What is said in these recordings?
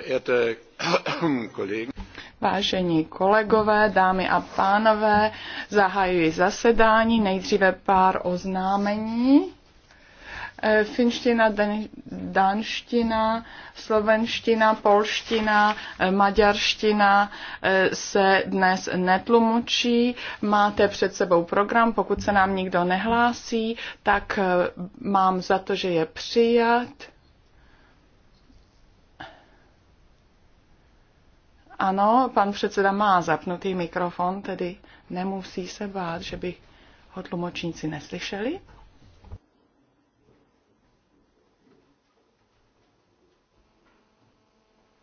Vážení kolegové, dámy a pánové, zahajuji zasedání. Nejdříve pár oznámení. E, finština, danština, slovenština, polština, e, maďarština e, se dnes netlumočí. Máte před sebou program, pokud se nám nikdo nehlásí, tak mám za to, že je přijat Ano, pan předseda má zapnutý mikrofon, tedy nemusí se bát, že by ho tlumočníci neslyšeli.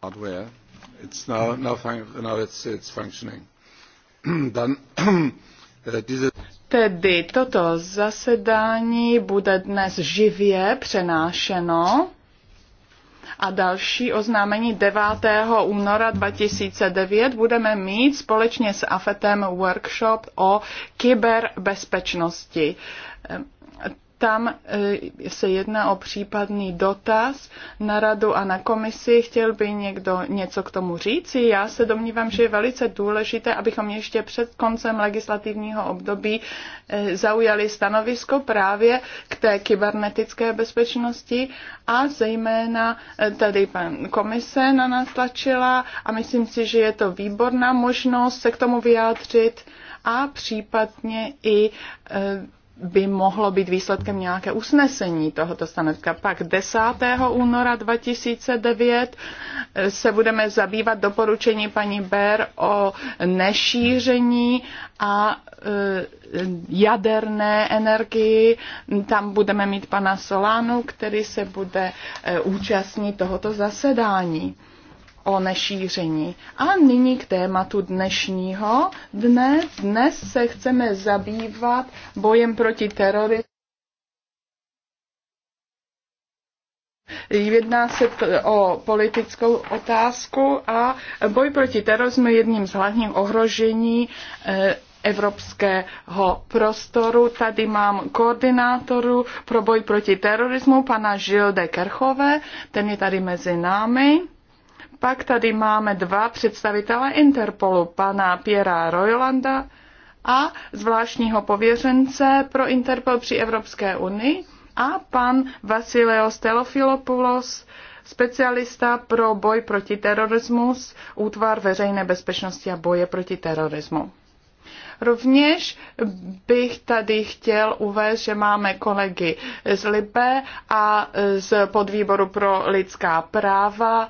hardware. It's now, now, now it's, it's functioning. Uh, tedy toto zasedání bude dnes živě přenášeno a další oznámení 9. února 2009 budeme mít společně s AFETem workshop o kyberbezpečnosti tam e, se jedná o případný dotaz na radu a na komisi. Chtěl by někdo něco k tomu říci? Já se domnívám, že je velice důležité, abychom ještě před koncem legislativního období e, zaujali stanovisko právě k té kybernetické bezpečnosti a zejména e, tady pan komise na nás tlačila a myslím si, že je to výborná možnost se k tomu vyjádřit a případně i by mohlo být výsledkem nějaké usnesení tohoto stanoviska. Pak 10. února 2009 se budeme zabývat doporučení paní Ber o nešíření a e, jaderné energii. Tam budeme mít pana Solánu, který se bude e, účastnit tohoto zasedání o nešíření. A nyní k tématu dnešního dne. Dnes se chceme zabývat bojem proti terorismu. Jedná se o politickou otázku a boj proti terorismu je jedním z hlavních ohrožení eh, evropského prostoru. Tady mám koordinátoru pro boj proti terorismu, pana Žilde Kerchové, ten je tady mezi námi. Pak tady máme dva představitele Interpolu, pana Piera Roylanda a zvláštního pověřence pro Interpol při Evropské unii a pan Vasileo Stelofilopoulos, specialista pro boj proti terorismu Útvar veřejné bezpečnosti a boje proti terorismu. Rovněž bych tady chtěl uvést, že máme kolegy z Libe a z podvýboru pro lidská práva,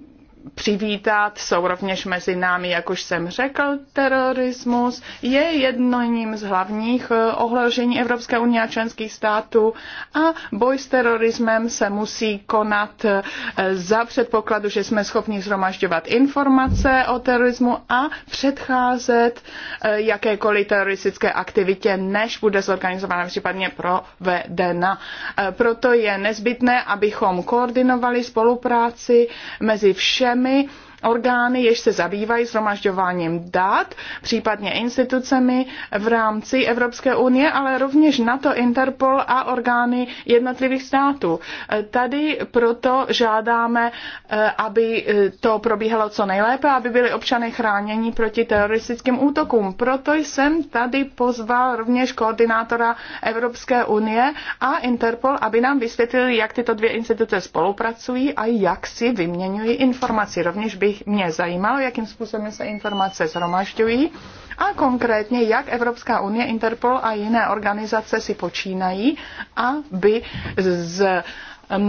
přivítat, jsou rovněž mezi námi, jak už jsem řekl, terorismus je jedním z hlavních eh, ohrožení Evropské unie a členských států a boj s terorismem se musí konat eh, za předpokladu, že jsme schopni zhromažďovat informace o terorismu a předcházet eh, jakékoliv teroristické aktivitě, než bude zorganizována případně provedena. Proto je nezbytné, abychom koordinovali spolupráci mezi všemi všemi orgány, jež se zabývají zhromažďováním dat, případně institucemi v rámci Evropské unie, ale rovněž NATO, Interpol a orgány jednotlivých států. E, tady proto žádáme, e, aby e, to probíhalo co nejlépe, aby byli občany chráněni proti teroristickým útokům. Proto jsem tady pozval rovněž koordinátora Evropské unie a Interpol, aby nám vysvětlili, jak tyto dvě instituce spolupracují a jak si vyměňují informaci. Rovněž bych bych mě zajímalo, jakým způsobem se informace zhromažďují a konkrétně, jak Evropská unie, Interpol a jiné organizace si počínají, aby, z,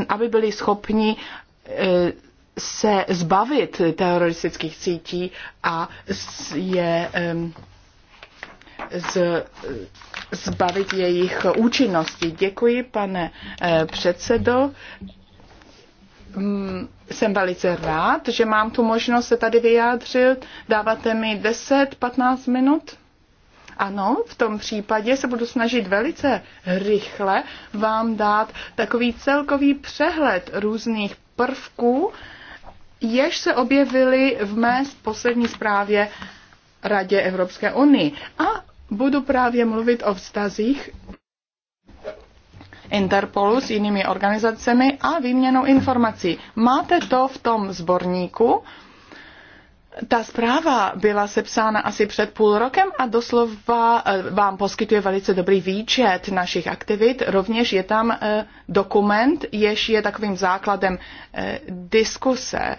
aby byli schopni e, se zbavit teroristických cítí a je z, zbavit jejich účinnosti. Děkuji, pane e, předsedo. Mm, jsem velice rád, že mám tu možnost se tady vyjádřit. Dáváte mi 10-15 minut? Ano, v tom případě se budu snažit velice rychle vám dát takový celkový přehled různých prvků, jež se objevily v mé poslední zprávě Radě Evropské unii. A budu právě mluvit o vztazích Interpolu s jinými organizacemi a výměnou informací. Máte to v tom sborníku. Ta zpráva byla sepsána asi před půl rokem a doslova eh, vám poskytuje velice dobrý výčet našich aktivit. Rovněž je tam eh, dokument, jež je takovým základem eh, diskuse.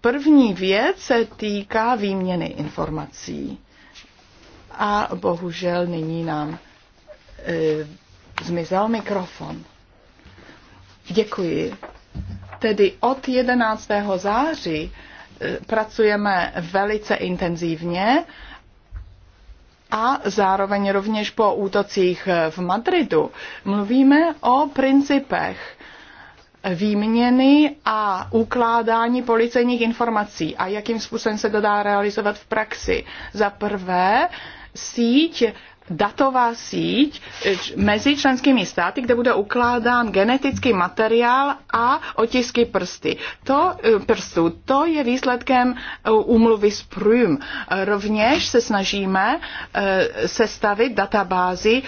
První věc se týká výměny informací. A bohužel nyní nám zmizel mikrofon. Děkuji. Tedy od 11. září eh, pracujeme velice intenzivně a zároveň rovněž po útocích eh, v Madridu mluvíme o principech výměny a ukládání policejních informací a jakým způsobem se to dá realizovat v praxi. Za prvé, síť datová síť eh, mezi členskými státy, kde bude ukládán genetický materiál a otisky prsty. To, eh, prstů. To je výsledkem eh, úmluvy z Prüm. Rovněž se snažíme sestavit databázi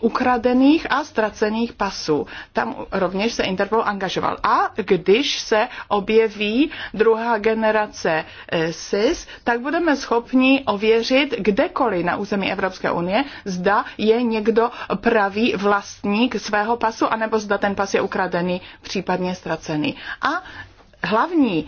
ukradených a ztracených pasů. Tam rovněž se Interpol angažoval. A když se objeví druhá generace SIS, tak budeme schopni ověřit kdekoliv na území Evropské unie, zda je někdo pravý vlastník svého pasu, anebo zda ten pas je ukradený, případně ztracený. A hlavní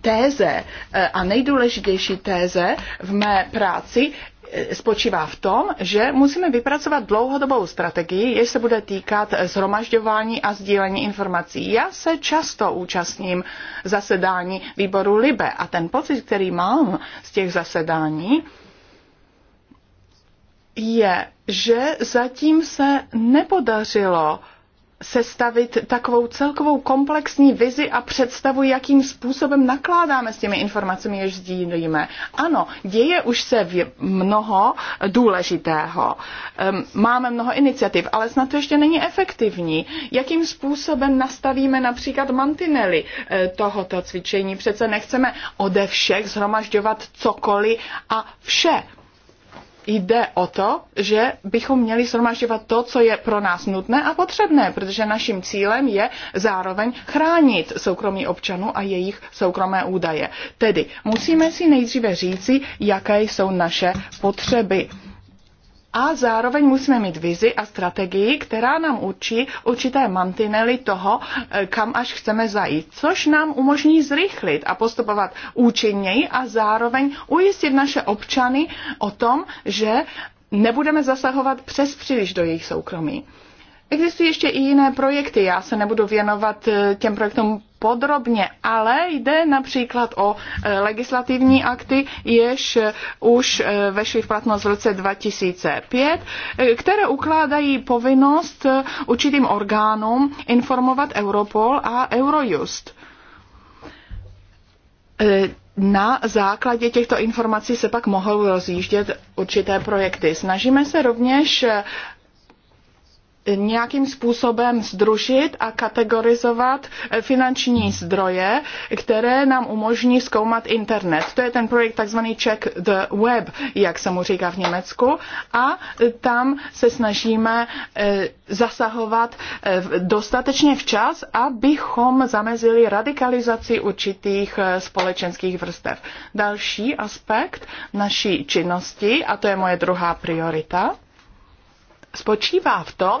téze eh, a nejdůležitější téze v mé práci eh, spočívá v tom, že musíme vypracovat dlouhodobou strategii, jež se bude týkat zhromažďování eh, a sdílení informací. Já se často účastním zasedání výboru LIBE a ten pocit, který mám z těch zasedání, je, že zatím se nepodařilo sestavit takovou celkovou komplexní vizi a představu, jakým způsobem nakládáme s těmi informacemi, jež sdílíme. Ano, děje už se mnoho důležitého. Ehm, máme mnoho iniciativ, ale snad to ještě není efektivní. Jakým způsobem nastavíme například mantinely eh, tohoto cvičení? Přece nechceme ode všech zhromažďovat cokoliv a vše jde o to, že bychom měli shromažďovat to, co je pro nás nutné a potřebné, protože naším cílem je zároveň chránit soukromí občanů a jejich soukromé údaje. Tedy musíme si nejdříve říci, jaké jsou naše potřeby a zároveň musíme mít vizi a strategii, která nám určí určité mantinely toho, e, kam až chceme zajít, což nám umožní zrychlit a postupovat účinněji a zároveň ujistit naše občany o tom, že nebudeme zasahovat přes příliš do jejich soukromí. Existují ještě i jiné projekty, já se nebudu věnovat eh, těm projektům podrobně, ale jde například o eh, legislativní akty, jež eh, už vešly v platnost v roce 2005, které ukládají povinnost určitým orgánům informovat Europol a Eurojust. Na základě těchto informací se pak mohou rozjíždět určité projekty. Snažíme se rovněž nějakým způsobem združit a kategorizovat finanční zdroje, které nám umožní zkoumat internet. To je ten projekt takzvaný Check the Web, jak se mu říká v Německu. A tam se snažíme eh, zasahovat eh, dostatečně včas, abychom zamezili radikalizaci určitých eh, společenských vrstev. Další aspekt naší činnosti, a to je moje druhá priorita, spočívá v tom,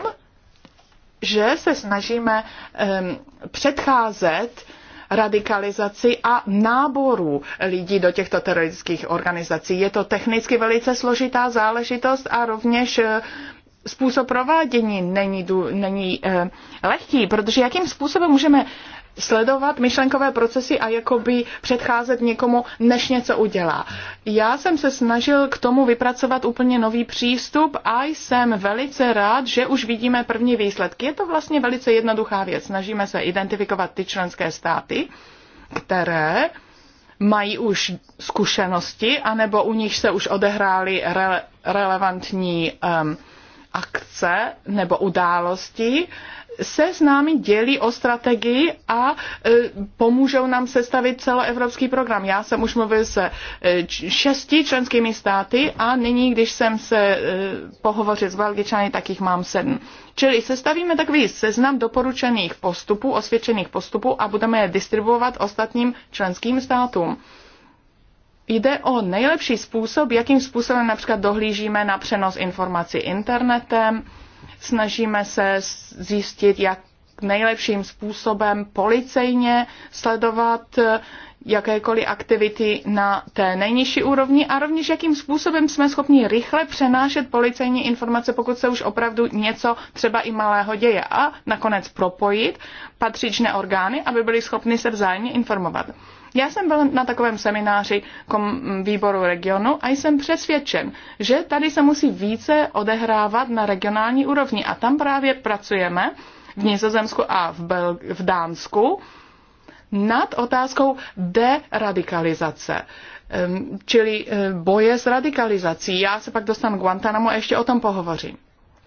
že se snažíme um, předcházet radikalizaci a náboru lidí do těchto teroristických organizací. Je to technicky velice složitá záležitost a rovněž eh, způsob provádění není, není eh, lehký, protože jakým způsobem můžeme sledovat myšlenkové procesy a jakoby předcházet někomu, než něco udělá. Já jsem se snažil k tomu vypracovat úplně nový přístup a jsem velice rád, že už vidíme první výsledky. Je to vlastně velice jednoduchá věc. Snažíme se identifikovat ty členské státy, které mají už zkušenosti, anebo u nich se už odehrály re- relevantní um, akce nebo události se s námi dělí o strategii a e, pomůžou nám sestavit celoevropský program. Já jsem už mluvil se e, šesti členskými státy a nyní, když jsem se e, pohovořil s Belgičany, tak jich mám sedm. Čili sestavíme takový seznam doporučených postupů, osvědčených postupů a budeme je distribuovat ostatním členským státům. Jde o nejlepší způsob, jakým způsobem například dohlížíme na přenos informací internetem, Snažíme se zjistit, jak nejlepším způsobem policejně sledovat eh, jakékoliv aktivity na té nejnižší úrovni a rovněž jakým způsobem jsme schopni rychle přenášet policejní informace, pokud se už opravdu něco třeba i malého děje a nakonec propojit patřičné orgány, aby byly schopny se vzájemně informovat. Já jsem byl na takovém semináři kom- výboru regionu a jsem přesvědčen, že tady se musí více odehrávat na regionální úrovni a tam právě pracujeme v Nizozemsku a v, Bel- v Dánsku nad otázkou deradikalizace, čili e, boje s radikalizací. Já se pak dostanu k Guantanamo a ještě o tom pohovořím.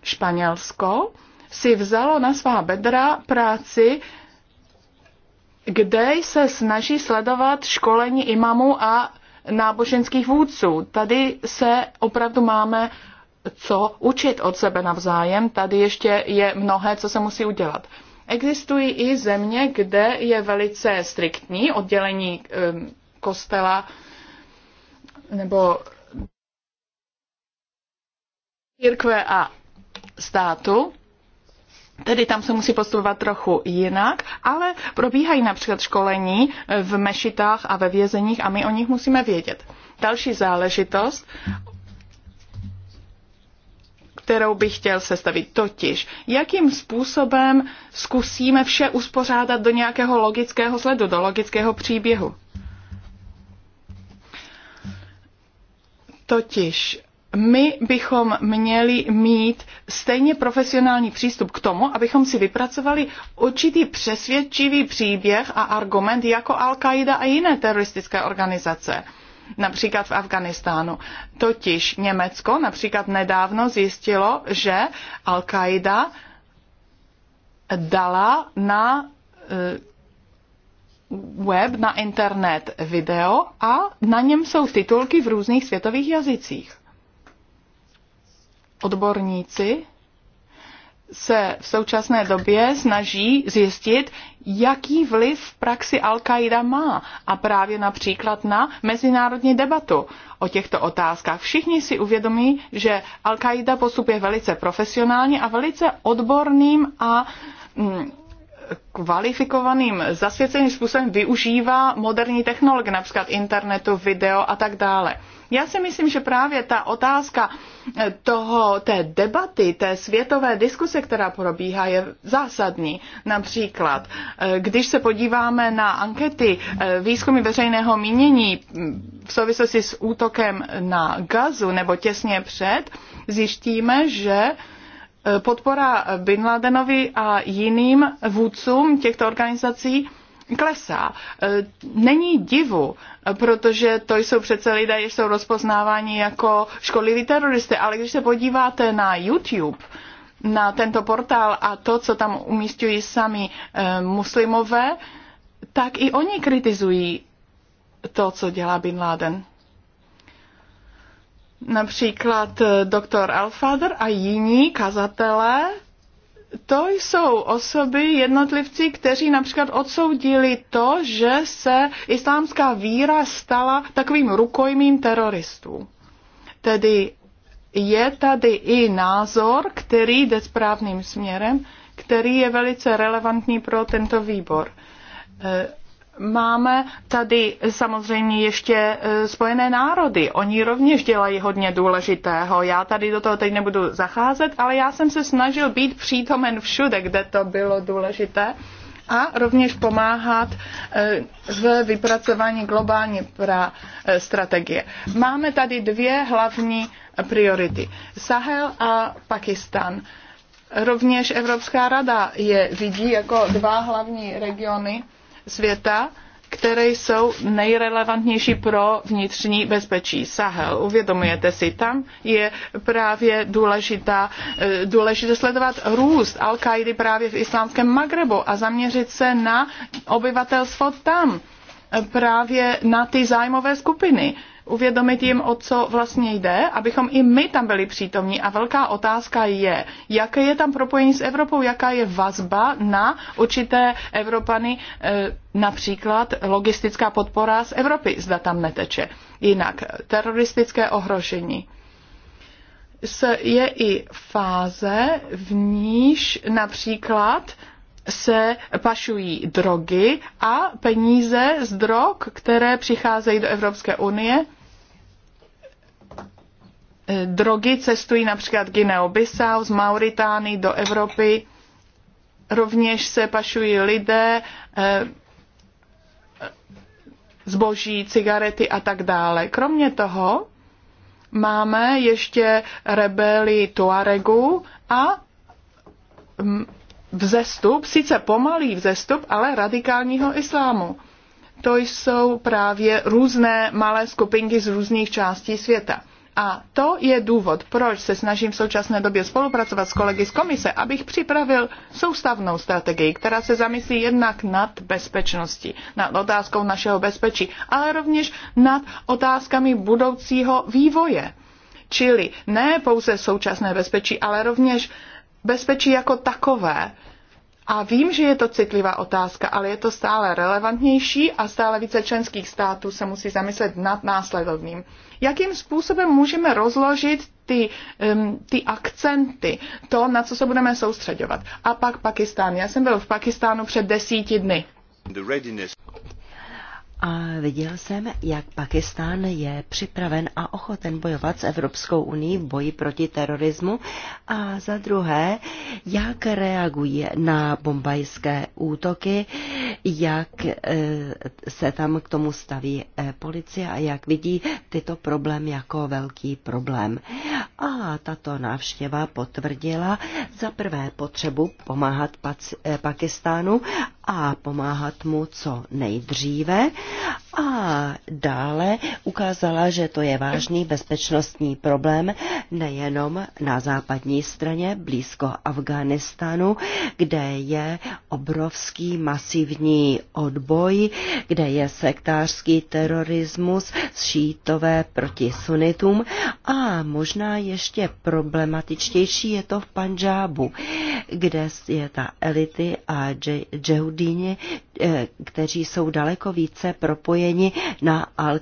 Španělsko si vzalo na svá bedra práci kde se snaží sledovat školení imamů a náboženských vůdců. Tady se opravdu máme co učit od sebe navzájem. Tady ještě je mnohé, co se musí udělat. Existují i země, kde je velice striktní oddělení ehm, kostela nebo církve a státu. Tedy tam se musí postupovat trochu jinak, ale probíhají například školení v mešitách a ve vězeních a my o nich musíme vědět. Další záležitost, kterou bych chtěl sestavit. Totiž, jakým způsobem zkusíme vše uspořádat do nějakého logického sledu, do logického příběhu. Totiž, my bychom měli mít stejně profesionální přístup k tomu, abychom si vypracovali určitý přesvědčivý příběh a argument jako Al-Qaida a jiné teroristické organizace například v Afganistánu. Totiž Německo například nedávno zjistilo, že Al-Qaida dala na eh, web, na internet video a na něm jsou titulky v různých světových jazycích odborníci se v současné době snaží zjistit, jaký vliv v praxi Al-Qaida má a právě například na mezinárodní debatu o těchto otázkách. Všichni si uvědomí, že Al-Qaida postupuje velice profesionálně a velice odborným a mm, kvalifikovaným, zasvěceným způsobem využívá moderní technologie, například internetu, video a tak dále. Já si myslím, že právě ta otázka eh, toho, té debaty, té světové diskuse, která probíhá, je zásadní. Například, eh, když se podíváme na ankety eh, výzkumy veřejného mínění mm, v souvislosti s útokem na gazu nebo těsně před, zjištíme, že podpora Bin Ladenovi a jiným vůdcům těchto organizací klesá. E, není divu, protože to jsou přece lidé, jež jsou rozpoznáváni jako škodliví teroristy, ale když se podíváte na YouTube, na tento portál a to, co tam umístují sami e, muslimové, tak i oni kritizují to, co dělá Bin Laden. Například e, doktor Alfader a jiní kazatelé to jsou osoby, jednotlivci, kteří například odsoudili to, že se islámská víra stala takovým rukojmím teroristů. Tedy je tady i názor, který jde správným směrem, který je velice relevantní pro tento výbor. Eh, Máme tady samozřejmě ještě e, Spojené národy. Oni rovněž dělají hodně důležitého. Já tady do toho teď nebudu zacházet, ale já jsem se snažil být přítomen všude, kde to bylo důležité a rovněž pomáhat e, v vypracování globální pra e, strategie. Máme tady dvě hlavní priority. Sahel a Pakistan. Rovněž Evropská rada je vidí jako dva hlavní regiony světa, které jsou nejrelevantnější pro vnitřní bezpečí. Sahel, uvědomujete si, tam je právě důležitá, eh, důležité sledovat růst al kaidy právě v islámském Magrebu a zaměřit se na obyvatelstvo tam, eh, právě na ty zájmové skupiny uvědomit jim, o co vlastně jde, abychom i my tam byli přítomní. A velká otázka je, jaké je tam propojení s Evropou, jaká je vazba na určité Evropany, eh, například logistická podpora z Evropy, zda tam neteče. Jinak, teroristické ohrožení je i fáze, v níž například se pašují drogy a peníze z drog, které přicházejí do Evropské unie, Eh, drogy cestují například Guinea-Bissau z Mauritány do Evropy. Rovněž se pašují lidé, eh, zboží, cigarety a tak dále. Kromě toho máme ještě rebeli Tuaregu a mm, vzestup, sice pomalý vzestup, ale radikálního islámu. To jsou právě různé malé skupinky z různých částí světa. A to je důvod, proč se snažím v současné době spolupracovat s kolegy z komise, abych připravil soustavnou strategii, která se zamyslí jednak nad bezpečností, nad otázkou našeho bezpečí, ale rovněž nad otázkami budoucího vývoje. Čili ne pouze současné bezpečí, ale rovněž bezpečí jako takové, a vím, že je to citlivá otázka, ale je to stále relevantnější a stále více členských států se musí zamyslet nad následovným. Jakým způsobem můžeme rozložit ty, um, ty akcenty, to, na co se budeme soustředovat. A pak Pakistán. Já jsem byl v Pakistánu před desíti dny. A viděl jsem, jak Pakistán je připraven a ochoten bojovat s Evropskou unii v boji proti terorismu a za druhé, jak reaguje na bombajské útoky, jak e, se tam k tomu staví e, policie a jak vidí tyto problém jako velký problém. A tato návštěva potvrdila za prvé potřebu pomáhat e, Pakistánu a pomáhat mu co nejdříve a dále ukázala, že to je vážný bezpečnostní problém nejenom na západní straně, blízko Afghánistánu, kde je obrovský masivní odboj, kde je sektářský terorismus, šítové proti sunitům a možná ještě problematičtější je to v Panžábu, kde je ta elity a džehudíni, eh, kteří jsou daleko více propojeni napojeni na al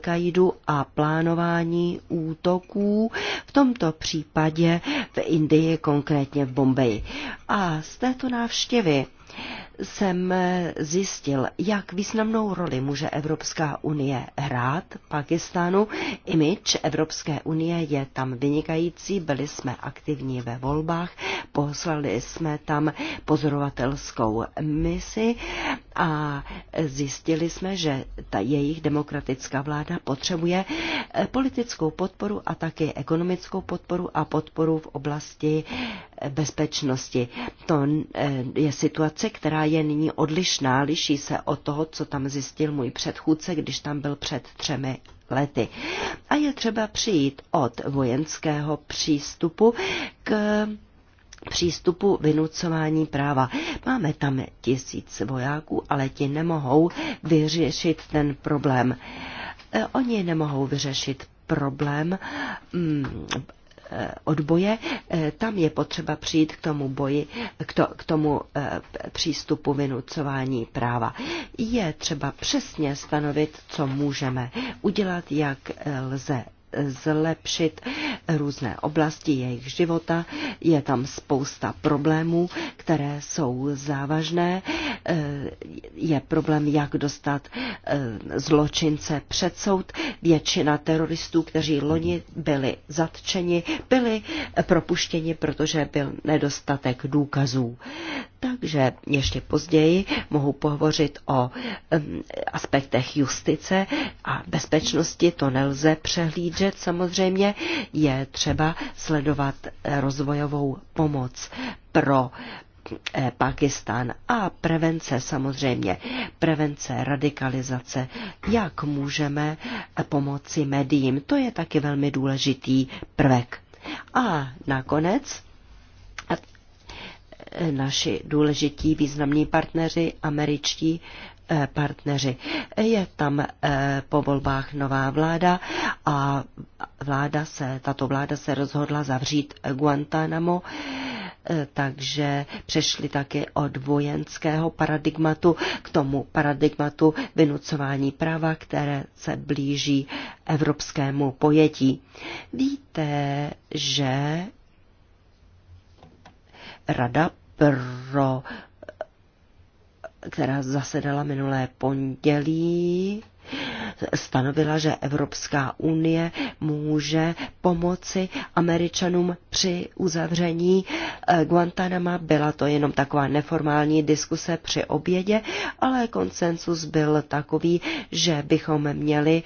a plánování útoků, v tomto případě v Indii, konkrétně v Bombeji. A z této návštěvy jsem eh, zjistil, jak významnou roli může Evropská unie hrát Pakistánu. Imič Evropské unie je tam vynikající, byli jsme aktivní ve volbách, poslali jsme tam pozorovatelskou misi a zjistili jsme, že ta jejich demokratická vláda potřebuje eh, politickou podporu a také ekonomickou podporu a podporu v oblasti eh, bezpečnosti. To je situace, která je nyní odlišná, liší se od toho, co tam zjistil můj předchůdce, když tam byl před třemi lety. A je třeba přijít od vojenského přístupu k přístupu vynucování práva. Máme tam tisíc vojáků, ale ti nemohou vyřešit ten problém. E, oni nemohou vyřešit problém mm, Eh, odboje, eh, tam je potřeba přijít k tomu boji, k, to, k tomu eh, přístupu vynucování práva. Je třeba přesně stanovit, co můžeme udělat, jak lze zlepšit různé oblasti jejich života. Je tam spousta problémů, které jsou závažné. Eh, je problém, jak dostat eh, zločince před soud. Většina teroristů, kteří loni byli zatčeni, byli propuštěni, protože byl nedostatek důkazů. Takže ještě později mohu pohovořit o aspektech justice a bezpečnosti. To nelze přehlížet samozřejmě. Je třeba sledovat eh, rozvojovou pomoc pro eh, Pakistan a prevence samozřejmě, prevence radikalizace, jak můžeme eh, pomoci médiím, to je taky velmi důležitý prvek. A nakonec naši důležití významní partneři, američtí eh, partneři. Je tam eh, po volbách nová vláda a vláda se, tato vláda se rozhodla zavřít Guantánamo eh, takže přešli taky od vojenského paradigmatu k tomu paradigmatu vynucování práva, které se blíží evropskému pojetí. Víte, že Rada pro která zasedala minulé pondělí, stanovila, že Evropská unie může pomoci Američanům při uzavření eh, Guantanama. Byla to jenom taková neformální diskuse při obědě, ale konsensus byl takový, že bychom měli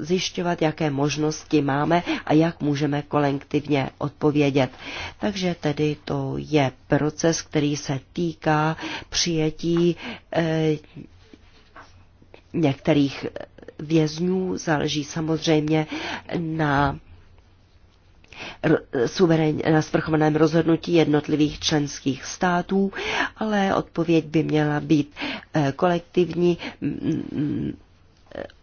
zjišťovat, jaké možnosti máme a jak můžeme kolektivně odpovědět. Takže tedy to je proces, který se týká přijetí eh, některých vězňů, záleží samozřejmě na na svrchovaném rozhodnutí jednotlivých členských států, ale odpověď by měla být eh, kolektivní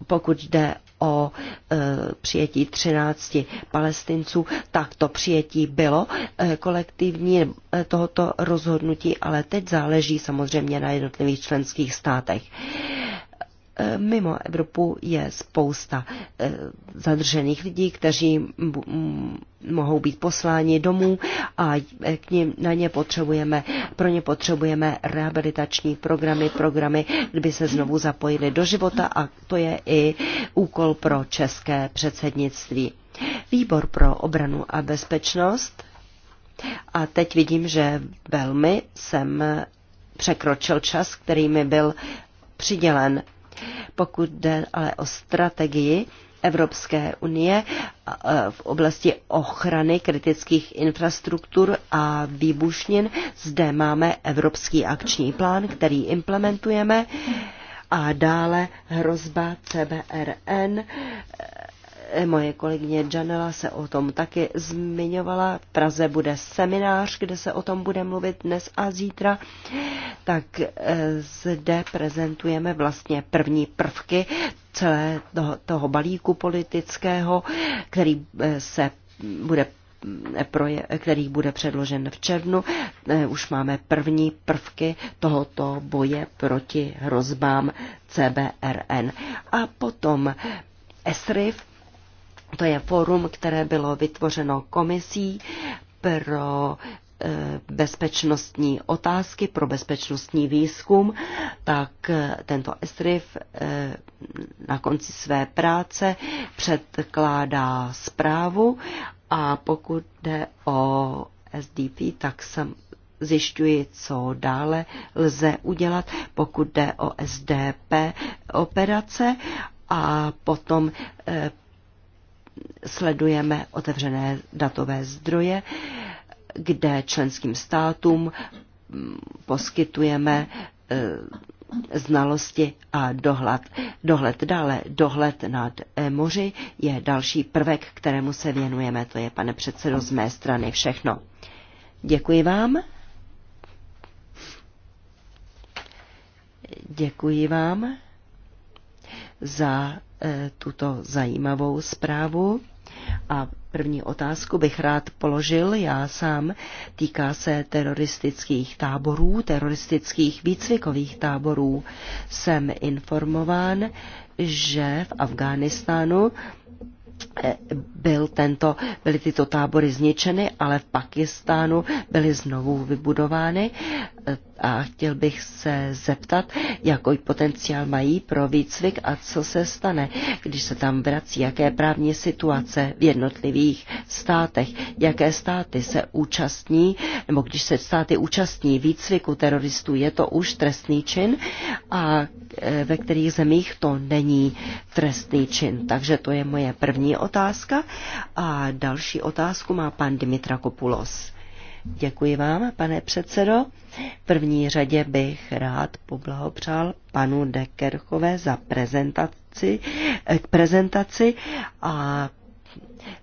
pokud jde o e, přijetí 13 palestinců, tak to přijetí bylo e, kolektivní e, tohoto rozhodnutí, ale teď záleží samozřejmě na jednotlivých členských státech. E, Eh, mimo Evropu je spousta eh, zadržených lidí, kteří mm, mohou být posláni domů a eh, k ním, na ně potřebujeme, pro ně potřebujeme rehabilitační programy, programy, kdyby se znovu zapojili do života a to je i úkol pro české předsednictví. Výbor pro obranu a bezpečnost. A teď vidím, že velmi jsem překročil čas, který mi byl přidělen. Pokud jde ale o strategii Evropské unie v oblasti ochrany kritických infrastruktur a výbušnin, zde máme Evropský akční plán, který implementujeme a dále hrozba CBRN Moje kolegyně Janela se o tom taky zmiňovala. V Praze bude seminář, kde se o tom bude mluvit dnes a zítra. Tak eh, zde prezentujeme vlastně první prvky celé toho, toho balíku politického, který eh, se bude eh, proje, který bude předložen v červnu. Už máme první prvky tohoto boje proti hrozbám CBRN. A potom ESRIF, to je fórum, které bylo vytvořeno komisí pro eh, bezpečnostní otázky, pro bezpečnostní výzkum, tak eh, tento ESRIF eh, na konci své práce předkládá zprávu a pokud jde o SDP, tak jsem zjišťuji, co dále lze udělat, pokud jde o SDP operace a potom sledujeme otevřené datové zdroje, kde členským státům mm, poskytujeme eh, znalosti a dohled. Dohled dále, dohled nad eh, moři je další prvek, kterému se věnujeme. To je, pane předsedo, z mé strany všechno. Děkuji vám. Děkuji vám za eh, tuto zajímavou zprávu. A první otázku bych rád položil já sám. Týká se teroristických táborů, teroristických výcvikových táborů. Jsem informován, že v Afghánistánu eh, byl tento, byly tyto tábory zničeny, ale v Pakistánu byly znovu vybudovány. Eh, a chtěl bych se zeptat, jaký potenciál mají pro výcvik a co se stane, když se tam vrací, jaké právní situace v jednotlivých státech, jaké státy se účastní, nebo když se státy účastní výcviku teroristů, je to už trestný čin a e, ve kterých zemích to není trestný čin. Takže to je moje první otázka. A další otázku má pan Dimitra Kopulos. Děkuji vám, pane předsedo. V první řadě bych rád poblahopřál panu Dekerchové za prezentaci, eh, k prezentaci a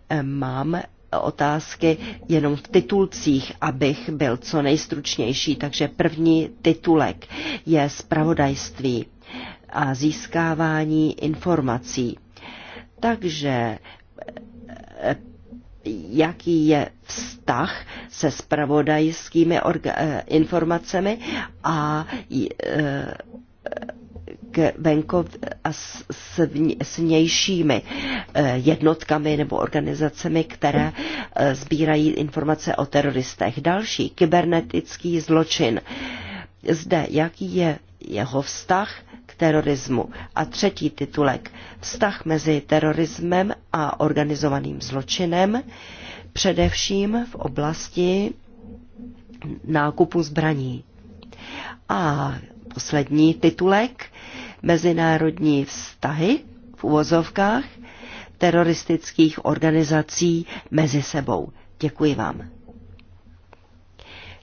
eh, mám otázky jenom v titulcích, abych byl co nejstručnější. Takže první titulek je zpravodajství a získávání informací. Takže eh, jaký je vztah se spravodajskými eh, informacemi a eh, k venkov a s, s, s vnějšími eh, jednotkami nebo organizacemi, které sbírají informace o teroristech. Další, kybernetický zločin. Zde, jaký je jeho vztah terorismu. A třetí titulek. Vztah mezi terorismem a organizovaným zločinem, především v oblasti nákupu zbraní. A poslední titulek. Mezinárodní vztahy v uvozovkách teroristických organizací mezi sebou. Děkuji vám.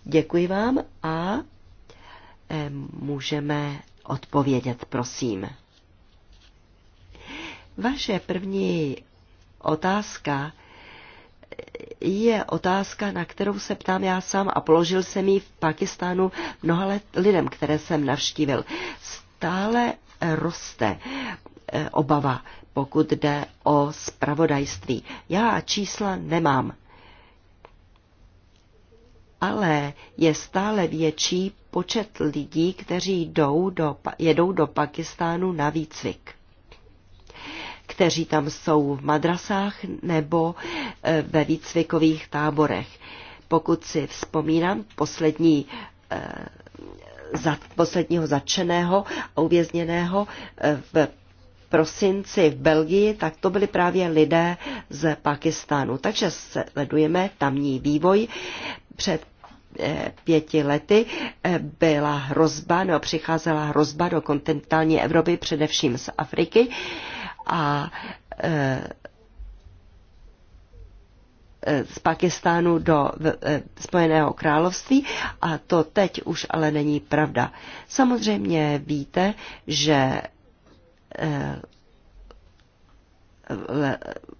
Děkuji vám a eh, můžeme odpovědět, prosím. Vaše první otázka je otázka, na kterou se ptám já sám a položil jsem ji v Pakistánu mnoha let lidem, které jsem navštívil. Stále roste eh, obava, pokud jde o spravodajství. Já čísla nemám ale je stále větší počet lidí, kteří jdou do, jedou do Pakistánu na výcvik kteří tam jsou v madrasách nebo e, ve výcvikových táborech. Pokud si vzpomínám, poslední e, za, posledního zatčeného a uvězněného e, v prosinci v Belgii, tak to byli právě lidé z Pakistánu. Takže sledujeme tamní vývoj. Před pěti lety eh, byla hrozba, no přicházela hrozba do kontinentální Evropy, především z Afriky a eh, eh, z Pakistánu do Spojeného království a to teď už ale není pravda. Samozřejmě víte, že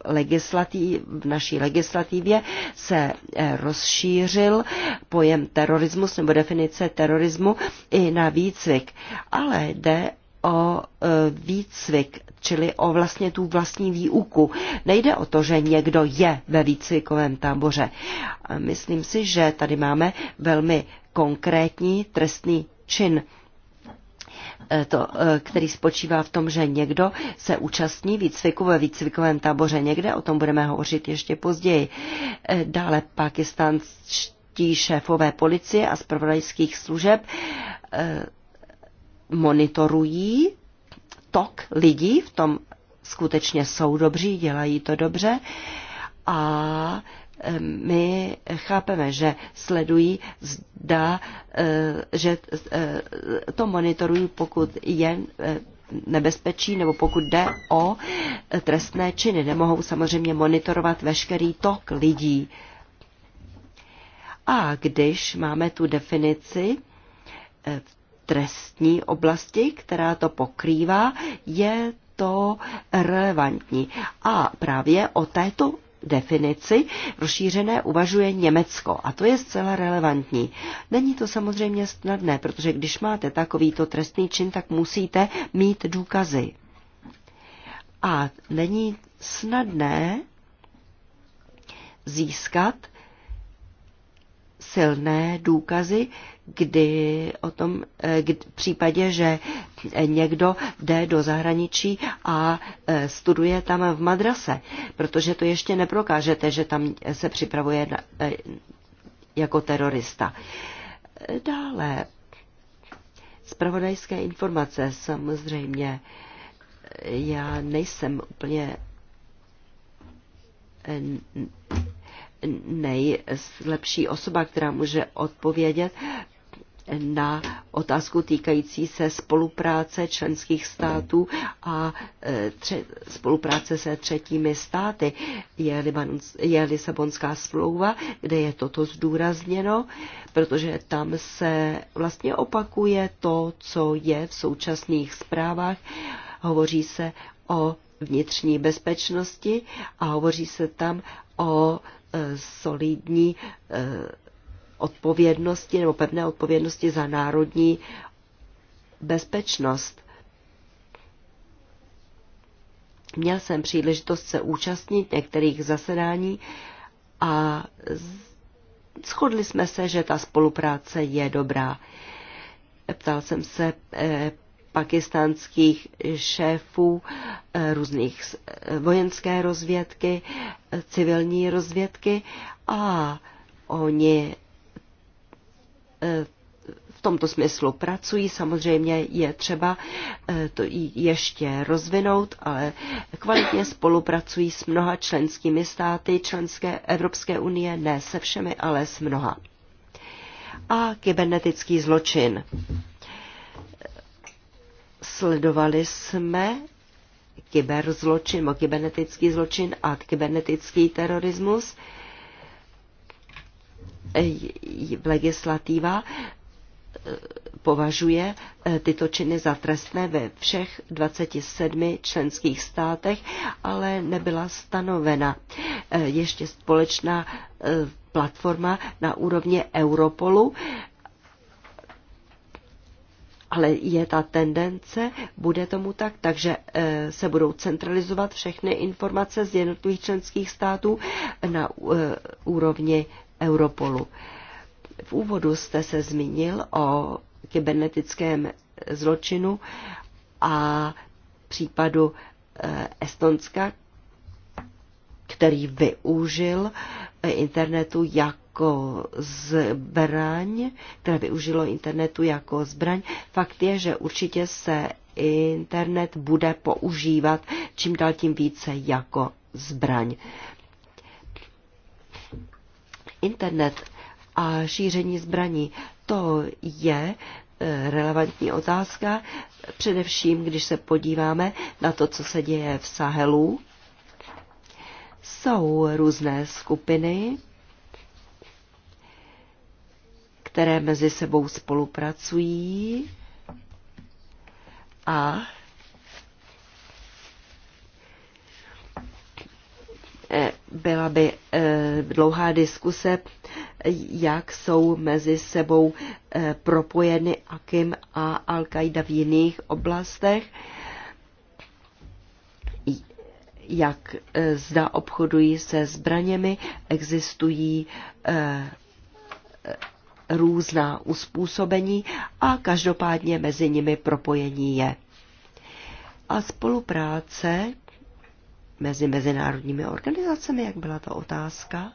legislativ, v naší legislativě se eh, rozšířil pojem terorismus nebo definice terorismu i na výcvik, ale jde o eh, výcvik, čili o vlastně tu vlastní výuku. Nejde o to, že někdo je ve výcvikovém táboře. Myslím si, že tady máme velmi konkrétní trestný čin Eh, to, eh, který spočívá v tom, že někdo se účastní výcviku ve výcvikovém táboře někde, o tom budeme hovořit ještě později. Eh, dále pakistánští šéfové policie a zpravodajských služeb monitorují tok lidí, v tom skutečně jsou dobří, dělají to dobře a my chápeme, že sledují, zda, e, že e, to monitorují, pokud je e, nebezpečí nebo pokud jde o trestné činy. Nemohou samozřejmě monitorovat veškerý tok lidí. A když máme tu definici v trestní oblasti, která to pokrývá, je to relevantní. A právě o této definici rozšířené uvažuje Německo a to je zcela relevantní. Není to samozřejmě snadné, protože když máte takovýto trestný čin, tak musíte mít důkazy. A není snadné získat silné důkazy, kdy o tom, eh, kdy, v případě, že eh, někdo jde do zahraničí a eh, studuje tam v madrase, protože to ještě neprokážete, že tam se připravuje na, jako terorista. Dále, zpravodajské informace samozřejmě. Já nejsem úplně nejlepší osoba, která může odpovědět, na otázku týkající se spolupráce členských států a e, tře- spolupráce se třetími státy. Je, Liban- je Lisabonská smlouva, kde je toto zdůrazněno, protože tam se vlastně opakuje to, co je v současných zprávách. Hovoří se o vnitřní bezpečnosti a hovoří se tam o e, solidní e, odpovědnosti nebo pevné odpovědnosti za národní bezpečnost. Měl jsem příležitost se účastnit některých zasedání a shodli jsme se, že ta spolupráce je dobrá. Ptal jsem se eh, pakistánských šéfů eh, různých eh, vojenské rozvědky, civilní rozvědky a oni v tomto smyslu pracují. Samozřejmě je třeba eh, to ještě rozvinout, ale kvalitně spolupracují s mnoha členskými státy členské Evropské unie, ne se všemi, ale s mnoha. A kybernetický zločin. Sledovali jsme kyberzločin, kybernetický zločin a kybernetický terorismus. Eh, legislativa eh, považuje eh, tyto činy za trestné ve všech 27 členských státech, ale nebyla stanovena ještě společná platforma na úrovni Europolu, ale je ta tendence, bude tomu tak, takže se budou centralizovat všechny informace z jednotlivých členských států na úrovni Europolu. V úvodu jste se zmínil o kybernetickém zločinu a případu eh, Estonska, který využil eh, internetu jako zbraň, které využilo internetu jako zbraň. Fakt je, že určitě se internet bude používat čím dál tím více jako zbraň. Internet a šíření zbraní, to je e, relevantní otázka, především když se podíváme na to, co se děje v Sahelu. Jsou různé skupiny, které mezi sebou spolupracují a byla by eh, dlouhá diskuse, jak jsou mezi sebou eh, propojeny Akim a al qaida v jiných oblastech, jak eh, zda obchodují se zbraněmi, existují různá uspůsobení a každopádně mezi nimi propojení je. A spolupráce mezi mezinárodními organizacemi, jak byla ta otázka?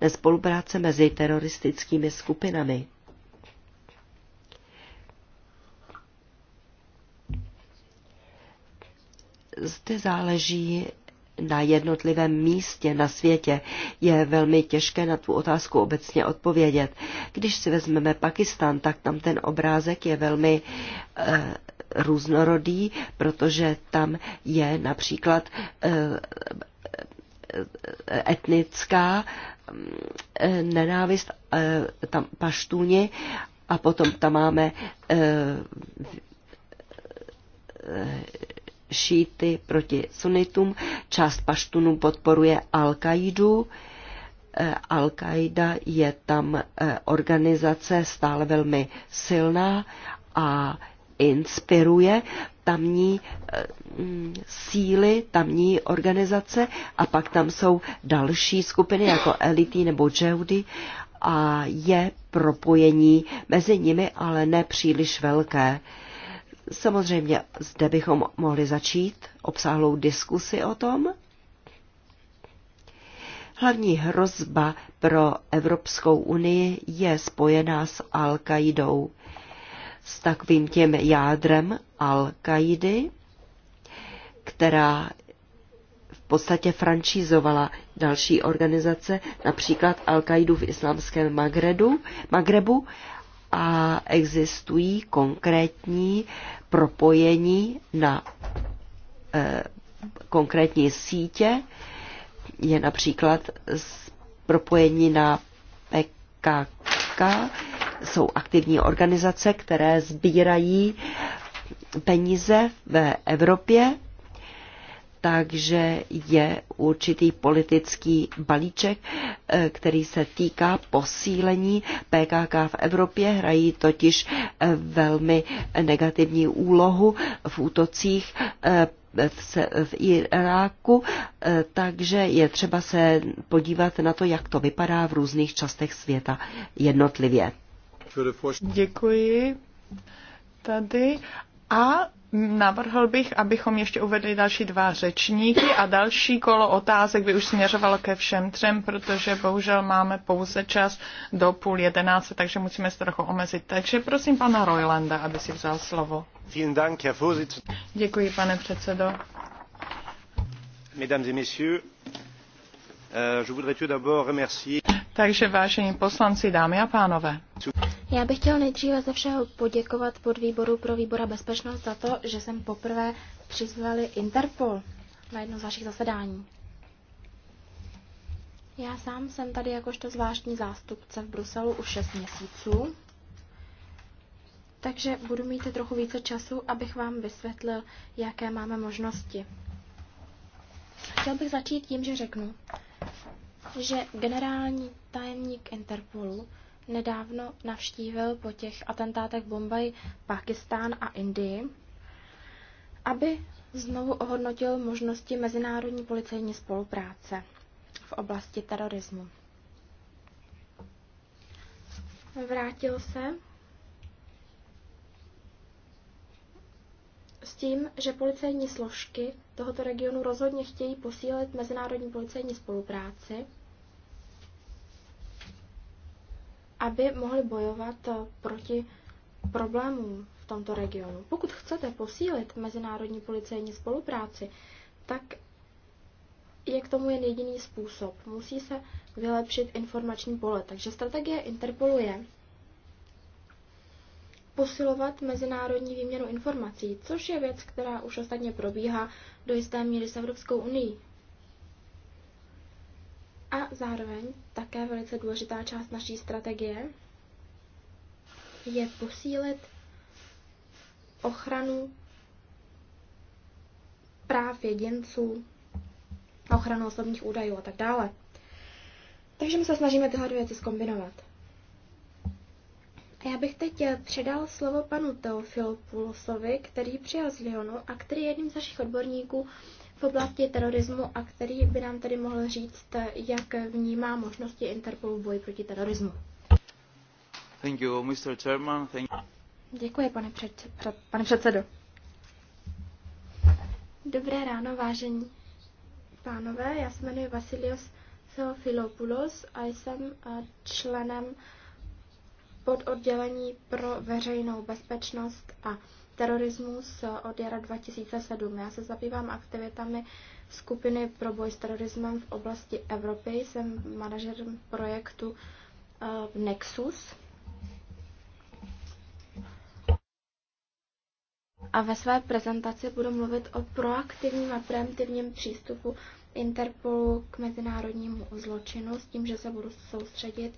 Nespolupráce mezi teroristickými skupinami. Zde záleží na jednotlivém místě na světě je velmi těžké na tu otázku obecně odpovědět. Když si vezmeme Pakistan, tak tam ten obrázek je velmi eh, různorodý, protože tam je například eh, eh, etnická mm, eh, nenávist tam paštůni a potom tam máme šíty proti sunitům, část paštunů podporuje Al-Kaidu, Al-Qaida je tam organizace stále velmi silná a inspiruje tamní eh, mm, síly, tamní organizace a pak tam jsou další skupiny jako elity nebo džeudy a je propojení mezi nimi, ale ne příliš velké. Samozřejmě zde bychom mohli začít obsáhlou diskusi o tom. Hlavní hrozba pro Evropskou unii je spojená s Al-Qaidou s takovým tím jádrem Al-Kaidy, která v podstatě franšízovala další organizace, například Al-Kaidu v islámském Magredu, Magrebu a existují konkrétní propojení na e, konkrétní sítě, je například propojení na PKK, jsou aktivní organizace, které sbírají peníze v Evropě, takže je určitý politický balíček, eh, který se týká posílení PKK v Evropě. Hrají totiž eh, velmi negativní úlohu v útocích eh, v Iráku, takže je třeba se podívat na to, jak to vypadá v různých částech světa jednotlivě. Děkuji tady a navrhl bych, abychom ještě uvedli další dva řečníky a další kolo otázek by už směřovalo ke všem třem, protože bohužel máme pouze čas do půl jedenáce, takže musíme se trochu omezit. Takže prosím pana Rojlanda, aby si vzal slovo. Děkuji, pane předsedo. Mesdames et messieurs, euh, je voudrais tout d'abord remercier... Takže vážení poslanci, dámy a pánové, já bych chtěl nejdříve ze všeho poděkovat podvýboru pro výbora bezpečnost za to, že jsem poprvé přizvali Interpol na jedno z vašich zasedání. Já sám jsem tady jakožto zvláštní zástupce v Bruselu už 6 měsíců, takže budu mít trochu více času, abych vám vysvětlil, jaké máme možnosti. Chtěl bych začít tím, že řeknu, že generální tajemník Interpolu nedávno navštívil po těch atentátech Bombaj Pakistán a Indii, aby znovu ohodnotil možnosti mezinárodní policejní spolupráce v oblasti terorismu. Vrátil se s tím, že policejní složky tohoto regionu rozhodně chtějí posílit mezinárodní policejní spolupráci aby mohli bojovat eh, proti problémům v tomto regionu. Pokud chcete posílit mezinárodní policejní spolupráci, tak je k tomu jen jediný způsob. Musí se vylepšit informační pole. Takže strategie Interpolu je posilovat mezinárodní výměnu informací, což je věc, která už ostatně probíhá do jisté míry s Evropskou unii. A zároveň také velice důležitá část naší strategie je posílit ochranu práv jedinců, ochranu osobních údajů a tak dále. Takže my se snažíme tyhle dvě věci zkombinovat. Já bych teď předal slovo panu Pulosovi, který přijel z Lyonu a který je jedním z našich odborníků v oblasti terorismu a který by nám tedy mohl říct, jak vnímá možnosti Interpolu v boji proti terorismu. Thank you, Mr. Chairman. Thank you. Děkuji, pane, před, před, pane předsedo. Dobré ráno, vážení pánové. Já se jmenuji Vasilios Theophilopoulos a jsem eh, členem pod oddělení pro veřejnou bezpečnost a terorismus od jara 2007. Já se zabývám aktivitami skupiny pro boj s terorismem v oblasti Evropy. Jsem manažerem projektu eh, Nexus. A ve své prezentaci budu mluvit o proaktivním a preemptivním přístupu Interpolu k mezinárodnímu zločinu s tím, že se budu soustředit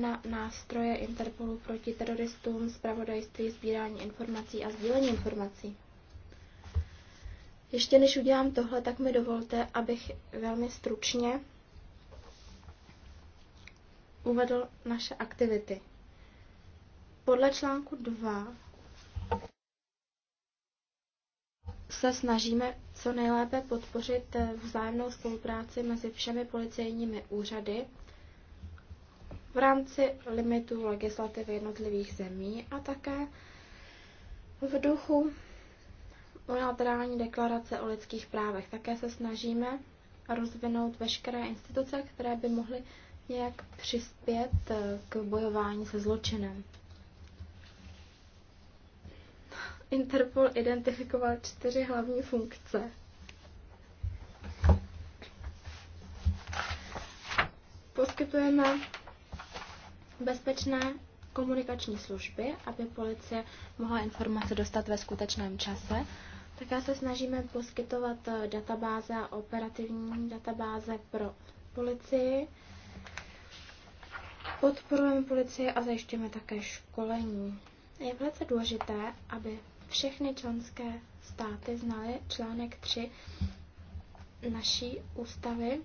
na nástroje Interpolu proti teroristům, zpravodajství, sbírání informací a sdílení informací. Ještě než udělám tohle, tak mi dovolte, abych velmi stručně uvedl naše aktivity. Podle článku 2 se snažíme co nejlépe podpořit vzájemnou spolupráci mezi všemi policejními úřady v rámci limitů legislativy jednotlivých zemí a také v duchu unilaterální deklarace o lidských právech. Také se snažíme rozvinout veškeré instituce, které by mohly nějak přispět eh, k bojování se zločinem. Interpol identifikoval čtyři hlavní funkce. Poskytujeme bezpečné komunikační služby, aby policie mohla informace dostat ve skutečném čase. Také se snažíme poskytovat eh, databáze a operativní databáze pro policii. Podporujeme policii a zajišťujeme také školení. Je velice důležité, aby všechny členské státy znaly článek 3 naší ústavy,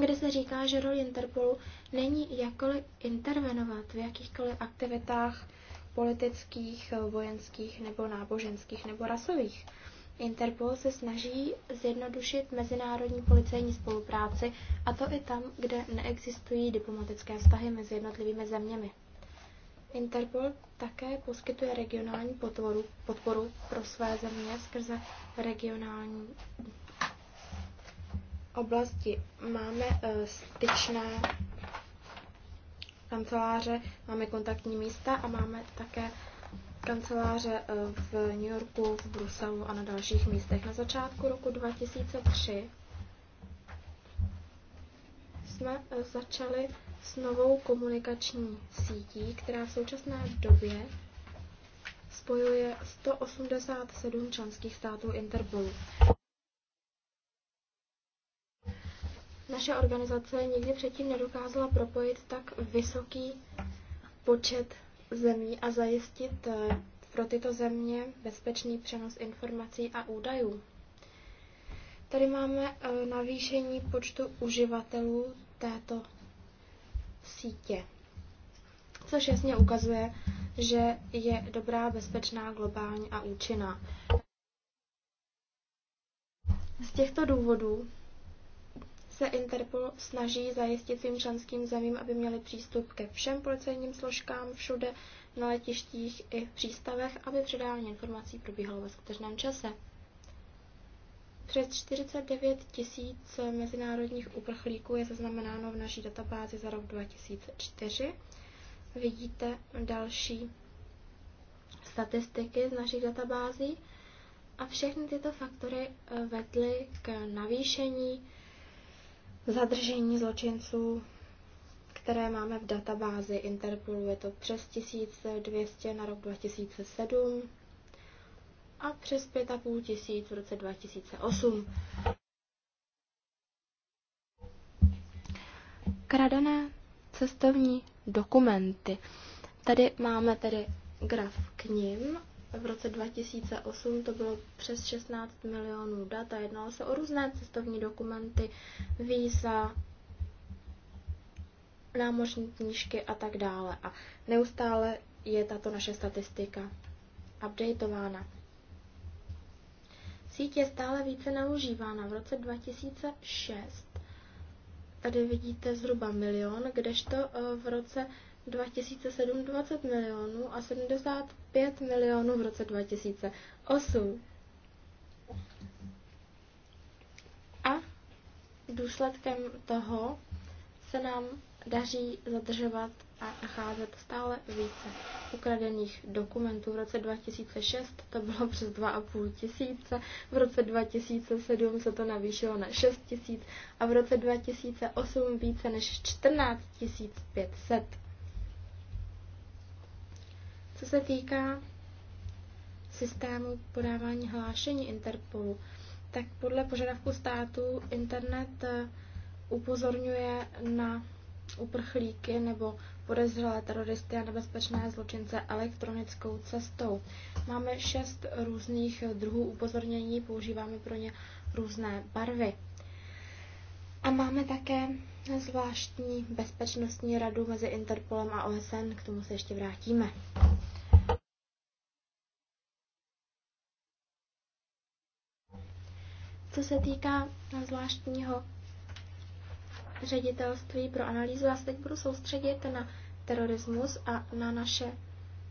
kde se říká, že roli Interpolu není jakkoliv intervenovat v jakýchkoliv aktivitách politických, eh, vojenských nebo náboženských nebo rasových. Interpol se snaží zjednodušit mezinárodní policejní spolupráci, a to i tam, kde neexistují diplomatické vztahy mezi jednotlivými zeměmi. Interpol také poskytuje regionální podporu, podporu pro své země skrze regionální oblasti máme eh, styčné kanceláře, máme kontaktní místa a máme také kanceláře eh, v New Yorku, v Bruselu a na dalších místech. Na začátku roku 2003 jsme eh, začali s novou komunikační sítí, která v současné době spojuje 187 členských států Interpolu. Naše organizace nikdy předtím nedokázala propojit tak vysoký počet zemí a zajistit eh, pro tyto země bezpečný přenos informací a údajů. Tady máme eh, navýšení počtu uživatelů této sítě, což jasně ukazuje, že je dobrá, bezpečná, globální a účinná. Z těchto důvodů se Interpol snaží zajistit svým členským zemím, aby měli přístup ke všem policejním složkám všude na letištích i v přístavech, aby předávání informací probíhalo ve skutečném čase. Přes 49 tisíc mezinárodních uprchlíků je zaznamenáno v naší databázi za rok 2004. Vidíte další statistiky z našich databází a všechny tyto faktory eh, vedly k navýšení zadržení zločinců, které máme v databázi Interpolu. Je to přes 1200 na rok 2007 a přes 5,5 tisíc v roce 2008. Kradené cestovní dokumenty. Tady máme tedy graf k ním v roce 2008 to bylo přes 16 milionů dat a jednalo se o různé cestovní dokumenty, víza, námořní knížky a tak dále. A neustále je tato naše statistika updateována. Sítě je stále více neužívána. V roce 2006 tady vidíte zhruba milion, kdežto eh, v roce 2007 20 milionů a 75 milionů v roce 2008. A důsledkem toho se nám daří zadržovat a nacházet stále více ukradených dokumentů. V roce 2006 to bylo přes 2,5 tisíce, v roce 2007 se to navýšilo na 6 tisíc a v roce 2008 více než 14 500. Co se týká systému podávání hlášení Interpolu, tak podle požadavku státu internet eh, upozorňuje na uprchlíky nebo podezřelé teroristy a nebezpečné zločince elektronickou cestou. Máme šest různých druhů upozornění, používáme pro ně různé barvy. A máme také zvláštní bezpečnostní radu mezi Interpolem a OSN, k tomu se ještě vrátíme. Co se týká zvláštního ředitelství pro analýzu, já se teď budu soustředit na terorismus a na naše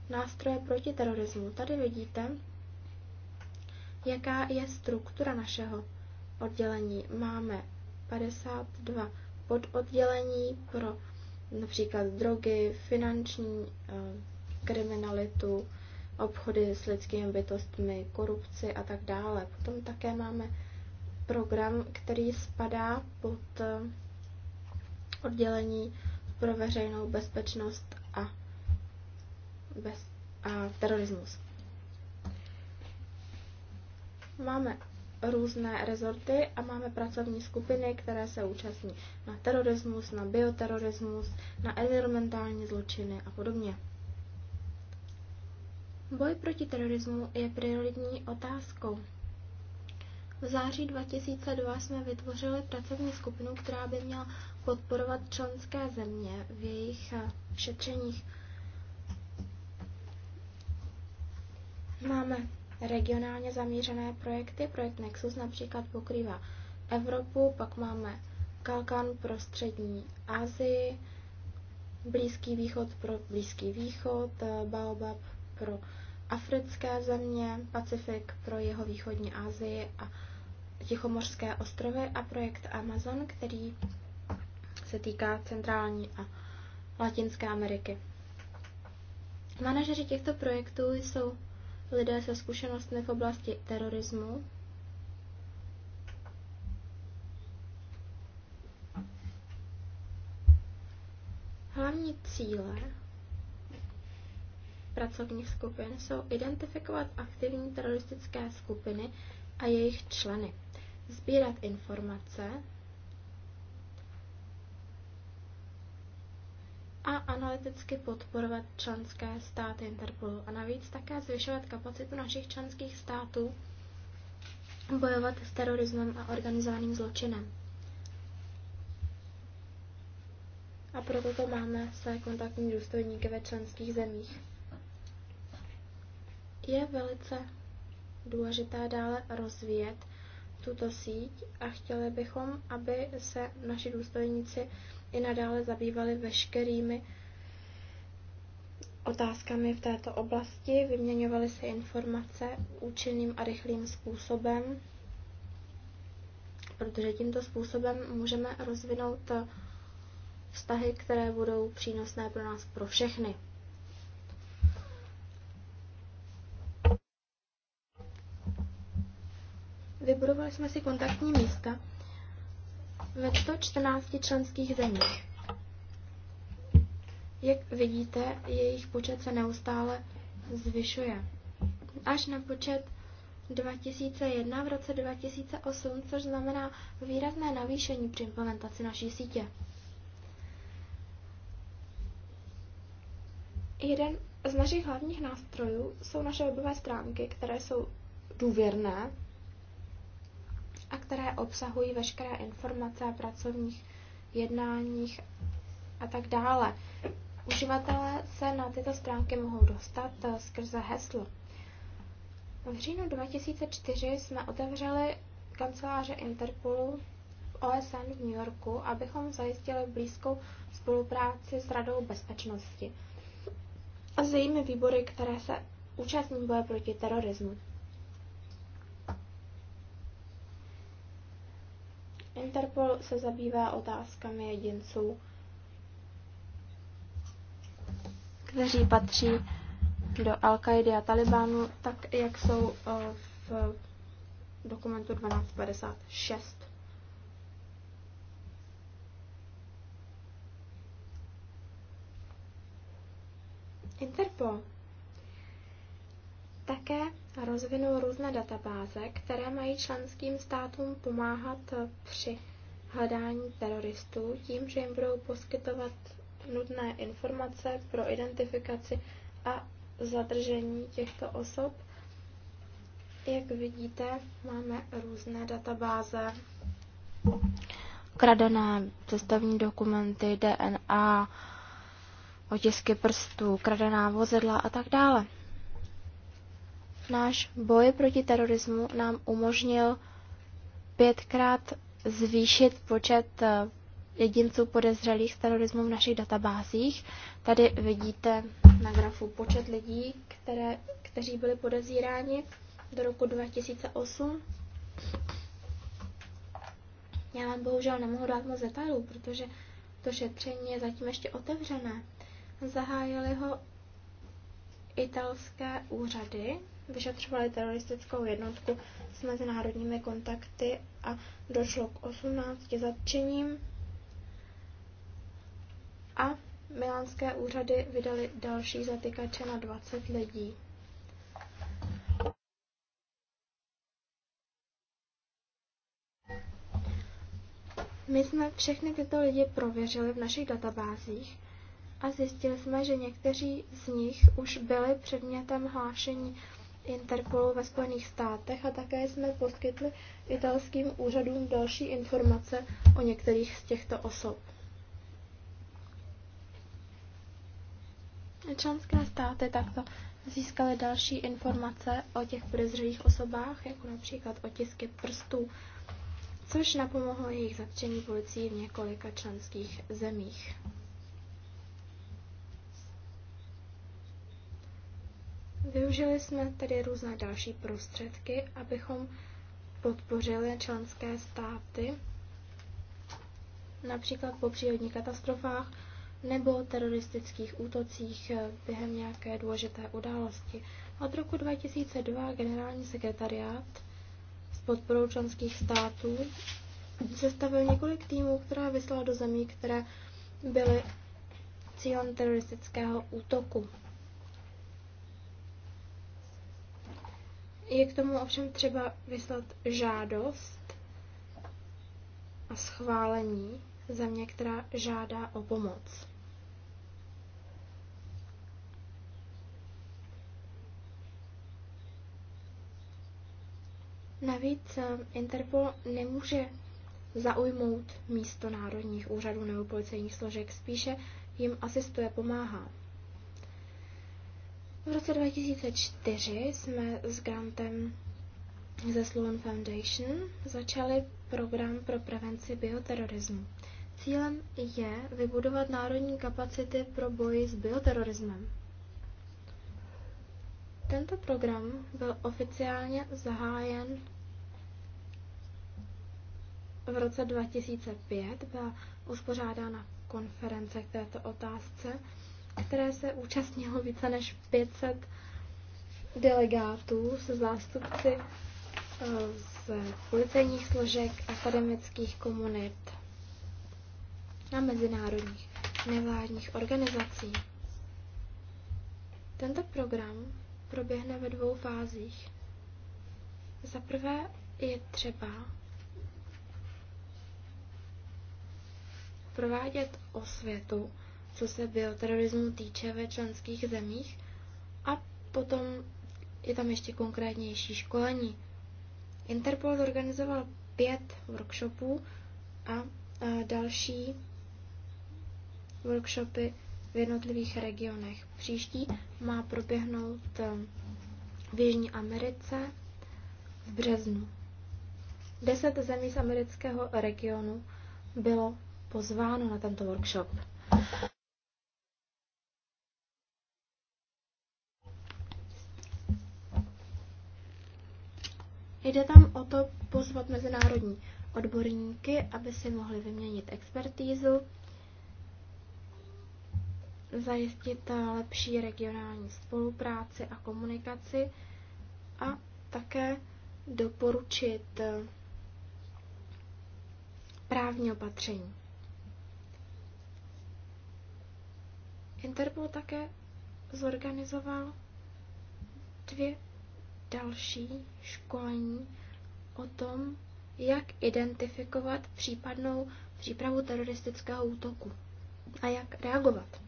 nástroje proti terorismu. Tady vidíte, jaká je struktura našeho oddělení. Máme 52 pododdělení pro například drogy, finanční eh, kriminalitu, obchody s lidskými bytostmi, korupci a tak dále. Potom také máme program, který spadá pod eh, oddělení pro veřejnou bezpečnost a, bez, a terorismus. Máme různé rezorty a máme pracovní skupiny, které se účastní na terorismus, na bioterorismus, na environmentální zločiny a podobně. Boj proti terorismu je prioritní otázkou v září 2002 jsme vytvořili pracovní skupinu, která by měla podporovat členské země v jejich eh, šetřeních. Máme regionálně zaměřené projekty. Projekt Nexus například pokrývá Evropu, pak máme Kalkan pro střední Asii, Blízký východ pro Blízký východ, eh, Baobab pro africké země, Pacifik pro jeho východní Asii a Tichomořské ostrovy a projekt Amazon, který se týká centrální a Latinské Ameriky. Manažeři těchto projektů jsou lidé se zkušenostmi v oblasti terorismu, Hlavní cíle pracovních skupin jsou identifikovat aktivní teroristické skupiny a jejich členy sbírat informace a analyticky podporovat členské státy Interpolu a navíc také zvyšovat kapacitu našich členských států bojovat s terorismem a organizovaným zločinem. A proto to máme své kontaktní důstojníky ve členských zemích. Je velice důležité dále rozvíjet tuto síť a chtěli bychom, aby se naši důstojníci i nadále zabývali veškerými otázkami v této oblasti, vyměňovali se informace účinným a rychlým způsobem, protože tímto způsobem můžeme rozvinout eh, vztahy, které budou přínosné pro nás, pro všechny. Vybudovali jsme si kontaktní místa ve 114 členských zemích. Jak vidíte, jejich počet se neustále zvyšuje. Až na počet 2001 v roce 2008, což znamená výrazné navýšení při implementaci naší sítě. Jeden z našich hlavních nástrojů jsou naše webové stránky, které jsou důvěrné a které obsahují veškeré informace o pracovních jednáních a tak dále. Uživatelé se na tyto stránky mohou dostat eh, skrze heslo. V říjnu 2004 jsme otevřeli kanceláře Interpolu v OSN v New Yorku, abychom zajistili blízkou spolupráci s Radou bezpečnosti a s jejími výbory, které se účastní boje proti terorismu. Interpol se zabývá otázkami jedinců, kteří patří do al qaidy a Talibánu, tak jak jsou eh, v dokumentu 1256. Interpol také rozvinul různé databáze, které mají členským státům pomáhat při hledání teroristů tím, že jim budou poskytovat nutné informace pro identifikaci a zadržení těchto osob. Jak vidíte, máme různé databáze, kradené cestovní dokumenty, DNA, otisky prstů, kradená vozidla a tak dále. Náš boj proti terorismu nám umožnil pětkrát zvýšit počet eh, jedinců podezřelých z terorismu v našich databázích. Tady vidíte na grafu počet lidí, které, kteří byli podezíráni do roku 2008. Já vám bohužel nemohu dát moc detailů, protože to šetření je zatím ještě otevřené. Zahájili ho italské úřady vyšetřovali teroristickou jednotku s mezinárodními kontakty a došlo k 18 zatčením. A milánské úřady vydali další zatykače na 20 lidí. My jsme všechny tyto lidi prověřili v našich databázích a zjistili jsme, že někteří z nich už byli předmětem hlášení Interpolu ve Spojených státech a také jsme poskytli italským úřadům další informace o některých z těchto osob. Členské státy takto získaly další informace o těch podezřelých osobách, jako například otisky prstů, což napomohlo jejich zatčení policií v několika členských zemích. Využili jsme tedy různé další prostředky, abychom podpořili členské státy, například po přírodních katastrofách nebo teroristických útocích eh, během nějaké důležité události. Od roku 2002 generální sekretariát s podporou členských států sestavil několik týmů, která vyslala do zemí, které byly cílem teroristického útoku. Je k tomu ovšem třeba vyslat žádost a schválení země, která žádá o pomoc. Navíc eh, Interpol nemůže zaujmout místo národních úřadů nebo policejních složek, spíše jim asistuje, pomáhá. V roce 2004 jsme s grantem ze Sloan Foundation začali program pro prevenci bioterorismu. Cílem je vybudovat národní kapacity pro boj s bioterorismem. Tento program byl oficiálně zahájen v roce 2005. Byla uspořádána konference k této otázce které se účastnilo více než 500 delegátů se zástupci eh, z policejních složek, akademických komunit a mezinárodních nevládních organizací. Tento program proběhne ve dvou fázích. Za prvé je třeba provádět osvětu co se bioterorismu týče ve členských zemích. A potom je tam ještě konkrétnější školení. Interpol zorganizoval pět workshopů a další workshopy v jednotlivých regionech. Příští má proběhnout eh, v Jižní Americe v březnu. Deset zemí z amerického regionu bylo pozváno na tento workshop. Jde tam o to pozvat mezinárodní odborníky, aby si mohli vyměnit expertízu, zajistit eh, lepší regionální spolupráci a komunikaci a také doporučit eh, právní opatření. Interpol také zorganizoval dvě další školení o tom, jak identifikovat případnou přípravu teroristického útoku a jak reagovat.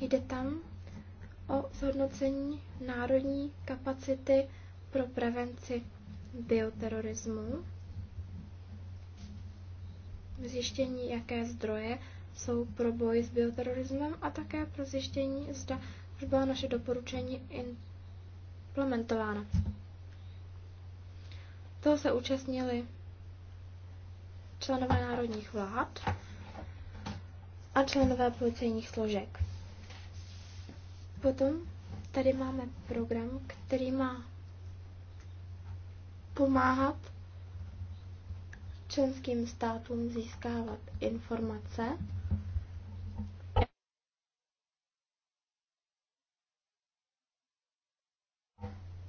Jde tam o zhodnocení národní kapacity pro prevenci bioterorismu, zjištění, jaké zdroje jsou pro boj s bioterorismem a také pro zjištění, zda už byla naše doporučení implementována. Toho se účastnili členové národních vlád a členové policejních složek. Potom tady máme program, který má pomáhat členským státům získávat informace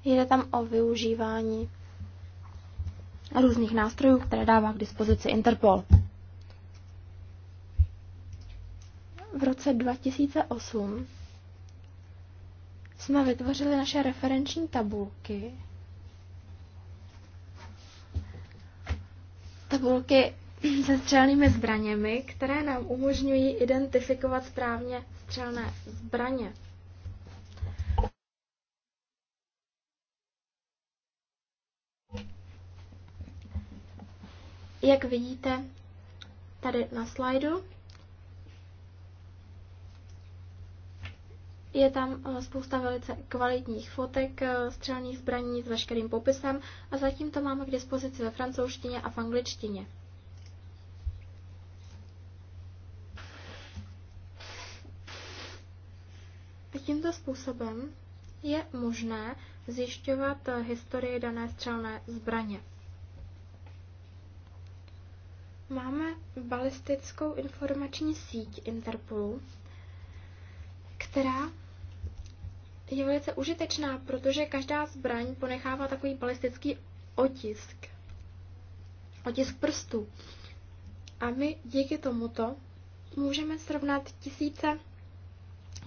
Jde tam o využívání různých nástrojů, které dává k dispozici Interpol. V roce 2008 jsme vytvořili naše referenční tabulky. Tabulky se střelnými zbraněmi, které nám umožňují identifikovat správně střelné zbraně. Jak vidíte tady na slajdu, je tam eh, spousta velice kvalitních fotek eh, střelných zbraní s veškerým popisem a zatím to máme k dispozici ve francouzštině a v angličtině. Tímto způsobem je možné zjišťovat eh, historii dané střelné zbraně. Máme balistickou informační síť Interpolu, která je velice užitečná, protože každá zbraň ponechává takový balistický otisk. Otisk prstů. A my díky tomuto můžeme srovnat tisíce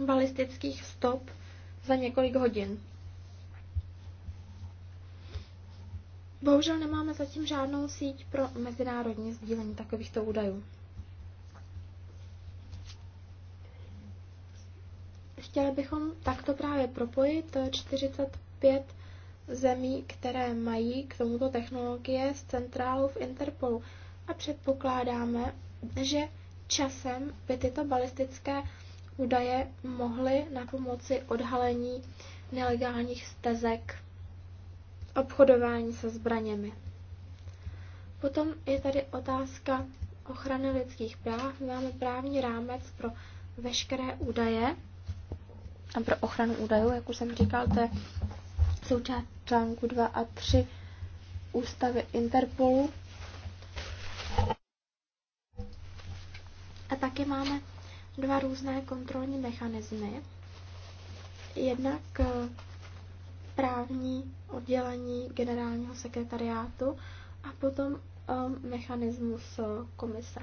balistických stop za několik hodin. Bohužel nemáme zatím žádnou síť pro mezinárodní sdílení takovýchto údajů. Chtěli bychom takto právě propojit 45 zemí, které mají k tomuto technologie z centrálu v Interpolu a předpokládáme, že časem by tyto balistické údaje mohly na pomoci odhalení nelegálních stezek obchodování se zbraněmi. Potom je tady otázka ochrany lidských práv. My máme právní rámec pro veškeré údaje a pro ochranu údajů, jak už jsem říkal, to je součást článku 2 a 3 ústavy Interpolu. A taky máme dva různé kontrolní mechanismy. Jednak eh, právní oddělení generálního sekretariátu a potom um, mechanismus uh, komise.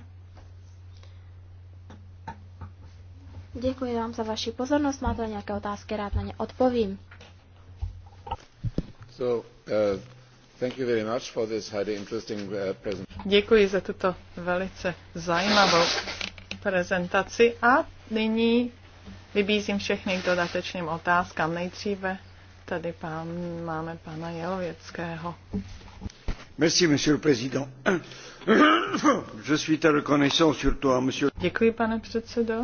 Děkuji vám za vaši pozornost. Máte nějaké otázky, rád na ně odpovím. So, uh, thank you very much for this highly interesting uh, presentation. Děkuji za tuto velice zajímavou prezentaci a nyní vybízím všechny k dodatečným otázkám. Nejdříve Tady pán, máme pana Jelověckého. Merci, monsieur le président. Je suis reconnaissant surtout à monsieur... Děkuji, pane předsedo.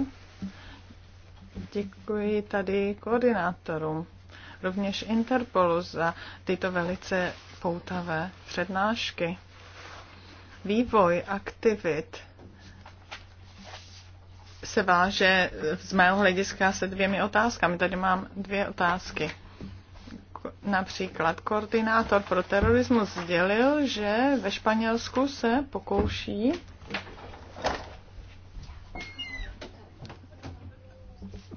Děkuji tady koordinátorům, rovněž Interpolu za tyto velice poutavé přednášky. Vývoj aktivit se váže z mého hlediska se dvěmi otázkami. Tady mám dvě otázky například koordinátor pro terorismus sdělil, že ve Španělsku se pokouší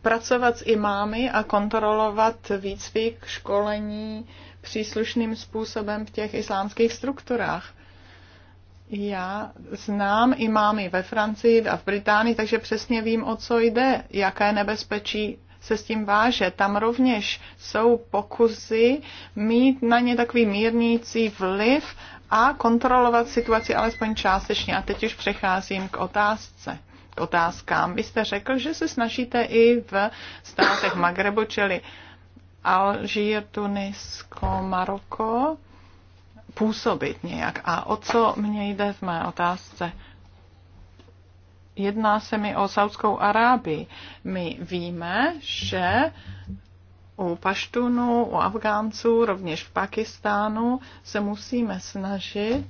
pracovat s imámy a kontrolovat výcvik, školení příslušným způsobem v těch islámských strukturách. Já znám imámy ve Francii a v Británii, takže přesně vím, o co jde, jaké nebezpečí se s tím váže. Tam rovněž jsou pokusy mít na ně takový mírnící vliv a kontrolovat situaci alespoň částečně. A teď už přecházím k otázce k otázkám. Vy jste řekl, že se snažíte i v státech Magrebu, čili Alžír, Tunisko, Maroko, působit nějak. A o co mě jde v mé otázce? Jedná se mi o Saudskou Arábii. My víme, že u Paštunů, u Afgánců, rovněž v Pakistánu se musíme snažit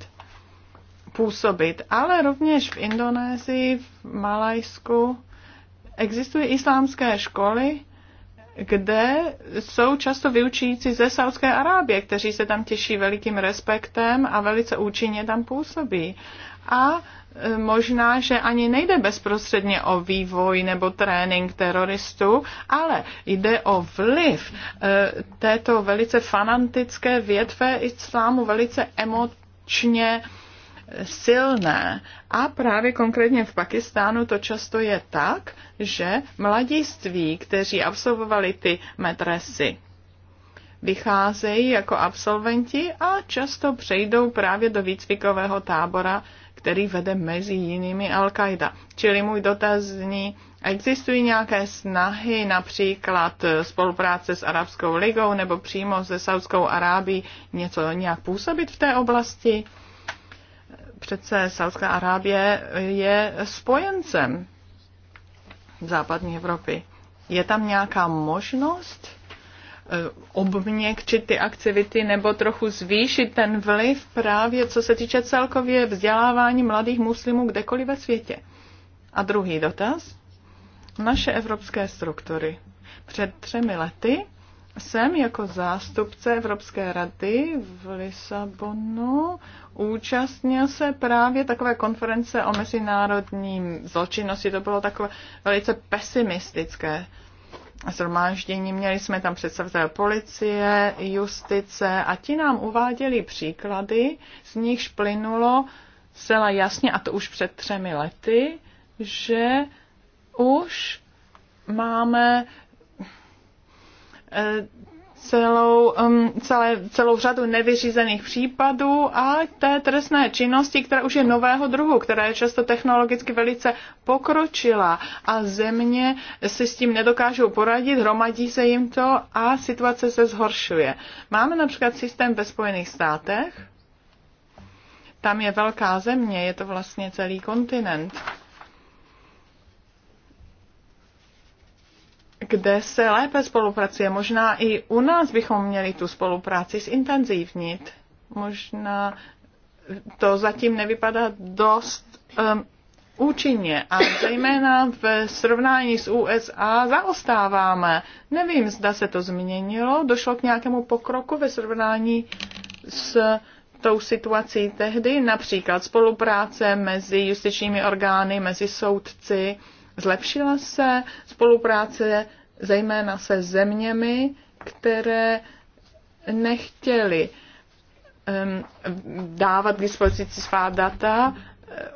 působit, ale rovněž v Indonésii, v Malajsku existují islámské školy, kde jsou často vyučující ze Saudské Arábie, kteří se tam těší velikým respektem a velice účinně tam působí. A možná, že ani nejde bezprostředně o vývoj nebo trénink teroristů, ale jde o vliv eh, této velice fanantické větve islámu, velice emočně silné. A právě konkrétně v Pakistánu to často je tak, že mladiství, kteří absolvovali ty metresy, vycházejí jako absolventi a často přejdou právě do výcvikového tábora který vede mezi jinými Al-Qaida. Čili můj dotaz zní, existují nějaké snahy, například spolupráce s Arabskou ligou nebo přímo se Saudskou Arábí, něco nějak působit v té oblasti? Přece Saudská Arábie je spojencem západní Evropy. Je tam nějaká možnost? Eh, obměkčit ty aktivity nebo trochu zvýšit ten vliv právě co se týče celkově vzdělávání mladých muslimů kdekoliv ve světě. A druhý dotaz. Naše evropské struktury. Před třemi lety jsem jako zástupce Evropské rady v Lisabonu účastnil se právě takové konference o mezinárodním zločinnosti. To bylo takové velice pesimistické zhromáždění. Měli jsme tam představitele policie, justice a ti nám uváděli příklady, z nichž plynulo zcela jasně, a to už před třemi lety, že už máme eh, celou, um, celé, celou řadu nevyřízených případů a té trestné činnosti, která už je nového druhu, která je často technologicky velice pokročila a země si s tím nedokážou poradit, hromadí se jim to a situace se zhoršuje. Máme například systém ve Spojených státech, tam je velká země, je to vlastně celý kontinent kde se lépe spolupracuje. Možná i u nás bychom měli tu spolupráci zintenzívnit. Možná to zatím nevypadá dost um, účinně a zejména v srovnání s USA zaostáváme. Nevím, zda se to změnilo, došlo k nějakému pokroku ve srovnání s tou situací tehdy, například spolupráce mezi justičními orgány, mezi soudci, Zlepšila se spolupráce zejména se zeměmi, které nechtěli dávat k dispozici svá data.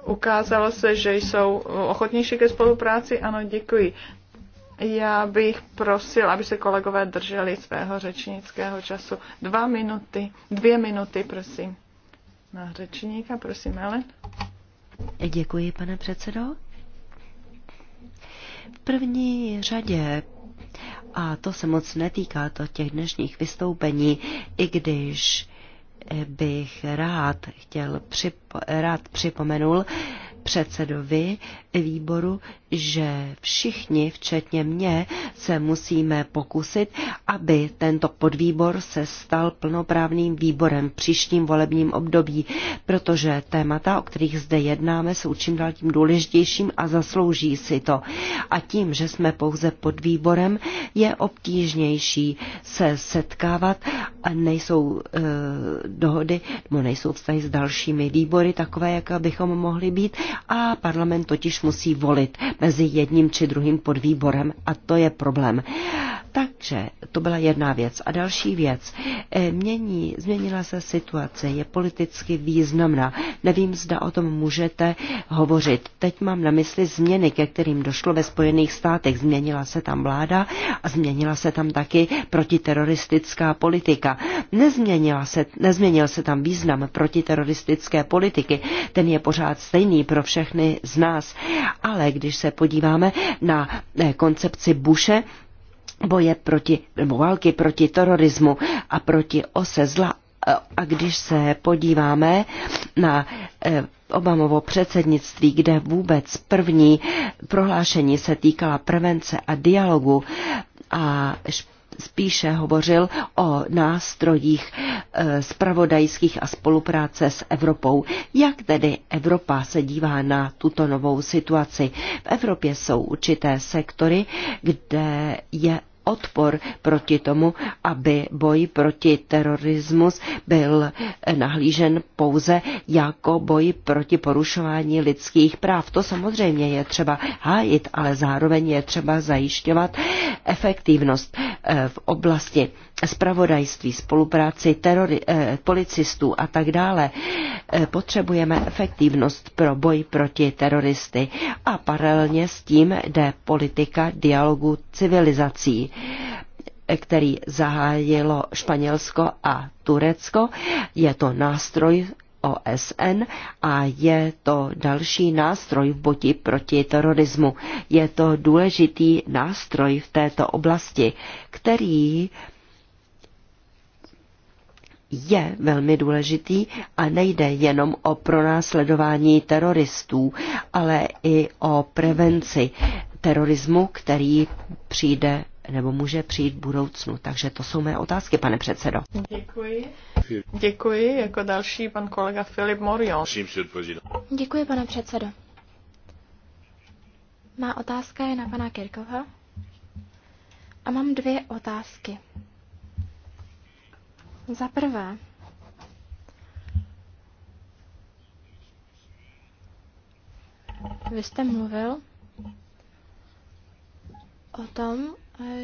Ukázalo se, že jsou ochotnější ke spolupráci. Ano, děkuji. Já bych prosil, aby se kolegové drželi svého řečnického času. Dva minuty, dvě minuty, prosím. Na řečníka, prosím, Ellen. Děkuji, pane předsedo první řadě, a to se moc netýká to těch dnešních vystoupení, i když bych rád chtěl připo- rád připomenul, předsedovi výboru, že všichni, včetně mě, se musíme pokusit, aby tento podvýbor se stal plnoprávným výborem v příštím volebním období, protože témata, o kterých zde jednáme, jsou čím dál tím důležitějším a zaslouží si to. A tím, že jsme pouze podvýborem, je obtížnější se setkávat a nejsou e, dohody, nebo nejsou vztahy s dalšími výbory takové, jak bychom mohli být a parlament totiž musí volit mezi jedním či druhým podvýborem a to je problém. Takže to byla jedna věc. A další věc. Eh, mění, změnila se situace, je politicky významná. Nevím, zda o tom můžete hovořit. Teď mám na mysli změny, ke kterým došlo ve Spojených státech. Změnila se tam vláda a změnila se tam taky protiteroristická politika. Nezměnila se, nezměnil se tam význam protiteroristické politiky. Ten je pořád stejný pro všechny z nás. Ale když se podíváme na eh, koncepci Bushe, boje proti, nebo války proti terorismu a proti ose zla. E, a když se podíváme na e, Obamovo předsednictví, kde vůbec první prohlášení se týkala prevence a dialogu a spíše hovořil o nástrojích spravodajských e, a spolupráce s Evropou. Jak tedy Evropa se dívá na tuto novou situaci? V Evropě jsou určité sektory, kde je odpor proti tomu, aby boj proti terorismus byl nahlížen pouze jako boj proti porušování lidských práv. To samozřejmě je třeba hájit, ale zároveň je třeba zajišťovat efektivnost eh, v oblasti spravodajství, spolupráci terori, eh, policistů a tak dále. Eh, potřebujeme efektivnost pro boj proti teroristy a paralelně s tím jde politika dialogu civilizací eh, který zahájilo Španělsko a Turecko. Je to nástroj OSN a je to další nástroj v boti proti terorismu. Je to důležitý nástroj v této oblasti, který eh, je velmi důležitý a nejde jenom o pronásledování teroristů, ale i o prevenci terorismu, který přijde nebo může přijít v budoucnu. Takže to jsou mé otázky, pane předsedo. Děkuji. Děkuji. Jako další pan kolega Filip Morion. Děkuji, pane předsedo. Má otázka je na pana Kirkova. A mám dvě otázky. Za prvé, vy jste mluvil o tom,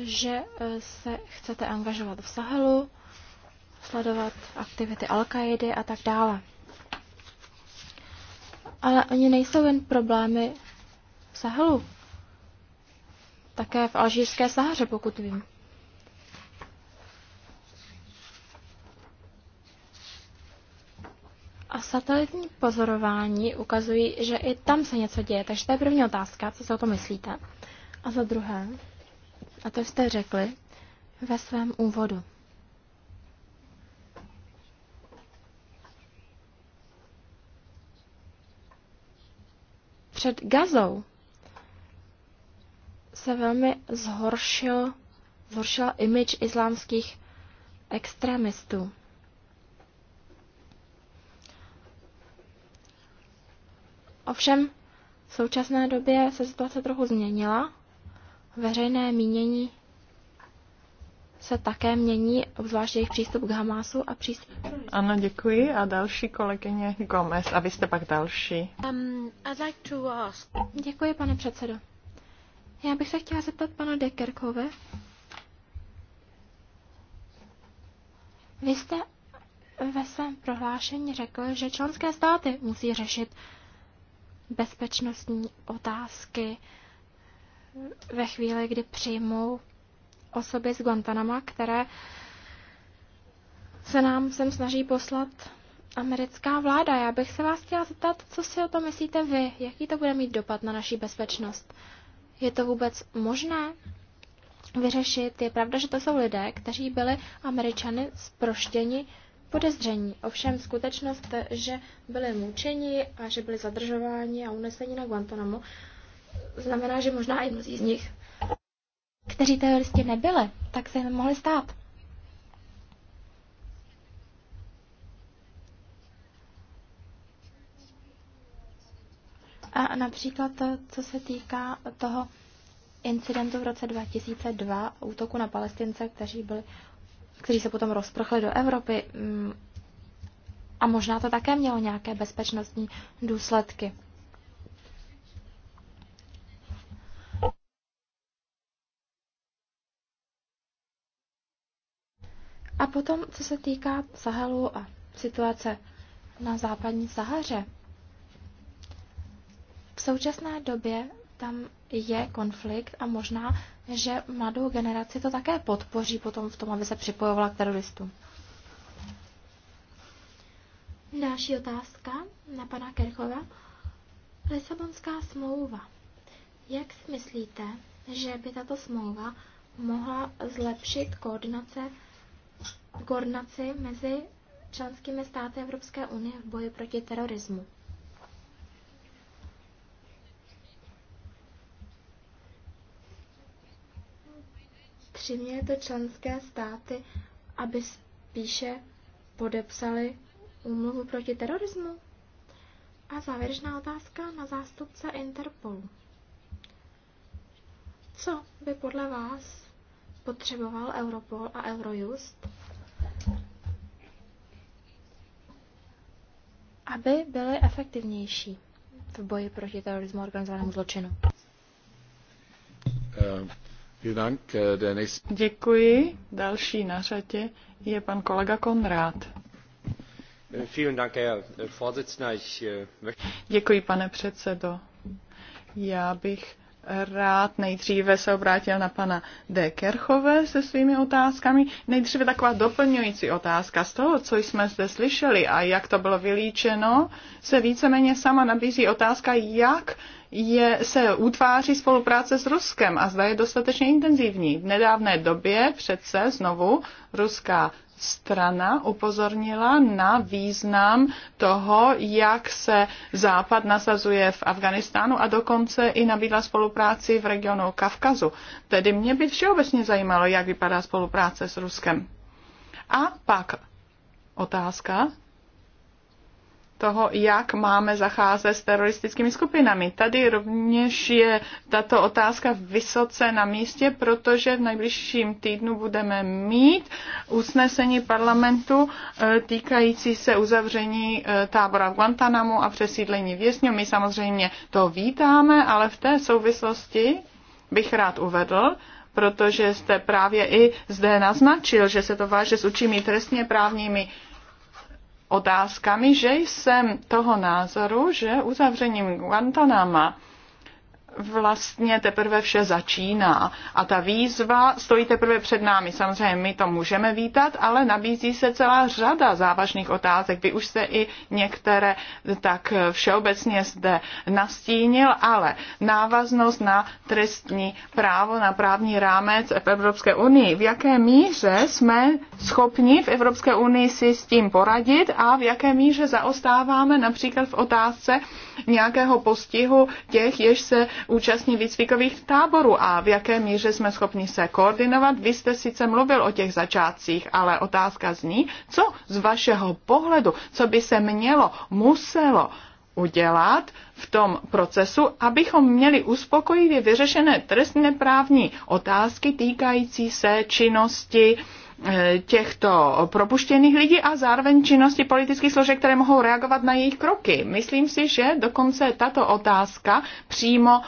že eh, se chcete angažovat v Sahelu, sledovat aktivity al a tak dále. Ale oni nejsou jen problémy v Sahelu. Také v alžírské Sahaře, pokud vím. A satelitní pozorování ukazují, že i tam se něco děje. Takže to je první otázka, co si o to myslíte. A za druhé, a to jste řekli ve svém úvodu. Před Gazou se velmi zhoršil, zhoršila image islámských extremistů. Ovšem v současné době se situace trochu změnila. Veřejné mínění se také mění, obzvláště jejich přístup k Hamásu a přístup... Ano, děkuji. A další kolegyně Gomez. A vy jste pak další. Um, I'd like to ask. Děkuji, pane předsedo. Já bych se chtěla zeptat pana Dekerkové. Vy jste ve svém prohlášení řekl, že členské státy musí řešit bezpečnostní otázky ve chvíli, kdy přijmou osoby z Guantanama, které se nám sem snaží poslat americká vláda. Já bych se vás chtěla zeptat, co si o tom myslíte vy? Jaký to bude mít dopad na naši bezpečnost? Je to vůbec možné vyřešit? Je pravda, že to jsou lidé, kteří byli američany zproštěni podezření. Ovšem skutečnost, že byli mučeni a že byli zadržováni a uneseni na Guantanamo, znamená, že možná i mnozí z nich, kteří teroristi nebyli, tak se mohli stát. A například, co se týká toho incidentu v roce 2002, útoku na palestince, kteří byli kteří se potom rozprchli do Evropy. Mm, a možná to také mělo nějaké bezpečnostní důsledky. A potom, co se týká Sahelu a situace na západní Sahaře. V současné době tam je konflikt a možná, že mladou generaci to také podpoří potom v tom, aby se připojovala k teroristům. Další otázka na pana Kerchova. Lisabonská smlouva. Jak si myslíte, že by tato smlouva mohla zlepšit koordinace, koordinaci mezi členskými státy Evropské unie v boji proti terorismu? to členské státy, aby spíše podepsali úmluvu proti terorismu? A závěrečná otázka na zástupce Interpolu. Co by podle vás potřeboval Europol a Eurojust, aby byly efektivnější v boji proti terorismu a organizovanému zločinu? Uh. Äh, Děkuji. Další na řadě je pan kolega Konrád. Äh, äh, Děkuji, pane předsedo. Já bych rád nejdříve se obrátil na pana D. Kerchové se svými otázkami. Nejdříve taková doplňující otázka z toho, co jsme zde slyšeli a jak to bylo vylíčeno, se víceméně sama nabízí otázka, jak je, se utváří spolupráce s Ruskem a zda je dostatečně intenzivní. V nedávné době přece znovu ruská strana upozornila na význam toho, jak se Západ nasazuje v Afganistánu a dokonce i nabídla spolupráci v regionu Kavkazu. Tedy mě by všeobecně zajímalo, jak vypadá spolupráce s Ruskem. A pak otázka, toho, jak máme zacházet s teroristickými skupinami. Tady rovněž je tato otázka vysoce na místě, protože v nejbližším týdnu budeme mít usnesení parlamentu eh, týkající se uzavření eh, tábora v Guantanamu a přesídlení vězňů. My samozřejmě to vítáme, ale v té souvislosti bych rád uvedl, protože jste právě i zde naznačil, že se to váže s učími trestně právními otázkami, že jsem toho názoru, že uzavřením Guantanama vlastně teprve vše začíná a ta výzva stojí teprve před námi. Samozřejmě my to můžeme vítat, ale nabízí se celá řada závažných otázek. Vy už se i některé tak všeobecně zde nastínil, ale návaznost na trestní právo, na právní rámec v Evropské unii. V jaké míře jsme schopni v Evropské unii si s tím poradit a v jaké míře zaostáváme například v otázce nějakého postihu těch, jež se účastní výcvikových táborů a v jaké míře jsme schopni se koordinovat. Vy jste sice mluvil o těch začátcích, ale otázka zní, co z vašeho pohledu, co by se mělo, muselo udělat v tom procesu, abychom měli uspokojivě vyřešené trestné právní otázky týkající se činnosti těchto propuštěných lidí a zároveň činnosti politických složek, které mohou reagovat na jejich kroky. Myslím si, že dokonce tato otázka přímo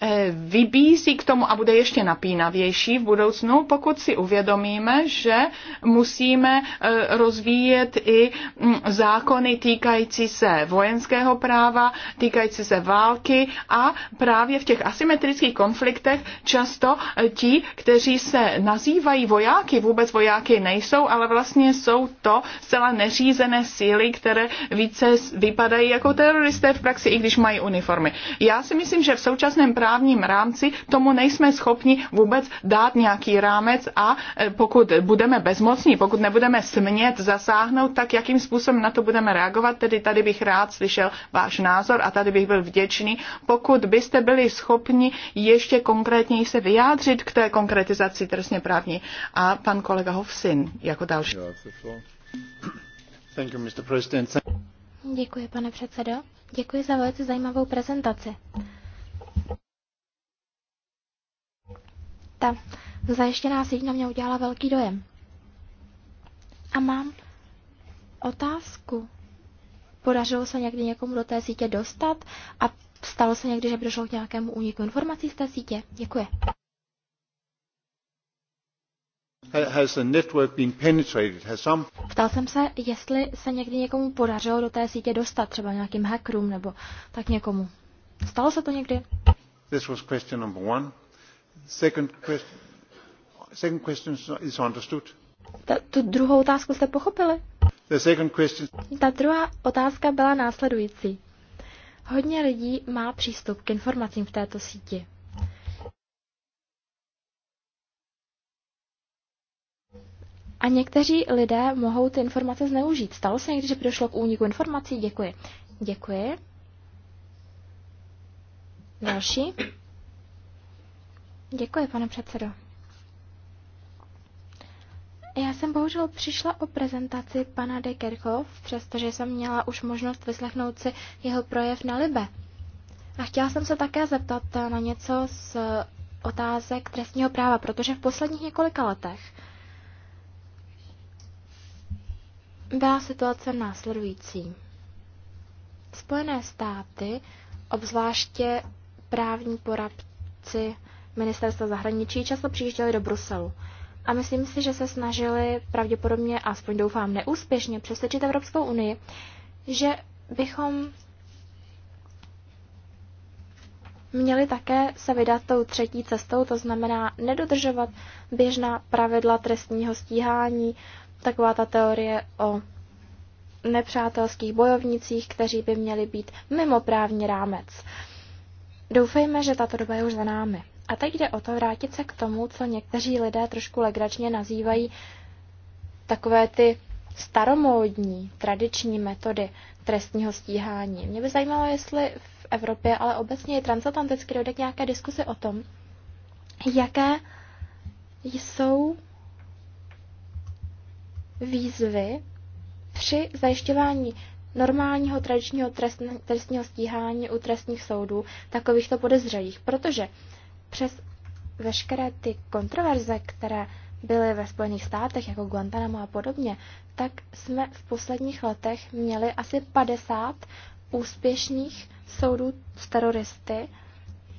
Eh, vybízí k tomu a bude ještě napínavější v budoucnu, pokud si uvědomíme, že musíme eh, rozvíjet i mm, zákony týkající se vojenského práva, týkající se války a právě v těch asymetrických konfliktech často eh, ti, kteří se nazývají vojáky, vůbec vojáky nejsou, ale vlastně jsou to zcela neřízené síly, které více vypadají jako teroristé v praxi, i když mají uniformy. Já si myslím, že v současném právě právním rámci tomu nejsme schopni vůbec dát nějaký rámec a e, pokud budeme bezmocní, pokud nebudeme smět zasáhnout, tak jakým způsobem na to budeme reagovat, tedy tady bych rád slyšel váš názor a tady bych byl vděčný, pokud byste byli schopni ještě konkrétněji se vyjádřit k té konkretizaci trestně právní. A pan kolega Hovsin jako další. Děkuji, pane předsedo. Děkuji za velice zajímavou prezentaci. ta zajištěná síť na mě udělala velký dojem. A mám otázku. Podařilo se někdy někomu do té sítě dostat a stalo se někdy, že by došlo k nějakému úniku informací z té sítě? Děkuji. Has the network been penetrated? Has some... Ptal jsem se, jestli se někdy někomu podařilo do té sítě dostat, třeba nějakým hackerům nebo tak někomu. Stalo se to někdy? This was question number one tu druhou otázku jste pochopili? The second question... Ta druhá otázka byla následující. Hodně lidí má přístup k informacím v této síti. A někteří lidé mohou ty informace zneužít. Stalo se někdy, že došlo k úniku informací? Děkuji. Děkuji. Další. Děkuji, pane předsedo. Já jsem bohužel přišla o prezentaci pana de Kerkhoff, přestože jsem měla už možnost vyslechnout si jeho projev na Libe. A chtěla jsem se také zeptat na něco z otázek trestního práva, protože v posledních několika letech byla situace následující. Spojené státy, obzvláště právní poradci ministerstva zahraničí často přijížděli do Bruselu. A myslím si, že se snažili pravděpodobně, aspoň doufám neúspěšně, přesvědčit Evropskou unii, že bychom měli také se vydat tou třetí cestou, to znamená nedodržovat běžná pravidla trestního stíhání, taková ta teorie o nepřátelských bojovnicích, kteří by měli být mimo právní rámec. Doufejme, že tato doba je už za námi. A teď jde o to vrátit se k tomu, co někteří lidé trošku legračně nazývají takové ty staromódní, tradiční metody trestního stíhání. Mě by zajímalo, jestli v Evropě, ale obecně i transatlanticky dojde k nějaké diskusi o tom, jaké jsou výzvy při zajišťování normálního tradičního trestn, trestního stíhání u trestních soudů takovýchto podezřelých, protože přes veškeré ty kontroverze, které byly ve Spojených státech, jako Guantanamo a podobně, tak jsme v posledních letech měli asi 50 úspěšných soudů s teroristy,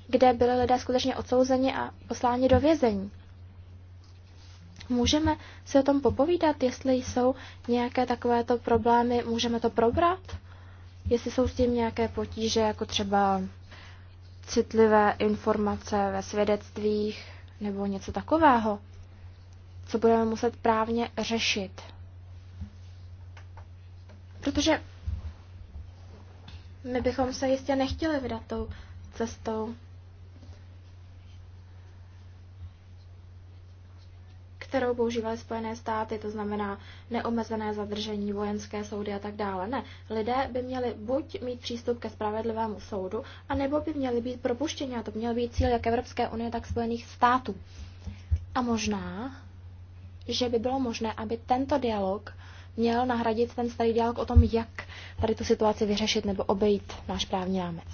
kde byly lidé skutečně odsouzeni a posláni do vězení. Můžeme si o tom popovídat, jestli jsou nějaké takovéto problémy, můžeme to probrat? Jestli jsou s tím nějaké potíže, jako třeba citlivé informace ve svědectvích nebo něco takového, co budeme muset právně řešit. Protože my bychom se jistě nechtěli vydat tou cestou kterou používaly Spojené státy, to znamená neomezené zadržení, vojenské soudy a tak dále. Ne, lidé by měli buď mít přístup ke spravedlivému soudu, anebo by měli být propuštěni a to by měl být cíl jak Evropské unie, tak Spojených států. A možná, že by bylo možné, aby tento dialog měl nahradit ten starý dialog o tom, jak tady tu situaci vyřešit nebo obejít náš právní rámec.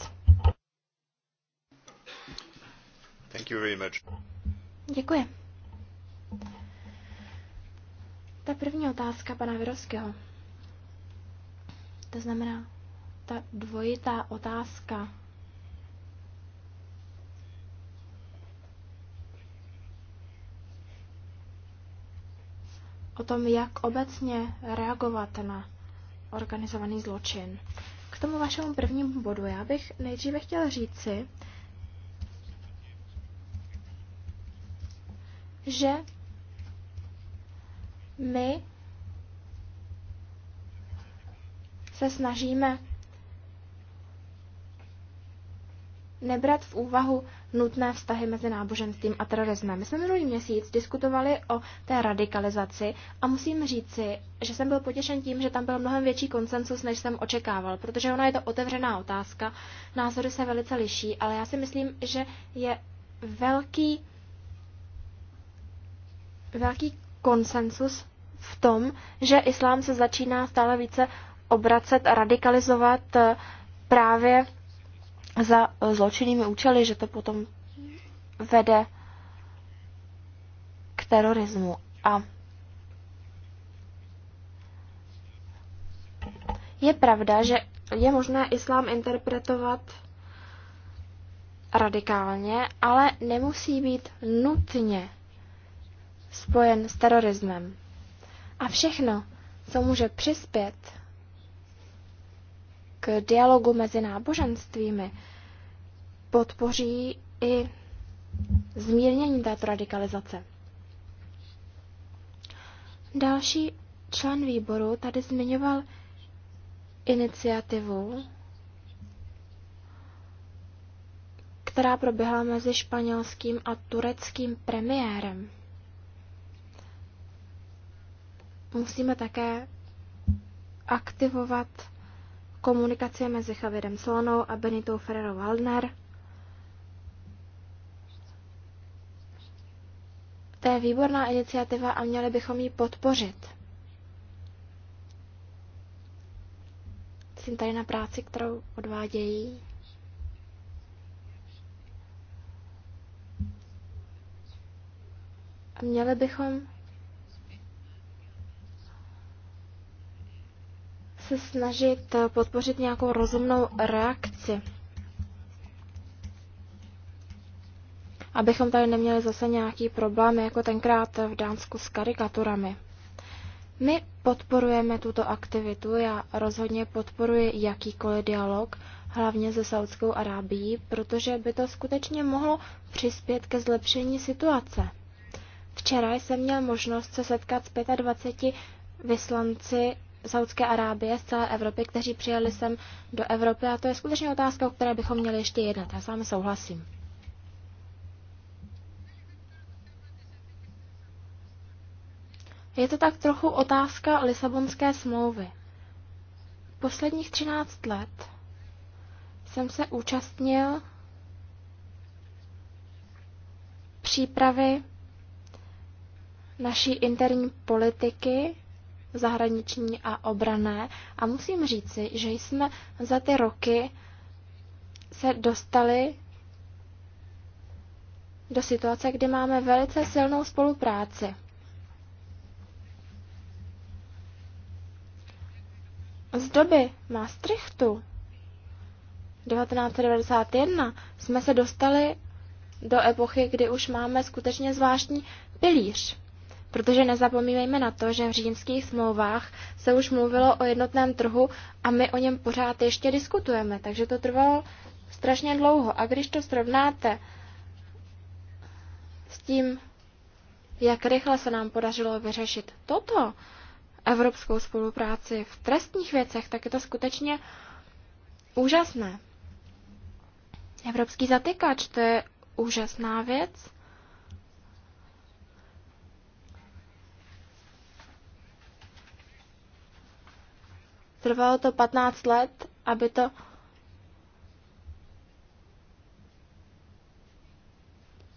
Thank you very much. Děkuji. Ta první otázka pana Virovského, to znamená ta dvojitá otázka, o tom, jak obecně reagovat na organizovaný zločin. K tomu vašemu prvnímu bodu já bych nejdříve chtěl říci, že my se snažíme nebrat v úvahu nutné vztahy mezi náboženstvím a terorismem. My jsme minulý měsíc diskutovali o té radikalizaci a musím říci, že jsem byl potěšen tím, že tam byl mnohem větší konsensus, než jsem očekával, protože ona je to otevřená otázka, názory se velice liší, ale já si myslím, že je velký, velký konsensus v tom, že islám se začíná stále více obracet a radikalizovat eh, právě za eh, zločinnými účely, že to potom vede k terorismu. A je pravda, že je možné islám interpretovat radikálně, ale nemusí být nutně spojen s terorismem. A všechno, co může přispět k dialogu mezi náboženstvími, podpoří i zmírnění této radikalizace. Další člen výboru tady zmiňoval iniciativu, která proběhla mezi španělským a tureckým premiérem. musíme také aktivovat komunikaci mezi Chavidem Solanou a Benitou Ferrero Waldner. To je výborná iniciativa a měli bychom ji podpořit. Jsem tady na práci, kterou odvádějí. A měli bychom se snažit eh, podpořit nějakou rozumnou reakci. Abychom tady neměli zase nějaký problém, jako tenkrát v Dánsku s karikaturami. My podporujeme tuto aktivitu, já rozhodně podporuji jakýkoliv dialog, hlavně se Saudskou Arábií, protože by to skutečně mohlo přispět ke zlepšení situace. Včera jsem měl možnost se setkat s 25 vyslanci Saudské Arábie, z celé Evropy, kteří přijeli sem do Evropy a to je skutečně otázka, o které bychom měli ještě jednat. Já s vámi souhlasím. Je to tak trochu otázka Lisabonské smlouvy. Posledních 13 let jsem se účastnil přípravy naší interní politiky zahraniční a obrané. A musím říci, že jsme za ty roky se dostali do situace, kdy máme velice silnou spolupráci. Z doby Maastrichtu 1991 jsme se dostali do epochy, kdy už máme skutečně zvláštní pilíř. Protože nezapomínejme na to, že v římských smlouvách se už mluvilo o jednotném trhu a my o něm pořád ještě diskutujeme, takže to trvalo strašně dlouho. A když to srovnáte s tím, jak rychle se nám podařilo vyřešit toto, evropskou spolupráci v trestních věcech, tak je to skutečně úžasné. Evropský zatykač, to je úžasná věc. Trvalo to 15 let, aby to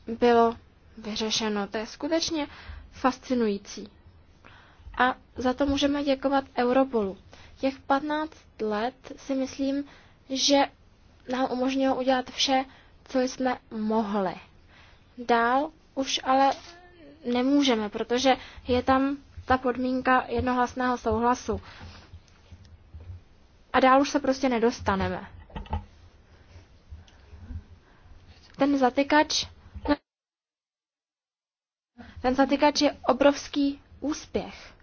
bylo vyřešeno. To je skutečně fascinující. A za to můžeme děkovat Europolu. Těch 15 let si myslím, že nám umožnilo udělat vše, co jsme mohli. Dál už ale nemůžeme, protože je tam ta podmínka jednohlasného souhlasu a dál už se prostě nedostaneme. Ten zatykač, ten zatykač je obrovský úspěch.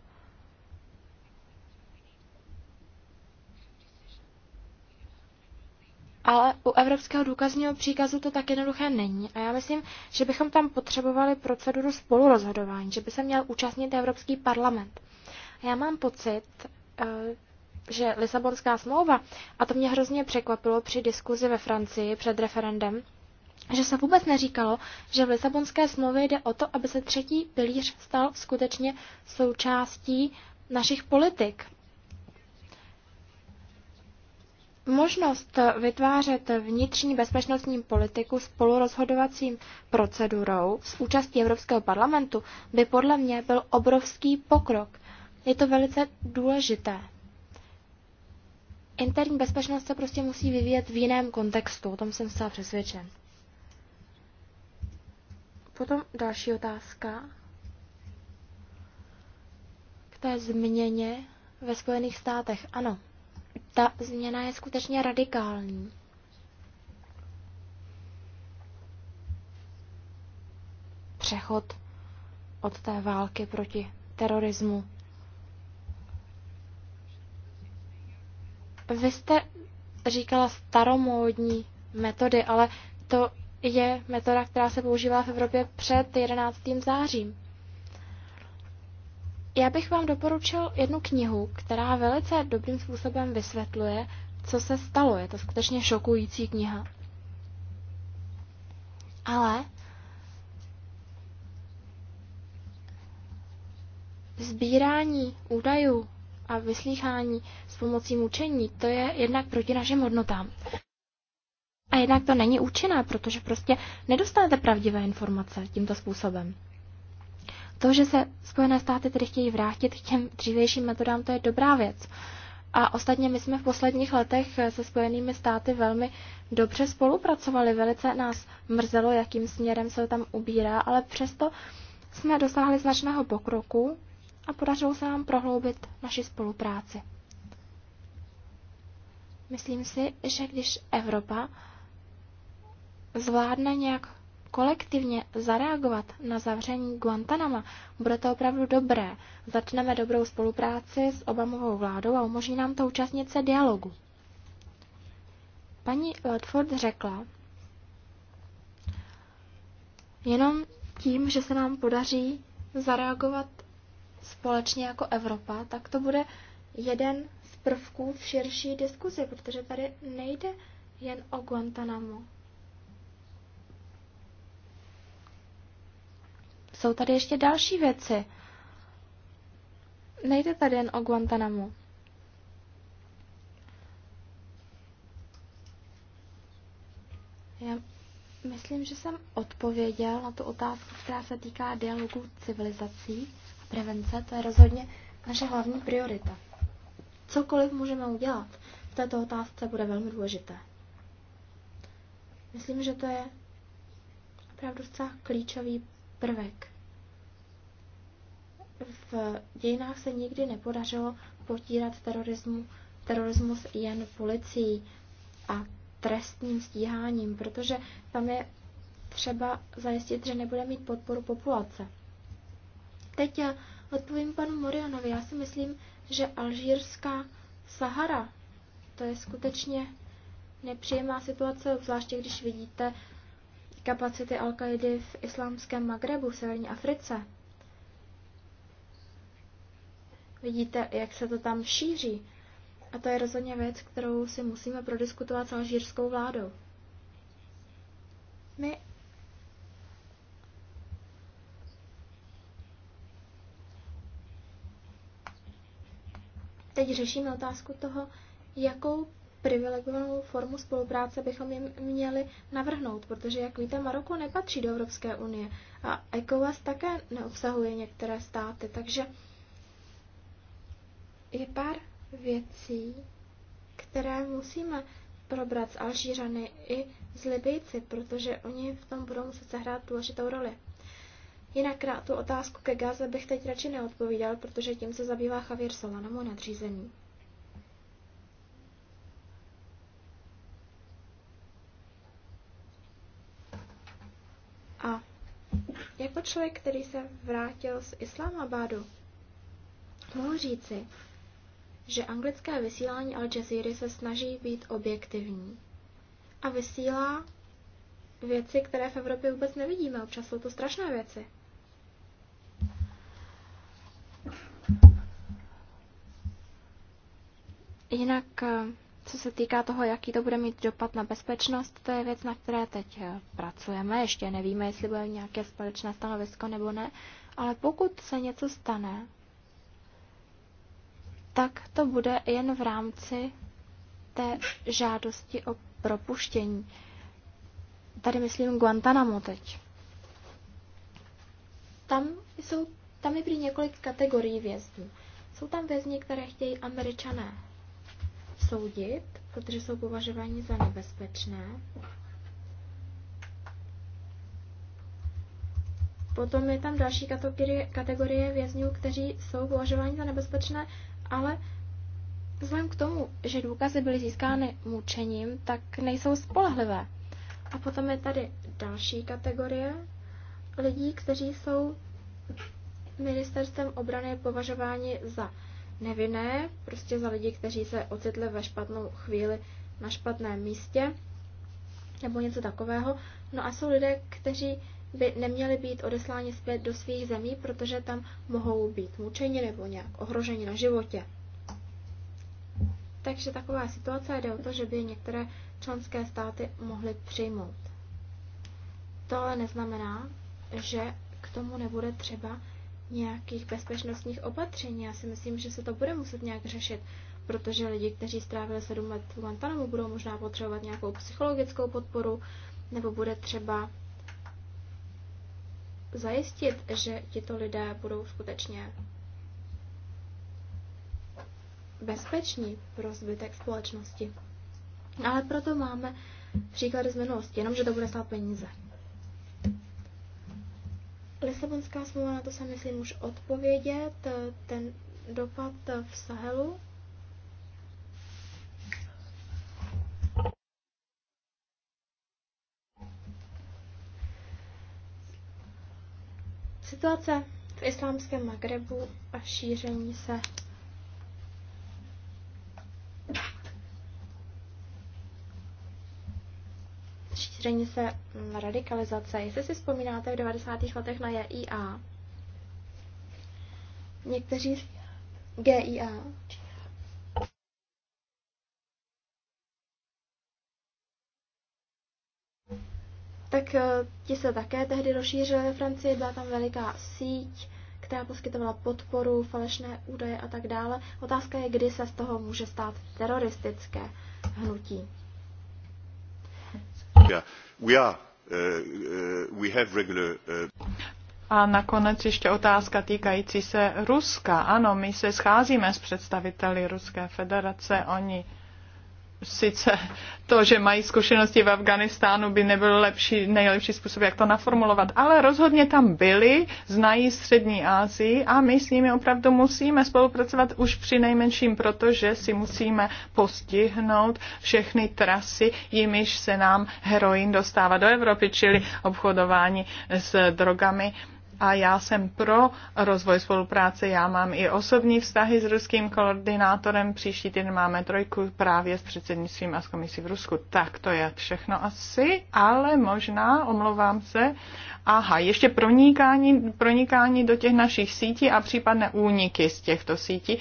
Ale u evropského důkazního příkazu to tak jednoduché není. A já myslím, že bychom tam potřebovali proceduru spolurozhodování, že by se měl účastnit Evropský parlament. A já mám pocit, eh, že Lisabonská smlouva, a to mě hrozně překvapilo při diskuzi ve Francii před referendem, že se vůbec neříkalo, že v Lisabonské smlouvě jde o to, aby se třetí pilíř stal skutečně součástí našich politik. Možnost vytvářet vnitřní bezpečnostní politiku spolurozhodovacím procedurou s účastí Evropského parlamentu by podle mě byl obrovský pokrok. Je to velice důležité interní bezpečnost se prostě musí vyvíjet v jiném kontextu, o tom jsem zcela přesvědčen. Potom další otázka k té změně ve Spojených státech. Ano, ta změna je skutečně radikální. Přechod od té války proti terorismu Vy jste říkala staromódní metody, ale to je metoda, která se používá v Evropě před 11. zářím. Já bych vám doporučil jednu knihu, která velice dobrým způsobem vysvětluje, co se stalo. Je to skutečně šokující kniha. Ale sbírání údajů a vyslýchání pomocí mučení, to je jednak proti našim hodnotám. A jednak to není účinné, protože prostě nedostanete pravdivé informace tímto způsobem. To, že se Spojené státy tedy chtějí vrátit k těm dřívějším metodám, to je dobrá věc. A ostatně my jsme v posledních letech se Spojenými státy velmi dobře spolupracovali. Velice nás mrzelo, jakým směrem se tam ubírá, ale přesto jsme dosáhli značného pokroku a podařilo se nám prohloubit naši spolupráci. Myslím si, že když Evropa zvládne nějak kolektivně zareagovat na zavření Guantanama, bude to opravdu dobré. Začneme dobrou spolupráci s Obamovou vládou a umožní nám to účastnit se dialogu. Paní Ledford řekla, jenom tím, že se nám podaří zareagovat společně jako Evropa, tak to bude jeden prvků v širší diskuzi, protože tady nejde jen o Guantanamo. Jsou tady ještě další věci. Nejde tady jen o Guantanamo. Já myslím, že jsem odpověděl na tu otázku, která se týká dialogu civilizací a prevence. To je rozhodně naše hlavní priorita. Cokoliv můžeme udělat v této otázce bude velmi důležité. Myslím, že to je opravdu docela klíčový prvek. V dějinách se nikdy nepodařilo potírat terorismu, terorismus jen policií a trestním stíháním, protože tam je třeba zajistit, že nebude mít podporu populace. Teď já eh, odpovím panu Morianovi. Já si myslím, že alžírská Sahara, to je skutečně nepříjemná situace, obzvláště když vidíte kapacity al v islámském Magrebu, v severní Africe. Vidíte, jak se to tam šíří. A to je rozhodně věc, kterou si musíme prodiskutovat s alžírskou vládou. My Teď řešíme otázku toho, jakou privilegovanou formu spolupráce bychom jim měli navrhnout, protože, jak víte, Maroko nepatří do Evropské unie a ECOWAS také neobsahuje některé státy, takže je pár věcí, které musíme probrat s Alžířany i s Libyjci, protože oni v tom budou muset zahrát důležitou roli. Jinak na tu otázku ke Gaze bych teď radši neodpovídal, protože tím se zabývá Javier Solana, můj nadřízený. A jako člověk, který se vrátil z Islamabadu, mohu říci, že anglické vysílání Al Jazeera se snaží být objektivní a vysílá věci, které v Evropě vůbec nevidíme. Občas jsou to strašné věci. Jinak, eh, co se týká toho, jaký to bude mít dopad na bezpečnost, to je věc, na které teď eh, pracujeme. Ještě nevíme, jestli bude nějaké společné stanovisko nebo ne, ale pokud se něco stane, tak to bude jen v rámci té žádosti o propuštění. Tady myslím Guantanamo teď. Tam jsou tam je prý několik kategorií vězňů. Jsou tam vězni, které chtějí američané soudit, protože jsou považováni za nebezpečné. Potom je tam další kategorie, kategorie vězňů, kteří jsou považováni za nebezpečné, ale vzhledem k tomu, že důkazy byly získány mučením, tak nejsou spolehlivé. A potom je tady další kategorie lidí, kteří jsou ministerstvem obrany považováni za nevinné, prostě za lidi, kteří se ocitli ve špatnou chvíli na špatném místě nebo něco takového. No a jsou lidé, kteří by neměli být odesláni zpět do svých zemí, protože tam mohou být mučeni nebo nějak ohroženi na životě. Takže taková situace jde o to, že by některé členské státy mohly přijmout. To ale neznamená, že k tomu nebude třeba nějakých bezpečnostních opatření. Já si myslím, že se to bude muset nějak řešit, protože lidi, kteří strávili sedm let v Guantanamo, budou možná potřebovat nějakou psychologickou podporu, nebo bude třeba zajistit, že tito lidé budou skutečně bezpeční pro zbytek společnosti. Ale proto máme příklady z minulosti, jenomže to bude stát peníze. Lisabonská smlouva na to se myslím už odpovědět, eh, ten dopad eh, v Sahelu. Situace v islámském Magrebu a šíření se soustředění se na radikalizace. Jestli si vzpomínáte v 90. letech na JIA, někteří GIA, tak eh, ti se také tehdy rozšířili ve Francii, byla tam veliká síť, která poskytovala podporu, falešné údaje a tak dále. Otázka je, kdy se z toho může stát teroristické hnutí. Uh, uh, uh, a nakonec ještě otázka týkající se Ruska. Ano, my se scházíme s představiteli Ruské federace, oni sice to, že mají zkušenosti v Afganistánu, by nebyl lepší, nejlepší způsob, jak to naformulovat, ale rozhodně tam byli, znají Střední Asii a my s nimi opravdu musíme spolupracovat už při nejmenším, protože si musíme postihnout všechny trasy, jimiž se nám heroin dostává do Evropy, čili obchodování s drogami a já jsem pro rozvoj spolupráce. Já mám i osobní vztahy s ruským koordinátorem. Příští týden máme trojku právě s předsednictvím a s komisí v Rusku. Tak to je všechno asi, ale možná, omlouvám se. Aha, ještě pronikání, pronikání do těch našich sítí a případné úniky z těchto sítí.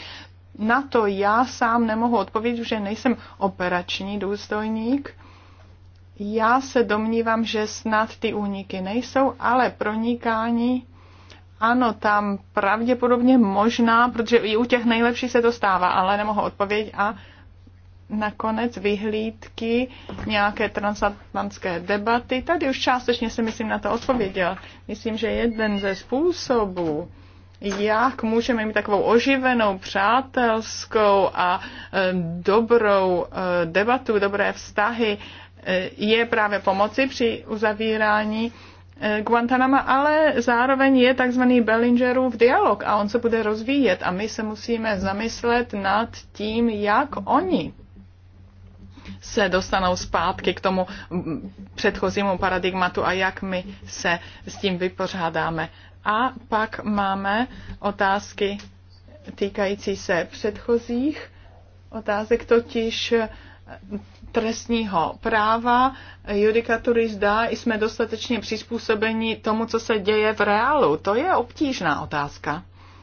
Na to já sám nemohu odpovědět, že nejsem operační důstojník. Já se domnívám, že snad ty úniky nejsou, ale pronikání ano, tam pravděpodobně možná, protože i u těch nejlepších se to stává, ale nemohu odpovědět. A nakonec vyhlídky, nějaké transatlantské debaty. Tady už částečně se myslím na to odpověděl. Myslím, že jeden ze způsobů, jak můžeme mít takovou oživenou, přátelskou a e, dobrou e, debatu, dobré vztahy, e, je právě pomoci při uzavírání Guantanama, ale zároveň je takzvaný Bellingerův dialog a on se bude rozvíjet a my se musíme zamyslet nad tím, jak oni se dostanou zpátky k tomu předchozímu paradigmatu a jak my se s tím vypořádáme. A pak máme otázky týkající se předchozích otázek, totiž trestního práva, judikatury zdá, jsme dostatečně přizpůsobeni tomu, co se děje v reálu. To je obtížná otázka.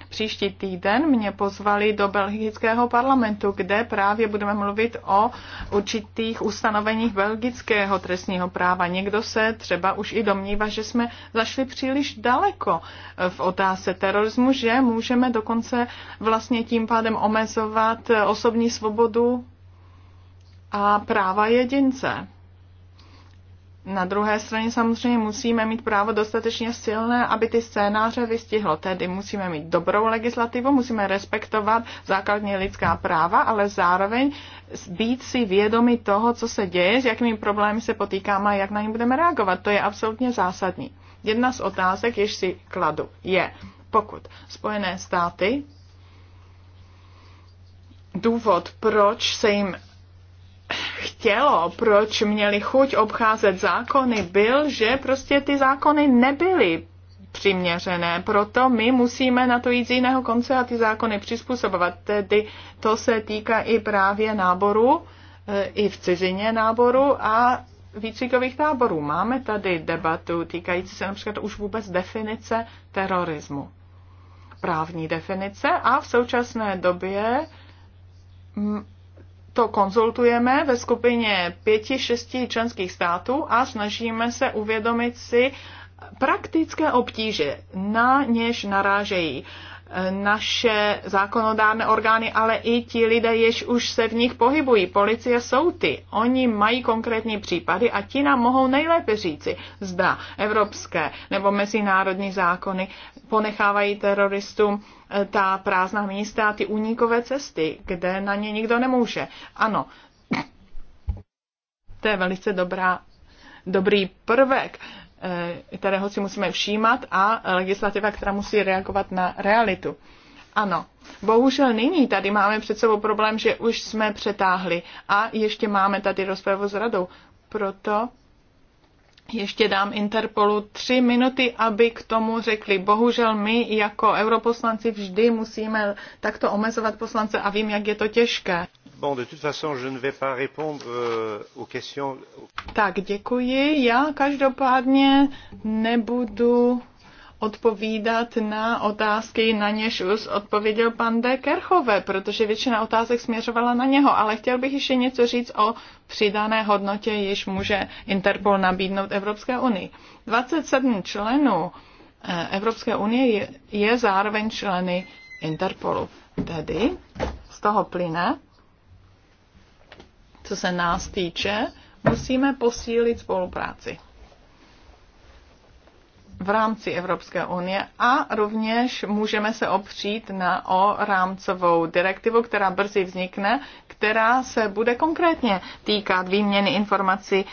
Příští týden mě pozvali do belgického parlamentu, kde právě budeme mluvit o určitých ustanoveních belgického trestního práva. Někdo se třeba už i domnívá, že jsme zašli příliš daleko v otázce terorismu, že můžeme dokonce vlastně tím pádem omezovat osobní svobodu a práva jedince. Na druhé straně samozřejmě musíme mít právo dostatečně silné, aby ty scénáře vystihlo. Tedy musíme mít dobrou legislativu, musíme respektovat základní lidská práva, ale zároveň být si vědomi toho, co se děje, s jakými problémy se potýkáme a jak na ně budeme reagovat. To je absolutně zásadní. Jedna z otázek, jež si kladu, je, pokud Spojené státy důvod, proč se jim chtělo, proč měli chuť obcházet zákony, byl, že prostě ty zákony nebyly přiměřené. Proto my musíme na to jít z jiného konce a ty zákony přizpůsobovat. Tedy to se týká i právě náboru, eh, i v cizině náboru a výcvikových táborů. Máme tady debatu týkající se například už vůbec definice terorismu. Právní definice a v současné době mm, to konzultujeme ve skupině pěti, šesti členských států a snažíme se uvědomit si praktické obtíže, na něž narážejí eh, naše zákonodárné orgány, ale i ti lidé, jež už se v nich pohybují. Policie jsou ty. Oni mají konkrétní případy a ti nám mohou nejlépe říci, zda evropské nebo mezinárodní zákony ponechávají teroristům ta prázdná místa, ty únikové cesty, kde na ně nikdo nemůže. Ano, to je velice dobrá, dobrý prvek, eh, kterého si musíme všímat a legislativa, která musí reagovat na realitu. Ano, bohužel nyní tady máme před sebou problém, že už jsme přetáhli a ještě máme tady rozpravu s radou. Proto ještě dám Interpolu tři minuty, aby k tomu řekli. Bohužel my jako europoslanci vždy musíme takto omezovat poslance a vím, jak je to těžké. Bon, de toute façon, je ne vais pas répondre euh, aux questions. Tak, děkuji. Já každopádně nebudu odpovídat na otázky, na něž už odpověděl pan D. Kerchové, protože většina otázek směřovala na něho, ale chtěl bych ještě něco říct o přidané hodnotě, již může Interpol nabídnout Evropské unii. 27 členů eh, Evropské unie je, je zároveň členy Interpolu. Tedy z toho plyne, co se nás týče, musíme posílit spolupráci v rámci Evropské unie a rovněž můžeme se opřít na o rámcovou direktivu, která brzy vznikne, která se bude konkrétně týkat výměny informací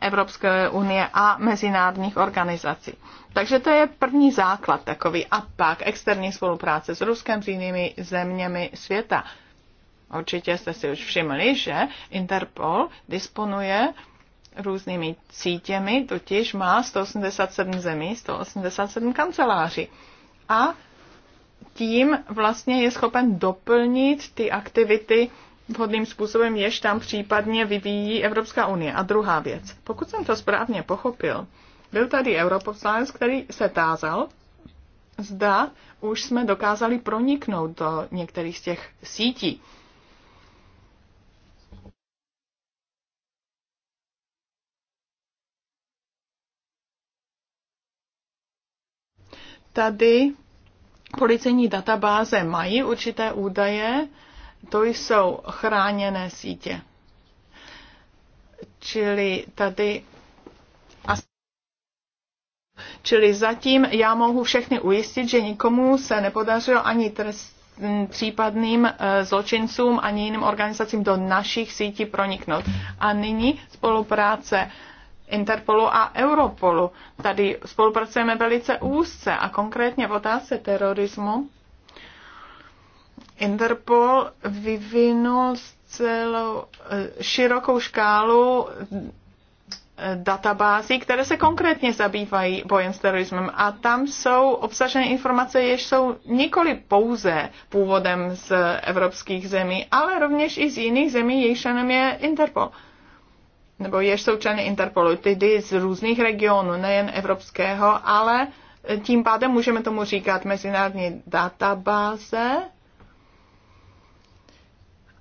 Evropské unie a mezinárodních organizací. Takže to je první základ takový a pak externí spolupráce s Ruskem, s jinými zeměmi světa. Určitě jste si už všimli, že Interpol disponuje různými sítěmi, totiž má 187 zemí, 187 kanceláří. A tím vlastně je schopen doplnit ty aktivity vhodným způsobem, jež tam případně vyvíjí Evropská unie. A druhá věc, pokud jsem to správně pochopil, byl tady europoslanec, který se tázal, zda už jsme dokázali proniknout do některých z těch sítí tady policejní databáze mají určité údaje, to jsou chráněné sítě. Čili tady Čili zatím já mohu všechny ujistit, že nikomu se nepodařilo ani trest, mm, případným eh, zločincům ani jiným organizacím do našich sítí proniknout. A nyní spolupráce Interpolu a Europolu. Tady spolupracujeme velice úzce a konkrétně v otázce terorismu. Interpol vyvinul celou eh, širokou škálu eh, databází, které se konkrétně zabývají bojem s terorismem. A tam jsou obsažené informace, jež jsou nikoli pouze původem z evropských zemí, ale rovněž i z jiných zemí, jejich členem je Interpol nebo jež jsou členy Interpolu, tedy z různých regionů, nejen evropského, ale tím pádem můžeme tomu říkat mezinárodní databáze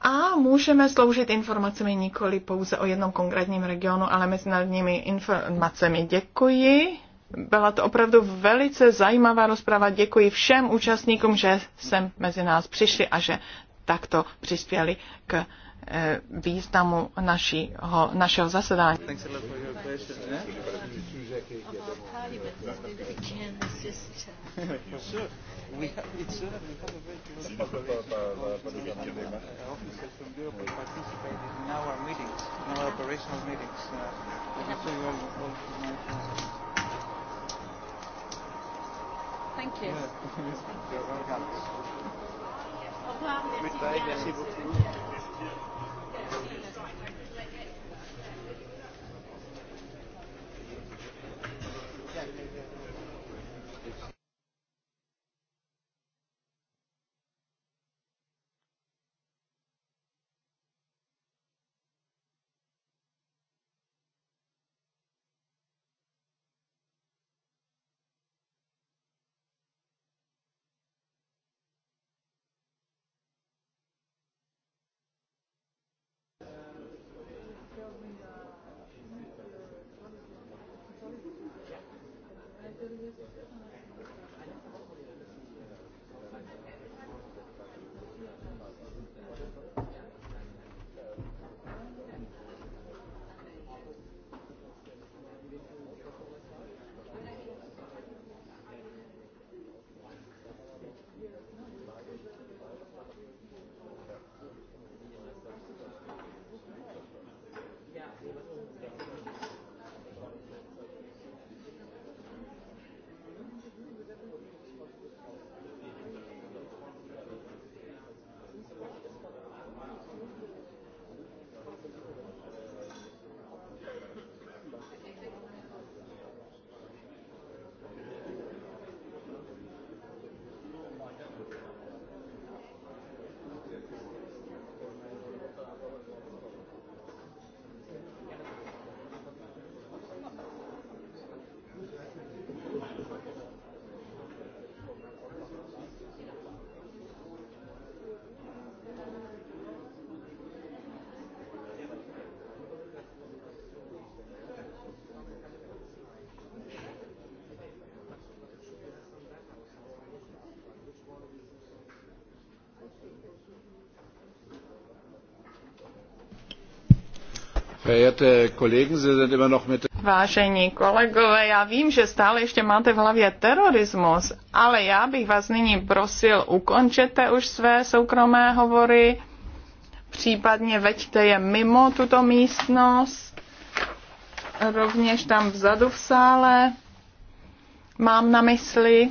a můžeme sloužit informacemi nikoli pouze o jednom konkrétním regionu, ale mezinárodními informacemi. Děkuji. Byla to opravdu velice zajímavá rozprava. Děkuji všem účastníkům, že sem mezi nás přišli a že takto přispěli k Eh, významu našiho, našeho zasedání. Eh? Thank you. You're welcome. merci beaucoup. Vážení kolegové, já vím, že stále ještě máte v hlavě terorismus, ale já bych vás nyní prosil, ukončete už své soukromé hovory, případně veďte je mimo tuto místnost, rovněž tam vzadu v sále. Mám na mysli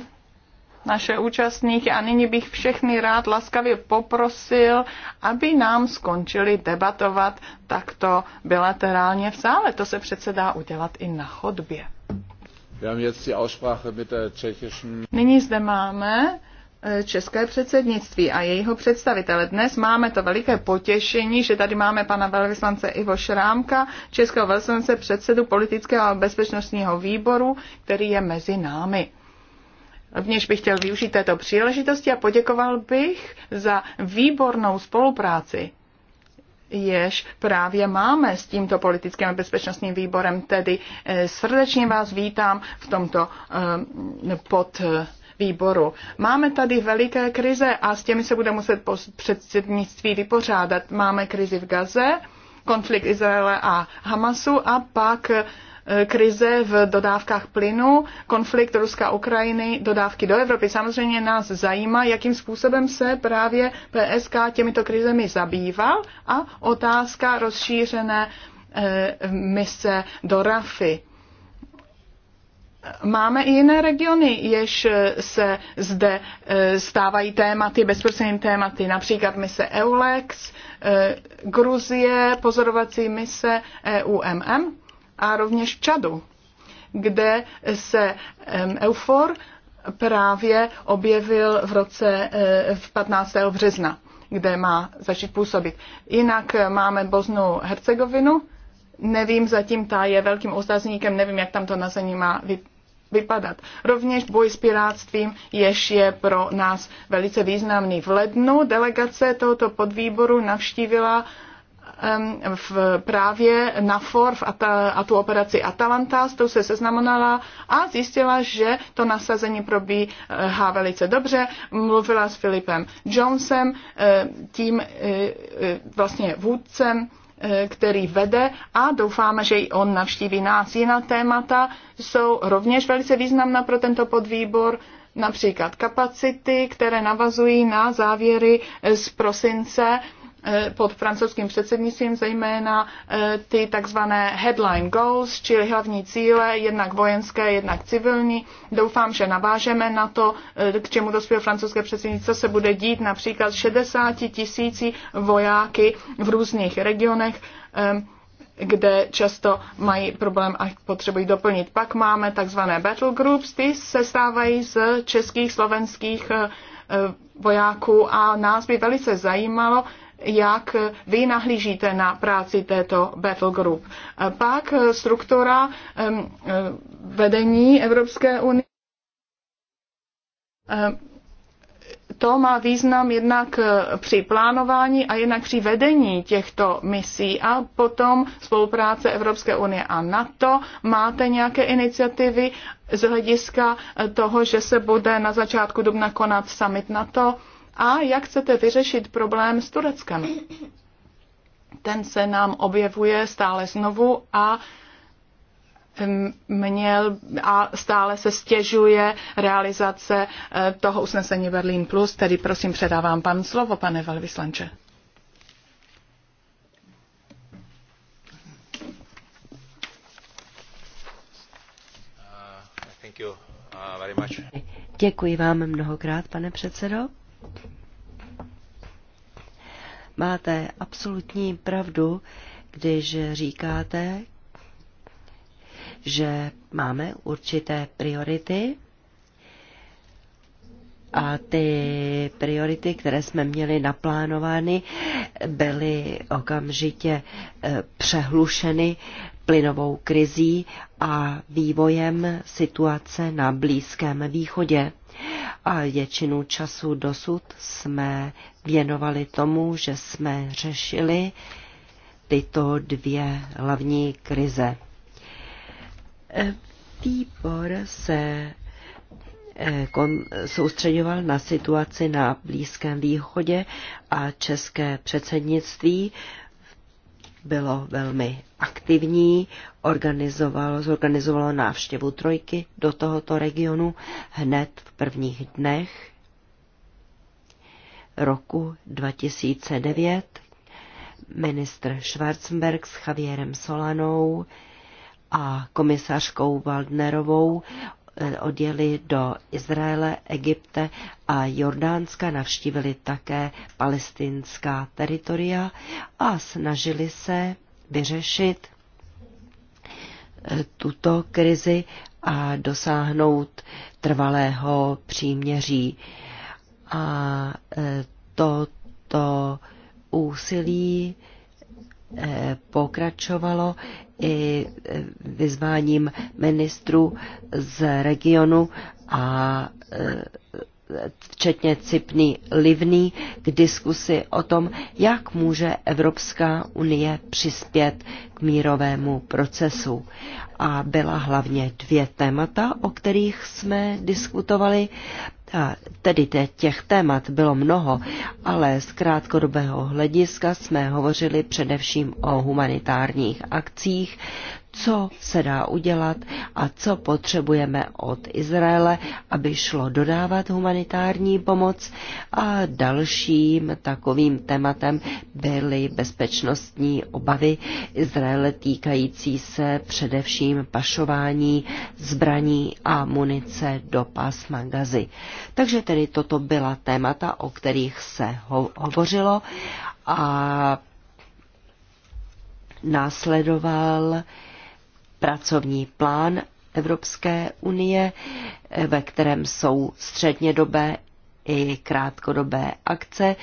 naše účastníky a nyní bych všechny rád laskavě poprosil, aby nám skončili debatovat takto bilaterálně v sále. To se přece dá udělat i na chodbě. Nyní zde máme e, české předsednictví a jejího představitele. Dnes máme to veliké potěšení, že tady máme pana velvyslance Ivo Šrámka, českého velvyslance předsedu politického a bezpečnostního výboru, který je mezi námi. Rovněž bych chtěl využít této příležitosti a poděkoval bych za výbornou spolupráci jež právě máme s tímto politickým a bezpečnostním výborem. Tedy eh, srdečně vás vítám v tomto eh, pod eh, výboru. Máme tady veliké krize a s těmi se bude muset předsednictví vypořádat. Máme krizi v Gaze, konflikt Izraele a Hamasu a pak Eh, krize v dodávkách plynu, konflikt Ruska Ukrajiny, dodávky do Evropy. Samozřejmě nás zajímá, jakým způsobem se právě PSK těmito krizemi zabýval a otázka rozšířené eh, mise do Rafy. Máme i jiné regiony, jež se zde eh, stávají tématy, bezprostřední tématy, například mise EULEX, Gruzie, pozorovací mise EUMM a rovněž v Čadu, kde se Eufor právě objevil v roce e, v 15. března, kde má začít působit. Jinak e, máme Bosnu Hercegovinu, nevím, zatím ta je velkým otazníkem, nevím, jak tam to na zemi má vypadat. Rovněž boj s piráctvím, jež je pro nás velice významný. V lednu delegace tohoto podvýboru navštívila v právě na FOR v Ata, a tu operaci Atalanta, s tou se seznamala a zjistila, že to nasazení probíhá velice dobře. Mluvila s Filipem Jonesem, eh, tím eh, eh, vlastně vůdcem který vede a doufáme, že i on navštíví nás. Jiná témata jsou rovněž velice významná pro tento podvýbor, například kapacity, které navazují na závěry z prosince Eh, pod francouzským předsednictvím, zejména eh, ty takzvané headline goals, čili hlavní cíle, jednak vojenské, jednak civilní. Doufám, že navážeme na to, eh, k čemu dospěl francouzské předsednictví, co se bude dít například 60 tisící vojáky v různých regionech kde často mají problém a potřebují doplnit. Pak máme takzvané battle groups, ty se stávají z českých, slovenských vojáků a nás by velice zajímalo, jak vy nahlížíte na práci této Battle Group. Pak struktura vedení Evropské unie. To má význam jednak při plánování a jednak při vedení těchto misí a potom spolupráce Evropské unie a NATO. Máte nějaké iniciativy z hlediska toho, že se bude na začátku dubna konat summit NATO? a jak chcete vyřešit problém s Tureckem. Ten se nám objevuje stále znovu a měl a stále se stěžuje realizace eh, toho usnesení Berlín Plus, tedy prosím předávám pan slovo, pane velvyslanče. Uh, uh, Děkuji vám mnohokrát, pane předsedo. Máte absolutní pravdu, když říkáte, že máme určité priority a ty priority, které jsme měli naplánovány, byly okamžitě eh, přehlušeny plynovou krizí a vývojem situace na Blízkém východě. A většinu času dosud jsme věnovali tomu, že jsme řešili tyto dvě hlavní krize. E, výbor se e, soustředoval na situaci na Blízkém východě a české předsednictví bylo velmi aktivní, organizovalo, zorganizovalo návštěvu trojky do tohoto regionu hned v prvních dnech roku 2009. Ministr Schwarzenberg s Javierem Solanou a komisařkou Waldnerovou Eh, odjeli do Izraele, Egypte a Jordánska, navštívili také palestinská teritoria a snažili se vyřešit eh, tuto krizi a dosáhnout trvalého příměří. A eh, toto úsilí pokračovalo i vyzváním ministrů z regionu a e, včetně Cipný Livný, k diskusi o tom, jak může Evropská unie přispět k mírovému procesu. A byla hlavně dvě témata, o kterých jsme diskutovali. A tedy těch témat bylo mnoho, ale z krátkodobého hlediska jsme hovořili především o humanitárních akcích, co se dá udělat a co potřebujeme od Izraele, aby šlo dodávat humanitární pomoc. A dalším takovým tématem byly bezpečnostní obavy Izraele týkající se především pašování zbraní a munice do pásma Gazy. Takže tedy toto byla témata, o kterých se ho- hovořilo a následoval pracovní plán Evropské unie, ve kterém jsou střednědobé i krátkodobé akce,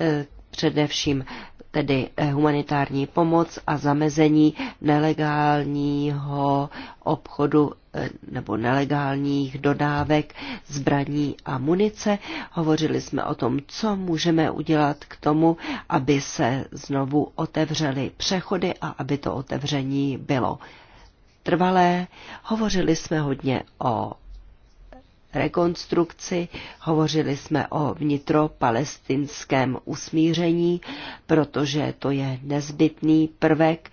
e, především tedy humanitární pomoc a zamezení nelegálního obchodu e, nebo nelegálních dodávek zbraní a munice. Hovořili jsme o tom, co můžeme udělat k tomu, aby se znovu otevřely přechody a aby to otevření bylo trvalé. Hovořili jsme hodně o rekonstrukci, hovořili jsme o vnitropalestinském usmíření, protože to je nezbytný prvek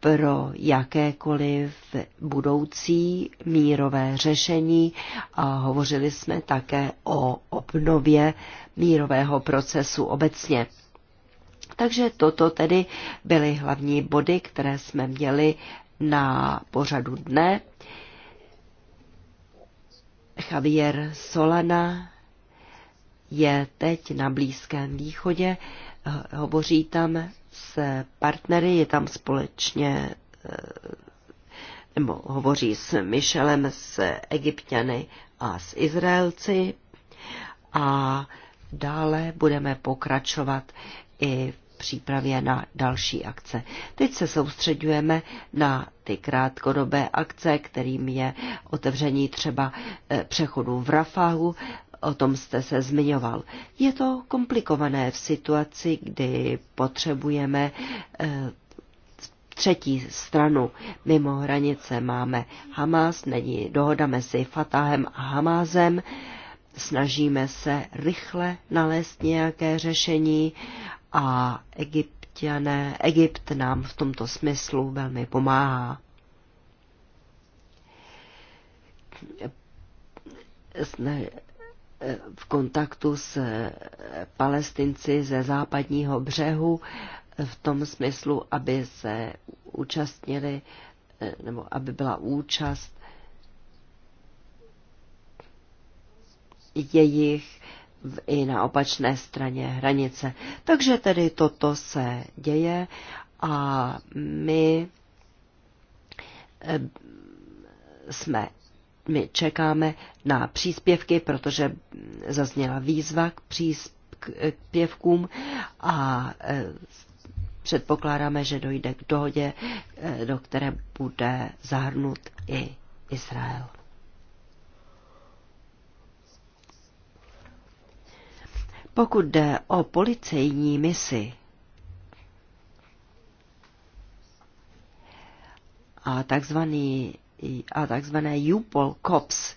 pro jakékoliv budoucí mírové řešení a hovořili jsme také o obnově mírového procesu obecně. Takže toto tedy byly hlavní body, které jsme měli na pořadu dne. Javier Solana je teď na Blízkém východě, eh, hovoří tam s partnery, je tam společně, eh, nebo hovoří s Michelem, s Egyptiany a s Izraelci a dále budeme pokračovat i přípravě na další akce. Teď se soustředujeme na ty krátkodobé akce, kterým je otevření třeba eh, přechodu v Rafahu, o tom jste se zmiňoval. Je to komplikované v situaci, kdy potřebujeme eh, třetí stranu. Mimo hranice máme Hamas, není dohoda mezi Fatahem a Hamázem, snažíme se rychle nalézt nějaké řešení a egyptiané, Egypt nám v tomto smyslu velmi pomáhá. Eh, v kontaktu s eh, palestinci ze západního břehu eh, v tom smyslu, aby se účastnili nebo aby byla účast jejich i na opačné straně hranice. Takže tedy toto se děje a my eh, jsme my čekáme na příspěvky, protože zazněla výzva k příspěvkům a eh, předpokládáme, že dojde k dohodě, eh, do které bude zahrnut i Izrael. Pokud jde o policejní misi, a takzvaný a takzvané UPOL COPS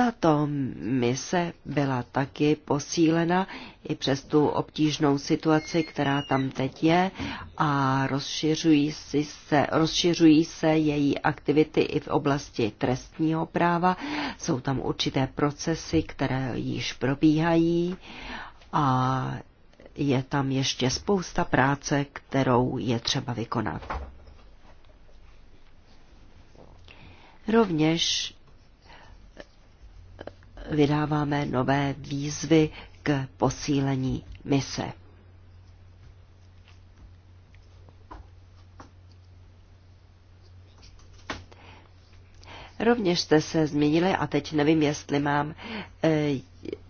tato mise byla taky posílena i přes tu obtížnou situaci, která tam teď je a rozšiřují, si se, rozšiřují se její aktivity i v oblasti trestního práva. Jsou tam určité procesy, které již probíhají a je tam ještě spousta práce, kterou je třeba vykonat. Rovněž vydáváme nové výzvy k posílení mise. Rovněž jste se zmínili, a teď nevím, jestli mám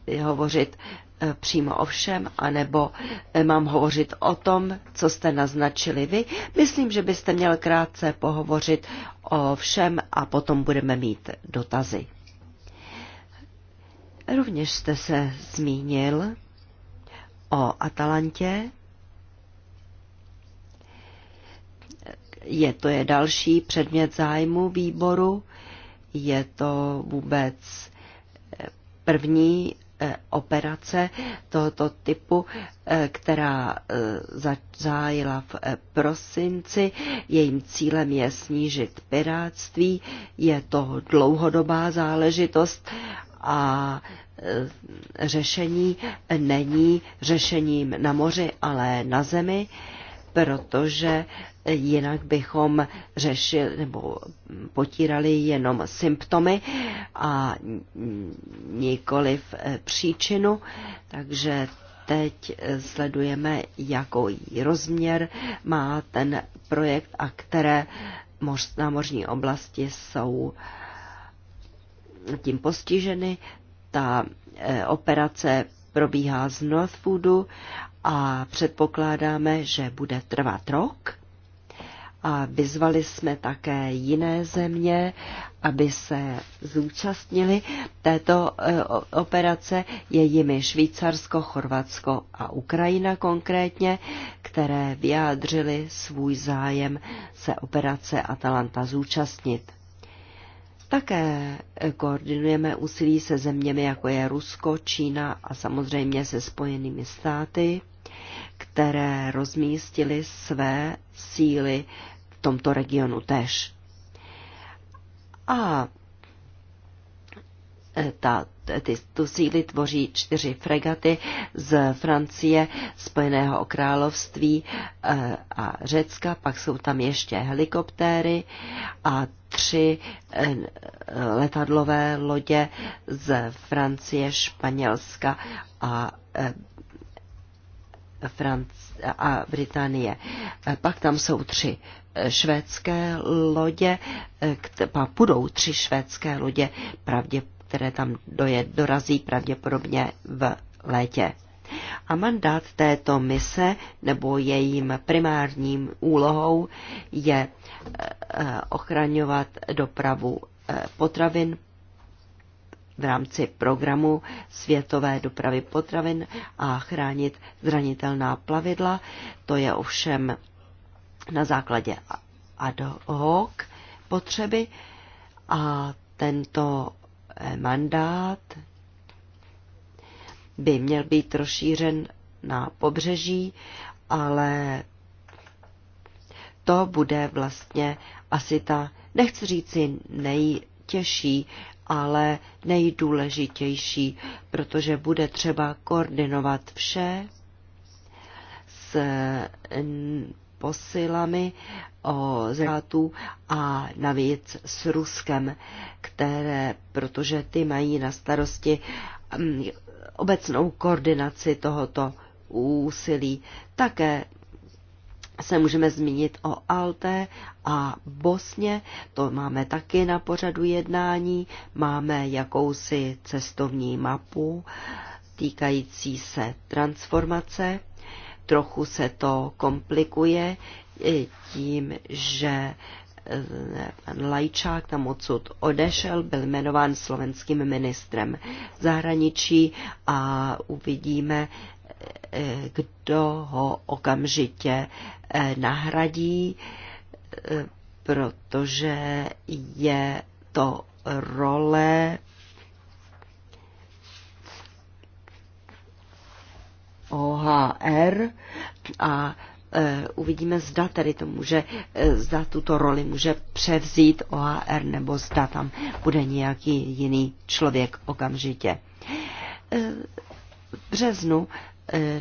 e, hovořit e, přímo o všem, anebo e, mám hovořit o tom, co jste naznačili vy. Myslím, že byste měl krátce pohovořit o všem a potom budeme mít dotazy. Rovněž jste se zmínil o Atalantě. Je to je další předmět zájmu výboru. Je to vůbec eh, první eh, operace tohoto typu, eh, která zahájila v prosinci. Jejím cílem je snížit piráctví, je to dlouhodobá záležitost a e, řešení není řešením na moři, ale na zemi, protože jinak bychom řešili nebo potírali jenom symptomy a nikoliv e, příčinu, takže teď e, sledujeme, jaký rozměr má ten projekt a které námořní oblasti jsou tím postiženy. Ta eh, operace probíhá z Northwoodu a předpokládáme, že bude trvat rok. A vyzvali jsme také jiné země, aby se zúčastnili této eh, operace. Je jimi Švýcarsko, Chorvatsko a Ukrajina konkrétně, které vyjádřili svůj zájem se operace Atalanta zúčastnit. Také eh, koordinujeme úsilí se zeměmi, jako je Rusko, Čína a samozřejmě se Spojenými státy, které rozmístily své síly v tomto regionu tež. A eh, ta, ty, tu síly tvoří čtyři fregaty z Francie, Spojeného království eh, a Řecka, pak jsou tam ještě helikoptéry a tři eh, letadlové lodě z Francie, Španělska a eh, Franc- a Británie. Eh, pak tam jsou tři švédské lodě, pak budou tři švédské lodě, pravdě, které tam doje, dorazí pravděpodobně v létě. A mandát této mise nebo jejím primárním úlohou je eh, eh, ochraňovat dopravu eh, potravin v rámci programu světové dopravy potravin a chránit zranitelná plavidla. To je ovšem na základě ad hoc potřeby a tento mandát by měl být rozšířen na pobřeží, ale to bude vlastně asi ta, nechci říci nejtěžší, ale nejdůležitější, protože bude třeba koordinovat vše s posilami o zátu a navíc s Ruskem, které, protože ty mají na starosti obecnou koordinaci tohoto úsilí. Také se můžeme zmínit o Alte a Bosně, to máme taky na pořadu jednání, máme jakousi cestovní mapu týkající se transformace. Trochu se to komplikuje tím, že pan Lajčák tam odsud odešel, byl jmenován slovenským ministrem zahraničí a uvidíme, eh, kdo ho okamžitě eh, nahradí, eh, protože je to role OHR a Eh, uvidíme, zda tedy to může, eh, zda tuto roli může převzít OHR nebo zda tam bude nějaký jiný člověk okamžitě. Eh, v březnu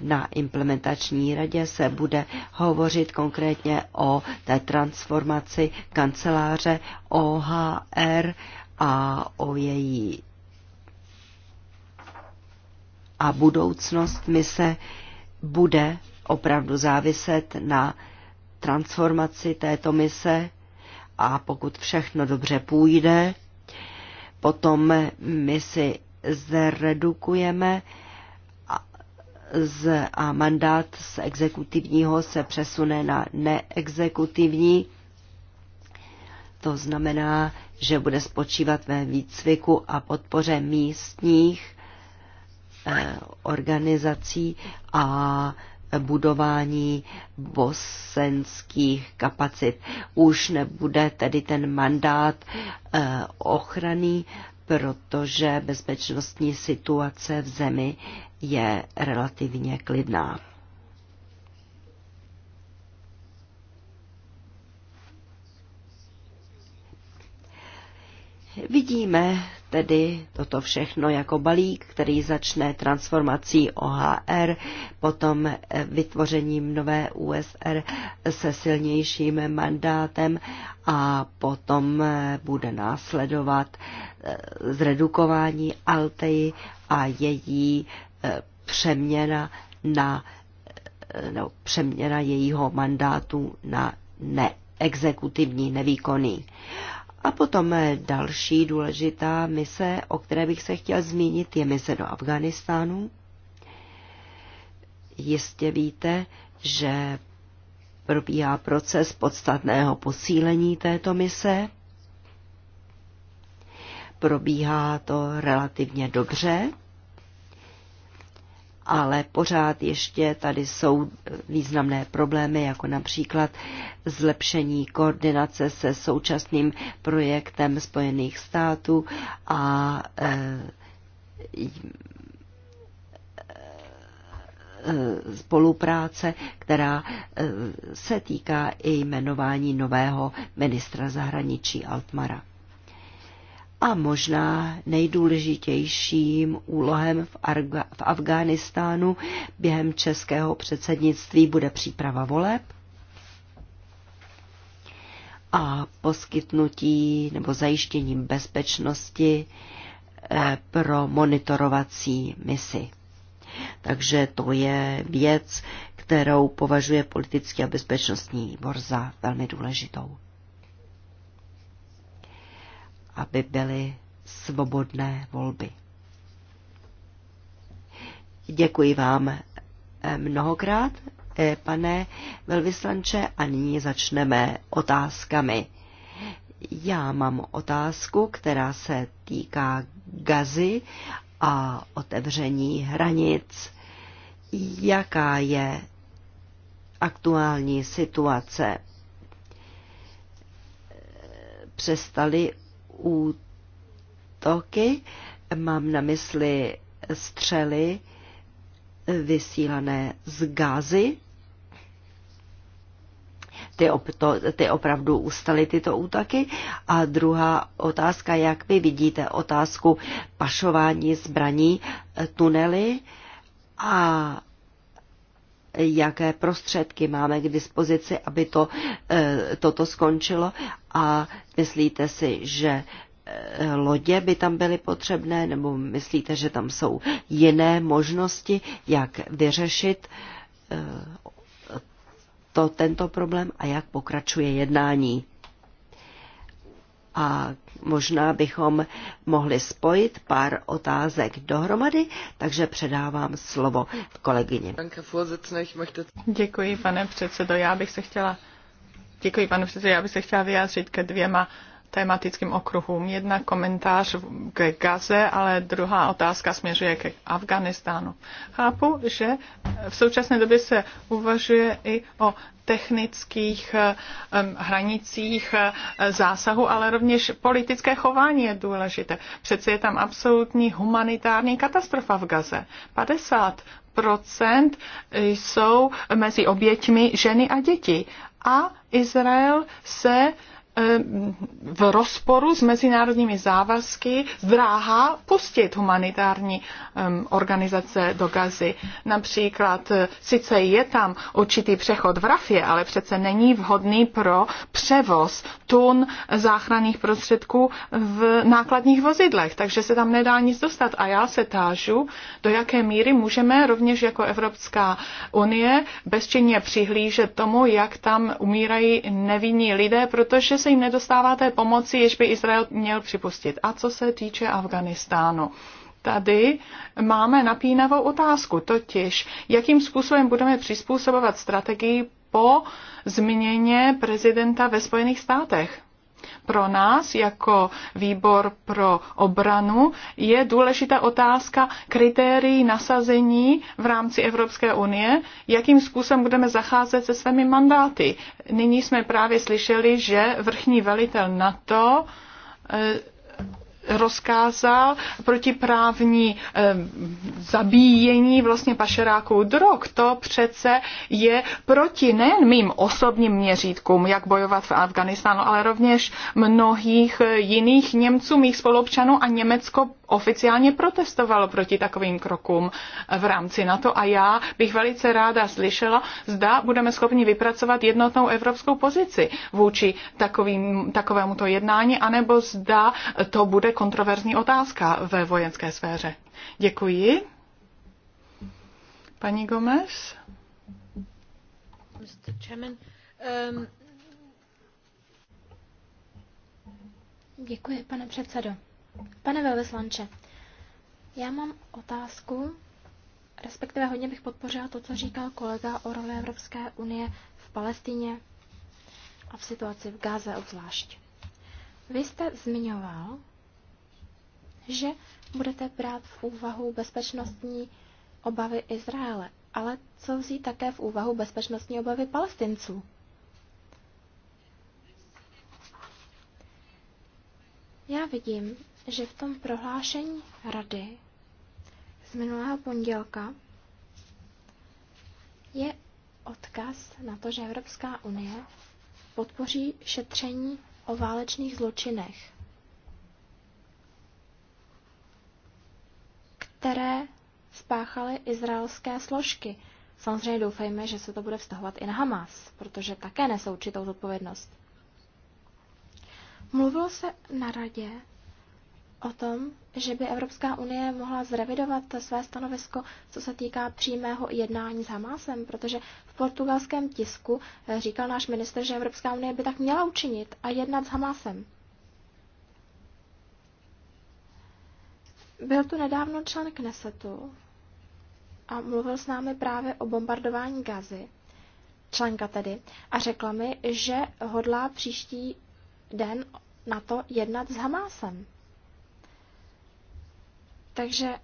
na implementační radě se bude hovořit konkrétně o té transformaci kanceláře OHR a o její a budoucnost mise bude opravdu záviset na transformaci této mise a pokud všechno dobře půjde, potom my si zredukujeme z, a mandát z exekutivního se přesune na neexekutivní. To znamená, že bude spočívat ve výcviku a podpoře místních eh, organizací a budování bosenských kapacit. Už nebude tedy ten mandát eh, ochrany, protože bezpečnostní situace v zemi je relativně klidná. Vidíme tedy toto všechno jako balík, který začne transformací OHR, potom vytvořením nové USR se silnějším mandátem a potom bude následovat eh, zredukování Altei a její eh, přeměna na eh, no, přeměna jejího mandátu na neexekutivní, nevýkonný. A potom eh, další důležitá mise, o které bych se chtěl zmínit, je mise do Afganistánu. Jistě víte, že probíhá proces podstatného posílení této mise. Probíhá to relativně dobře ale pořád ještě tady jsou významné problémy, jako například zlepšení koordinace se současným projektem Spojených států a e, e, spolupráce, která e, se týká i jmenování nového ministra zahraničí Altmara a možná nejdůležitějším úlohem v, Arga, v Afghánistánu během českého předsednictví bude příprava voleb a poskytnutí nebo zajištění bezpečnosti eh, pro monitorovací misi. Takže to je věc, kterou považuje politický a bezpečnostní výbor za velmi důležitou aby byly svobodné volby. Děkuji vám eh, mnohokrát, eh, pane velvyslanče, a nyní začneme otázkami. Já mám otázku, která se týká gazy a otevření hranic. Jaká je aktuální situace? Přestali útoky, mám na mysli střely vysílané z gázy. Ty, op, to, ty opravdu ustaly tyto útaky. A druhá otázka, jak vy vidíte otázku pašování zbraní eh, tunely a jaké prostředky máme k dispozici, aby to, eh, toto skončilo a myslíte si, že eh, lodě by tam byly potřebné, nebo myslíte, že tam jsou jiné možnosti, jak vyřešit eh, to, tento problém a jak pokračuje jednání? A možná bychom mohli spojit pár otázek dohromady, takže předávám slovo kolegyně. Děkuji, pane předsedo. Já bych se chtěla Děkuji, pane předsedo. Já bych se chtěla vyjádřit ke dvěma tematickým okruhům. Jedna komentář k Gaze, ale druhá otázka směřuje k Afganistánu. Chápu, že v současné době se uvažuje i o technických hranicích eh, zásahu, ale rovněž politické chování je důležité. Přece je tam absolutní humanitární katastrofa v Gaze. 50 jsou mezi oběťmi ženy a děti. A Izrael se v rozporu s mezinárodními závazky zdráhá pustit humanitární organizace do Gazy. Například e, sice je tam určitý přechod v Rafě, ale přece není vhodný pro převoz tun záchranných prostředků v nákladních vozidlech, takže se tam nedá nic dostat. A já se tážu, do jaké míry můžeme rovněž jako Evropská unie bezčinně přihlížet tomu, jak tam umírají nevinní lidé, protože se jim nedostává té pomoci, jež by Izrael měl připustit. A co se týče Afganistánu, tady máme napínavou otázku, totiž jakým způsobem budeme přizpůsobovat strategii po změně prezidenta ve Spojených státech. Pro nás jako výbor pro obranu je důležitá otázka kritérií nasazení v rámci Evropské unie, jakým způsobem budeme zacházet se svými mandáty. Nyní jsme právě slyšeli, že vrchní velitel NATO eh, rozkázal protiprávní eh, zabíjení vlastně pašeráků drog. To přece je proti nejen mým osobním měřítkům, jak bojovat v Afganistánu, ale rovněž mnohých eh, jiných Němců, mých spolupčanů a Německo oficiálně protestovalo proti takovým krokům eh, v rámci NATO a já bych velice ráda slyšela, zda budeme schopni vypracovat jednotnou evropskou pozici vůči takovým, to jednání, anebo zda to bude kontroverzní otázka ve vojenské sféře. Děkuji. Paní Gomez? Mr. Chairman, um... Děkuji, pane předsedo. Pane velvyslanče, já mám otázku, respektive hodně bych podpořila to, co říkal kolega o roli Evropské unie v Palestině a v situaci v Gaze obzvlášť. Vy jste zmiňoval, že budete brát v úvahu bezpečnostní obavy Izraele, ale co vzít také v úvahu bezpečnostní obavy palestinců? Já vidím, že v tom prohlášení rady z minulého pondělka je odkaz na to, že Evropská unie podpoří šetření o válečných zločinech které spáchaly izraelské složky. Samozřejmě doufejme, že se to bude vztahovat i na Hamas, protože také nesou určitou zodpovědnost. Mluvilo se na radě o tom, že by Evropská unie mohla zrevidovat své stanovisko, co se týká přímého jednání s Hamasem, protože v portugalském tisku eh, říkal náš minister, že Evropská unie by tak měla učinit a jednat s Hamasem. Byl tu nedávno člen Knesetu a mluvil s námi právě o bombardování Gazy, členka tedy, a řekla mi, že hodlá příští den na to jednat s Hamásem. Takže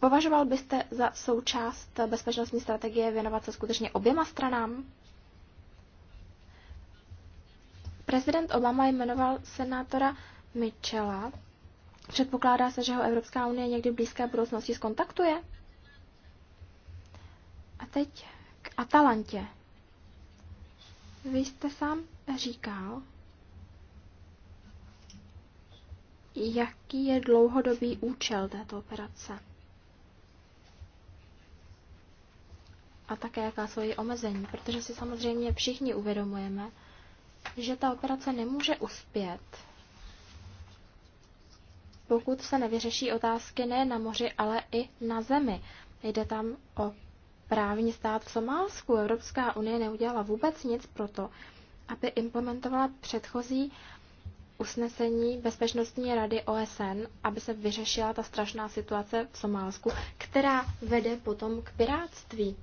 považoval byste za součást bezpečnostní strategie věnovat se skutečně oběma stranám? Prezident Obama jmenoval senátora Mitchella Předpokládá se, že ho Evropská unie někdy v blízké budoucnosti skontaktuje? A teď k Atalantě. Vy jste sám říkal, jaký je dlouhodobý účel této operace. A také jaká jsou její omezení, protože si samozřejmě všichni uvědomujeme, že ta operace nemůže uspět, pokud se nevyřeší otázky ne na moři, ale i na zemi. Jde tam o právní stát v Somálsku. Evropská unie neudělala vůbec nic pro to, aby implementovala předchozí usnesení Bezpečnostní rady OSN, aby se vyřešila ta strašná situace v Somálsku, která vede potom k piráctví.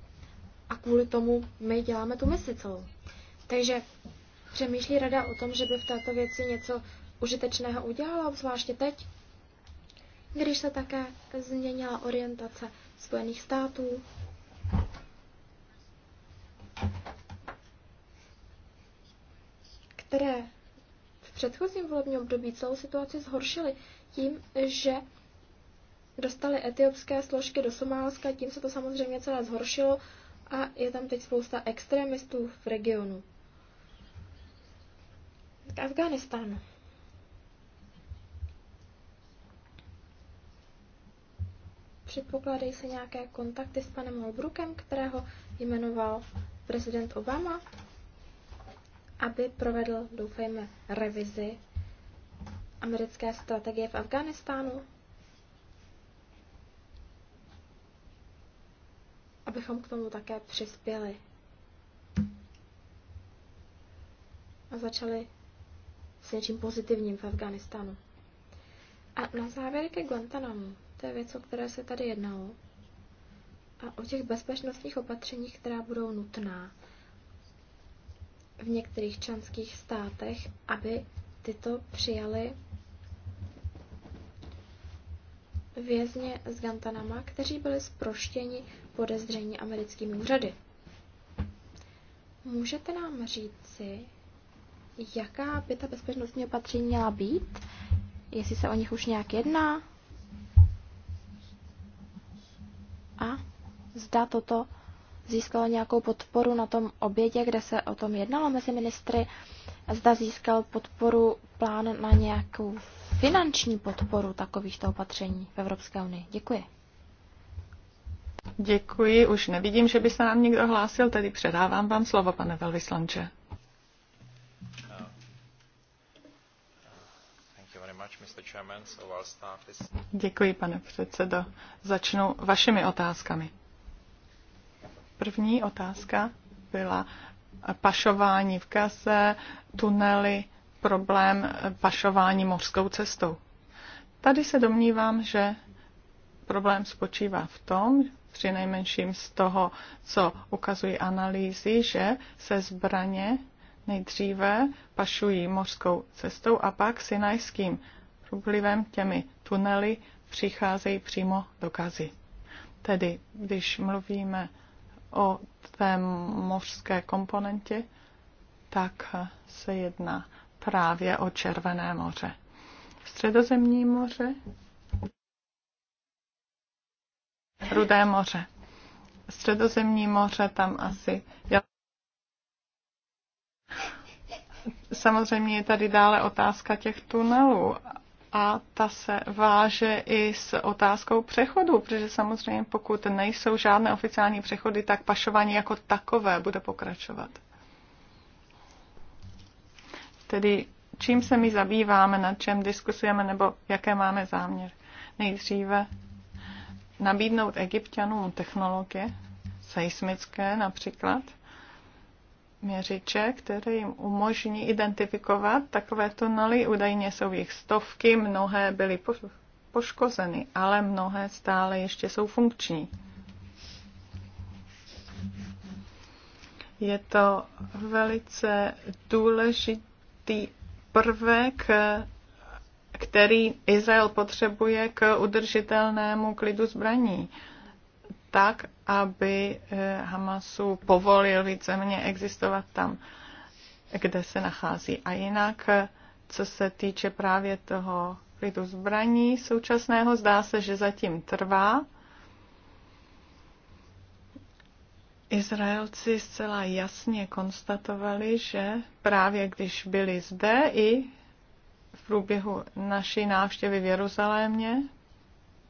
A kvůli tomu my děláme tu misi celou. Takže přemýšlí rada o tom, že by v této věci něco užitečného udělala, obzvláště teď? když se také změnila orientace Spojených států. které v předchozím volebním období celou situaci zhoršily tím, že dostali etiopské složky do Somálska, tím se to samozřejmě celé zhoršilo a je tam teď spousta extremistů v regionu. K Afganistánu. Předpokládají se nějaké kontakty s panem Holbrookem, kterého jmenoval prezident Obama, aby provedl, doufejme, revizi americké strategie v Afghánistánu? Abychom k tomu také přispěli. A začali s něčím pozitivním v Afghánistánu. A na závěr ke Guantanamu té věc, o které se tady jednalo, a o těch bezpečnostních opatřeních, která budou nutná v některých členských státech, aby tyto přijali vězně z Gantanama, kteří byli zproštěni podezření americkými úřady. Můžete nám říci, jaká by ta bezpečnostní opatření měla být? Jestli se o nich už nějak jedná? a zda toto získalo nějakou podporu na tom obědě, kde se o tom jednalo mezi ministry, zda získal podporu plán na nějakou finanční podporu takovýchto opatření v Evropské unii. Děkuji. Děkuji, už nevidím, že by se nám někdo hlásil, tedy předávám vám slovo, pane velvyslanče. Děkuji, pane předsedo. Začnu vašimi otázkami. První otázka byla pašování v kase, tunely, problém pašování mořskou cestou. Tady se domnívám, že problém spočívá v tom, při nejmenším z toho, co ukazují analýzy, že se zbraně nejdříve pašují mořskou cestou a pak Sinajským vlivem těmi tunely přicházejí přímo dokazy. Tedy, když mluvíme o té mořské komponentě, tak se jedná právě o Červené moře. Středozemní moře, Rudé moře. Středozemní moře tam asi. Samozřejmě je tady dále otázka těch tunelů a ta se váže i s otázkou přechodu, protože samozřejmě pokud nejsou žádné oficiální přechody, tak pašování jako takové bude pokračovat. Tedy čím se my zabýváme, nad čem diskusujeme nebo jaké máme záměr. Nejdříve nabídnout egyptianům technologie, seismické například, měřiče, které jim umožní identifikovat takové tunely. Údajně jsou jich stovky, mnohé byly poškozeny, ale mnohé stále ještě jsou funkční. Je to velice důležitý prvek, který Izrael potřebuje k udržitelnému klidu zbraní tak, aby eh, Hamasu povolil víceméně existovat tam, kde se nachází. A jinak, eh, co se týče právě toho klidu zbraní současného, zdá se, že zatím trvá. Izraelci zcela jasně konstatovali, že právě když byli zde i v průběhu naší návštěvy v Jeruzalémě,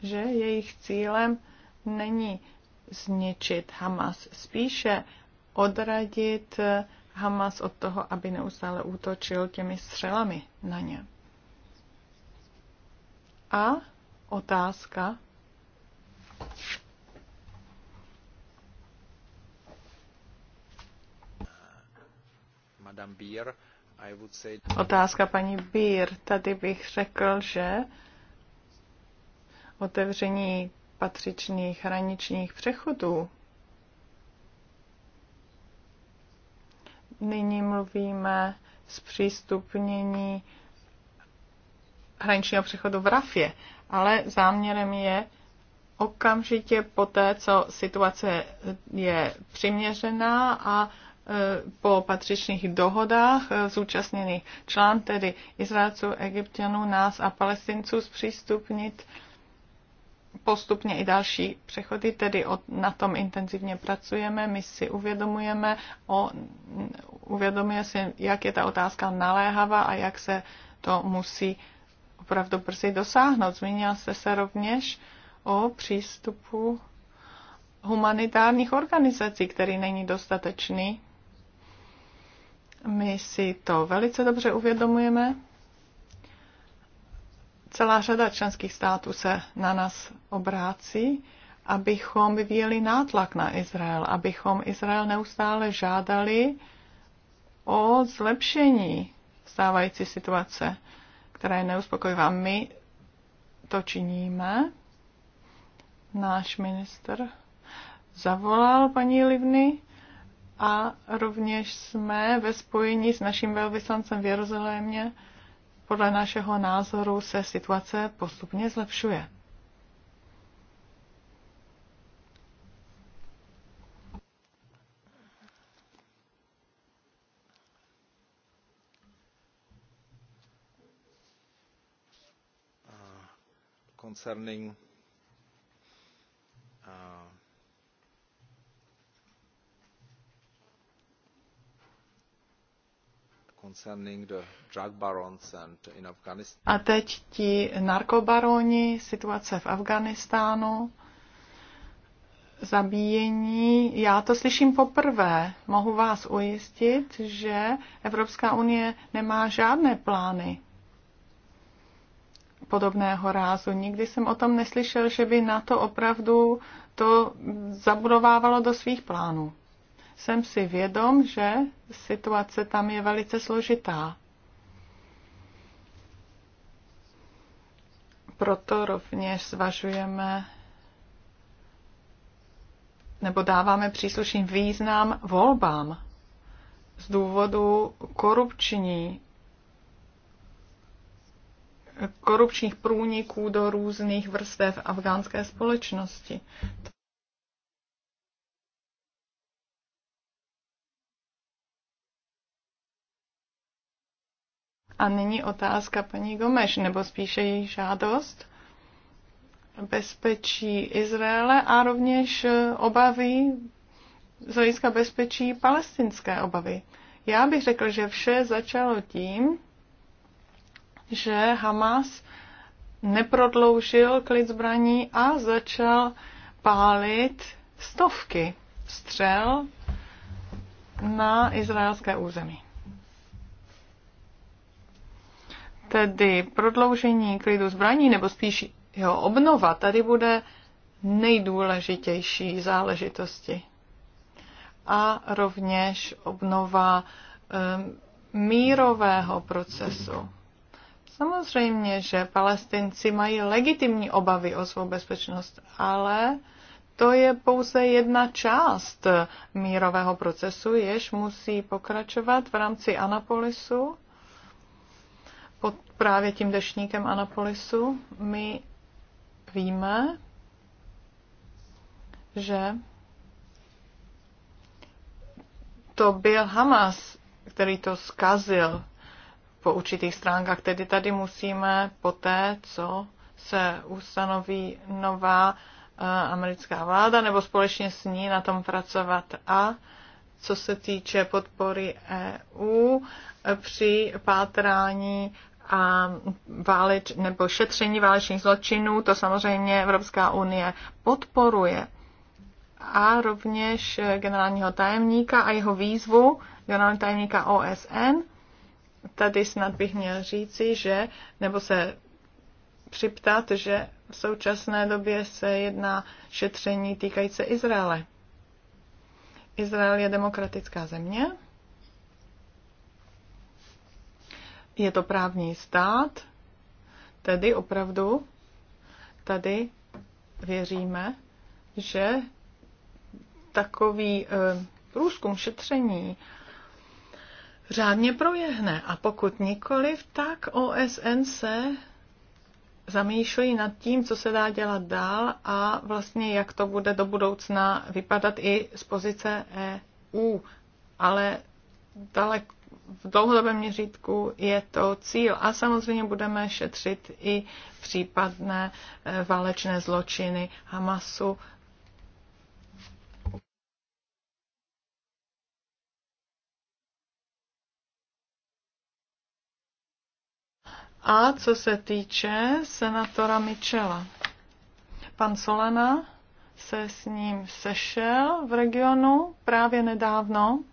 že jejich cílem není zničit Hamas, spíše odradit Hamas od toho, aby neustále útočil těmi střelami na ně. A otázka. Madame Beer, I would say... Otázka paní Beer. Tady bych řekl, že otevření patřičných hraničních přechodů. Nyní mluvíme zpřístupnění hraničního přechodu v Rafě, ale záměrem je okamžitě po té, co situace je přiměřená a e, po patřičných dohodách e, zúčastněných člán, tedy Izraelců, Egyptianů, nás a Palestinců zpřístupnit postupně i další přechody, tedy od, na tom intenzivně pracujeme, my si uvědomujeme, o, uvědomuje si, jak je ta otázka naléhavá a jak se to musí opravdu brzy dosáhnout. Zmínila jste se rovněž o přístupu humanitárních organizací, který není dostatečný. My si to velice dobře uvědomujeme Celá řada členských států se na nás obrácí, abychom vyvíjeli nátlak na Izrael, abychom Izrael neustále žádali o zlepšení stávající situace, která je neuspokojivá. My to činíme. Náš minister zavolal paní Livny a rovněž jsme ve spojení s naším velvyslancem v Jeruzalémě podle našeho názoru se situace postupně zlepšuje. concerning A teď ti narkobaroni, situace v Afganistánu, zabíjení. Já to slyším poprvé. Mohu vás ujistit, že Evropská unie nemá žádné plány podobného rázu. Nikdy jsem o tom neslyšel, že by na to opravdu to zabudovávalo do svých plánů jsem si vědom, že situace tam je velice složitá. Proto rovněž zvažujeme nebo dáváme příslušným význam volbám z důvodu korupční, korupčních průniků do různých vrstev afgánské společnosti. A není otázka paní Gomeš, nebo spíše její žádost. Bezpečí Izraele a rovněž eh, obavy z hlediska bezpečí palestinské obavy. Já bych řekl, že vše začalo tím, že Hamas neprodloužil klid zbraní a začal pálit stovky střel na izraelské území. tedy prodloužení klidu zbraní, nebo spíš jeho obnova, tady bude nejdůležitější záležitosti. A rovněž obnova um, mírového procesu. Samozřejmě, že palestinci mají legitimní obavy o svou bezpečnost, ale to je pouze jedna část mírového procesu, jež musí pokračovat v rámci Anapolisu pod právě tím dešníkem Anapolisu, my víme, že to byl Hamas, který to zkazil po určitých stránkách. Tedy tady musíme poté, co se ustanoví nová eh, americká vláda, nebo společně s ní na tom pracovat. A co se týče podpory EU při pátrání a válič, nebo šetření válečných zločinů, to samozřejmě Evropská unie podporuje. A rovněž generálního tajemníka a jeho výzvu, generálního tajemníka OSN, tady snad bych měl říci, že, nebo se připtat, že v současné době se jedná šetření týkající se Izraele. Izrael je demokratická země Je to právní stát, tedy opravdu tady věříme, že takový e, průzkum šetření řádně projehne. A pokud nikoliv, tak OSN se zamýšlí nad tím, co se dá dělat dál a vlastně jak to bude do budoucna vypadat i z pozice EU. Ale dalek, v dlouhodobém měřítku je to cíl. A samozřejmě budeme šetřit i případné eh, válečné zločiny Hamasu. A co se týče senatora Michela, pan Solana se s ním sešel v regionu právě nedávno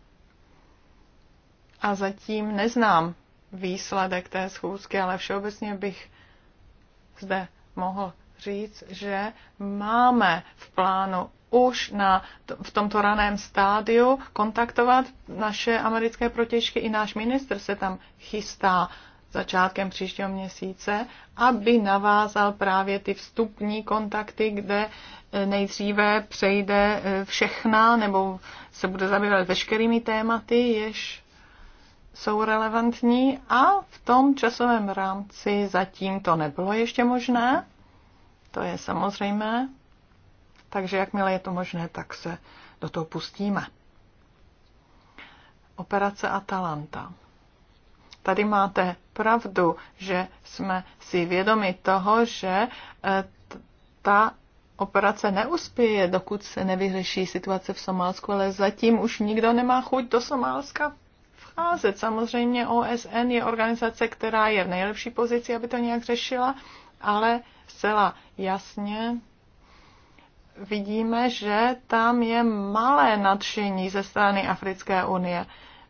a zatím neznám výsledek té schůzky, ale všeobecně bych zde mohl říct, že máme v plánu už na, v tomto raném stádiu kontaktovat naše americké protěžky. I náš minister se tam chystá začátkem příštího měsíce, aby navázal právě ty vstupní kontakty, kde e, nejdříve přejde e, všechna nebo se bude zabývat veškerými tématy, jež jsou relevantní a v tom časovém rámci zatím to nebylo ještě možné, to je samozřejmé, takže jakmile je to možné, tak se do toho pustíme. Operace Atalanta. Tady máte pravdu, že jsme si vědomi toho, že eh, ta operace neuspěje, dokud se nevyřeší situace v Somálsku, ale zatím už nikdo nemá chuť do Somálska scházet. Samozřejmě OSN je organizace, která je v nejlepší pozici, aby to nějak řešila, ale zcela jasně vidíme, že tam je malé nadšení ze strany Africké unie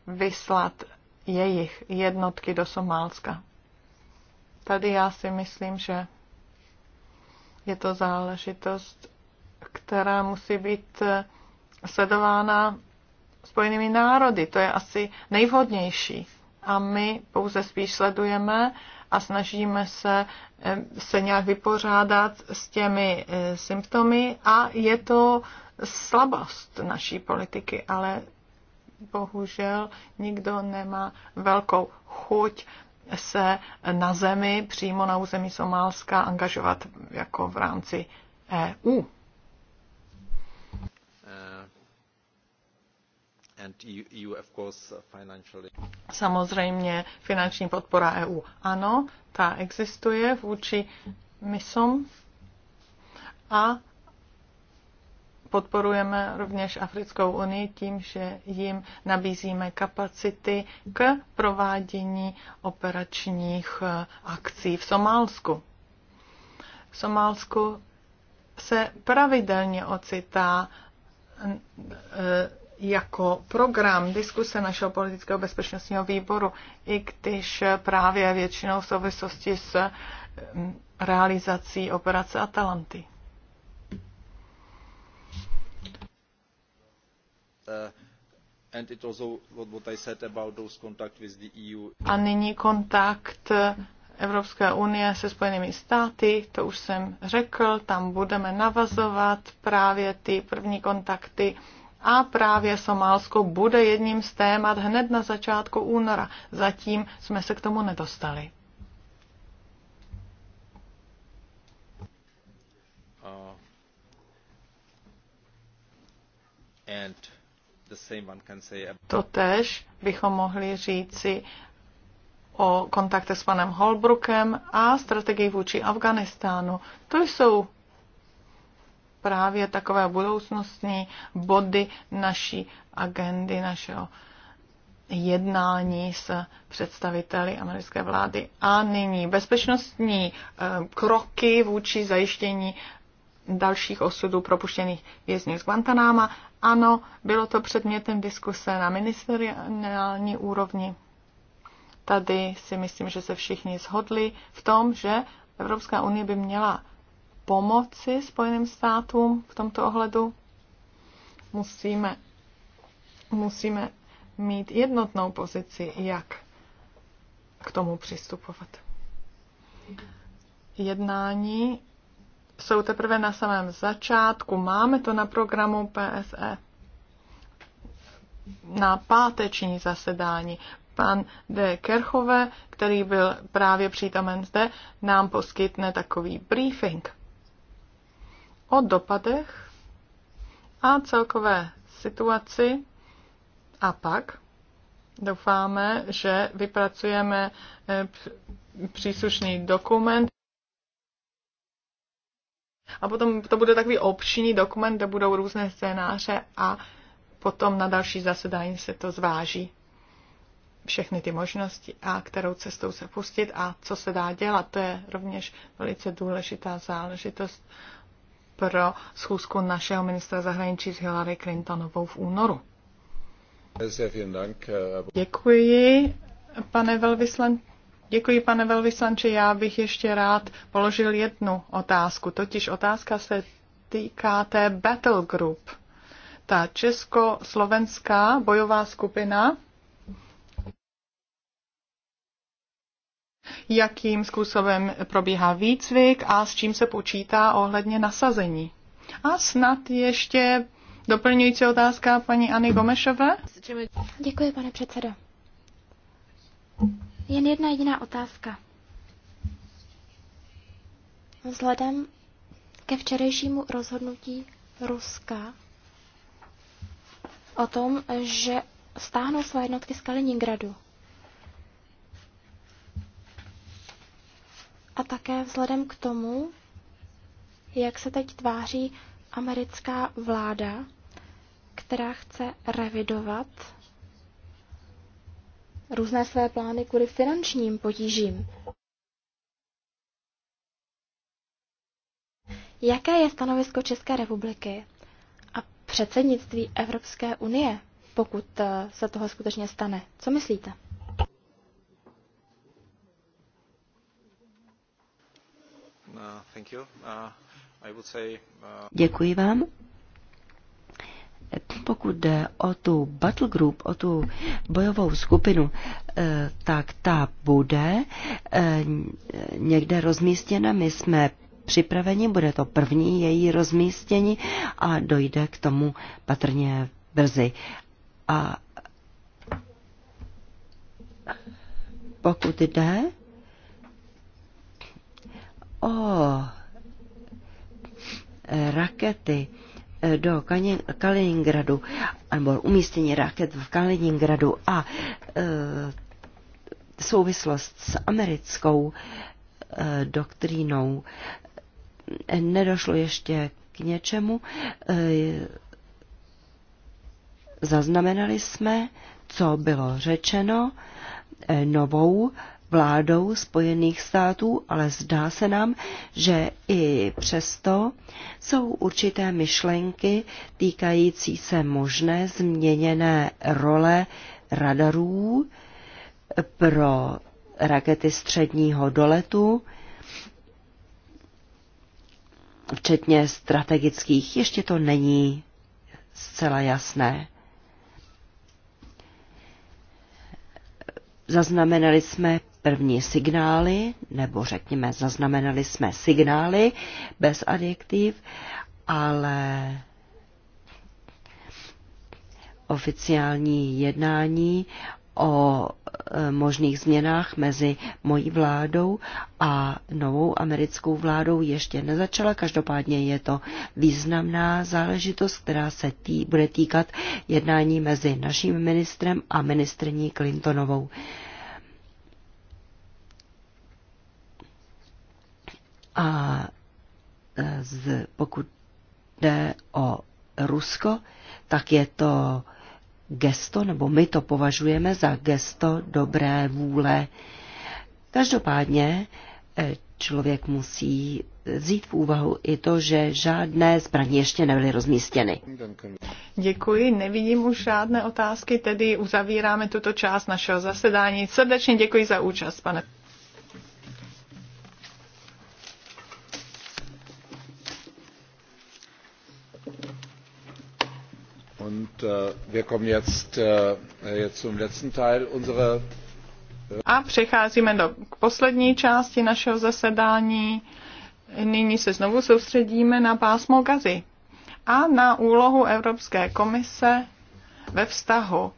vyslat jejich jednotky do Somálska. Tady já si myslím, že je to záležitost, která musí být sledována spojenými národy. To je asi nejvhodnější. A my pouze spíš sledujeme a snažíme se eh, se nějak vypořádat s těmi eh, symptomy a je to slabost naší politiky, ale bohužel nikdo nemá velkou chuť se na zemi, přímo na území Somálska, angažovat jako v rámci EU. E e uh, Samozřejmě finanční podpora EU. Ano, ta existuje vůči misom a podporujeme rovněž Africkou unii tím, že jim nabízíme kapacity k provádění operačních uh, akcí v Somálsku. V Somálsku se pravidelně ocitá jako program diskuse našeho politického bezpečnostního výboru, i když právě většinou v souvislosti s mm, realizací operace Atalanty. Uh, e A nyní kontakt Evropské unie se Spojenými státy, to už jsem řekl, tam budeme navazovat právě ty první kontakty a právě Somálsko bude jedním z témat hned na začátku února. Zatím jsme se k tomu nedostali. Uh, to tež bychom mohli říci o kontaktech s panem Holbrookem a strategii vůči Afganistánu. To jsou právě takové budoucnostní body naší agendy, našeho jednání s představiteli americké vlády. A nyní bezpečnostní eh, kroky vůči zajištění dalších osudů propuštěných vězňů z Guantanáma. Ano, bylo to předmětem diskuse na ministeriální úrovni. Tady si myslím, že se všichni shodli v tom, že Evropská unie by měla pomoci Spojeným státům v tomto ohledu, musíme, musíme mít jednotnou pozici, jak k tomu přistupovat. Jednání jsou teprve na samém začátku. Máme to na programu PSE na páteční zasedání. Pan de Kerchove, který byl právě přítomen zde, nám poskytne takový briefing o dopadech a celkové situaci a pak doufáme, že vypracujeme eh, příslušný dokument a potom to bude takový obční dokument, kde budou různé scénáře a potom na další zasedání se to zváží všechny ty možnosti a kterou cestou se pustit a co se dá dělat. To je rovněž velice důležitá záležitost pro schůzku našeho ministra zahraničí s Hillary Clintonovou v únoru. Děkuji, pane velvyslan. Děkuji, pane velvyslanče. Já bych ještě rád položil jednu otázku. Totiž otázka se týká té Battle Group. Ta česko-slovenská bojová skupina, jakým způsobem probíhá výcvik a s čím se počítá ohledně nasazení. A snad ještě doplňující otázka paní Anny Gomešové. Děkuji, pane předsedo. Jen jedna jediná otázka. Vzhledem ke včerejšímu rozhodnutí Ruska o tom, že stáhnou své jednotky z Kaliningradu. A také vzhledem k tomu, jak se teď tváří americká vláda, která chce revidovat různé své plány kvůli finančním potížím. Jaké je stanovisko České republiky a předsednictví Evropské unie, pokud eh, se toho skutečně stane? Co myslíte? Děkuji vám. Pokud jde o tu battle group, o tu bojovou skupinu, eh, tak ta bude eh, někde rozmístěna. My jsme připraveni, bude to první její rozmístění a dojde k tomu patrně brzy. A pokud jde o e, rakety e, do Kaliningradu, nebo umístění raket v Kaliningradu a e, souvislost s americkou e, doktrínou e, nedošlo ještě k něčemu. E, zaznamenali jsme, co bylo řečeno, e, novou vládou Spojených států, ale zdá se nám, že i přesto jsou určité myšlenky týkající se možné změněné role radarů pro rakety středního doletu, včetně strategických, ještě to není zcela jasné. Zaznamenali jsme první signály, nebo řekněme, zaznamenali jsme signály bez adjektiv, ale oficiální jednání o e, možných změnách mezi mojí vládou a novou americkou vládou ještě nezačala. Každopádně je to významná záležitost, která se tý, bude týkat jednání mezi naším ministrem a ministrní Clintonovou. A e, z, pokud jde o Rusko, tak je to gesto, nebo my to považujeme za gesto dobré vůle. Každopádně e, člověk musí vzít v úvahu i to, že žádné zbraně ještě nebyly rozmístěny. Děkuji, nevidím už žádné otázky, tedy uzavíráme tuto část našeho zasedání. Srdečně děkuji za účast, pane. a přecházíme do k poslední části našeho zasedání. Nyní se znovu soustředíme na pásmo Gazy a na úlohu Evropské komise ve vztahu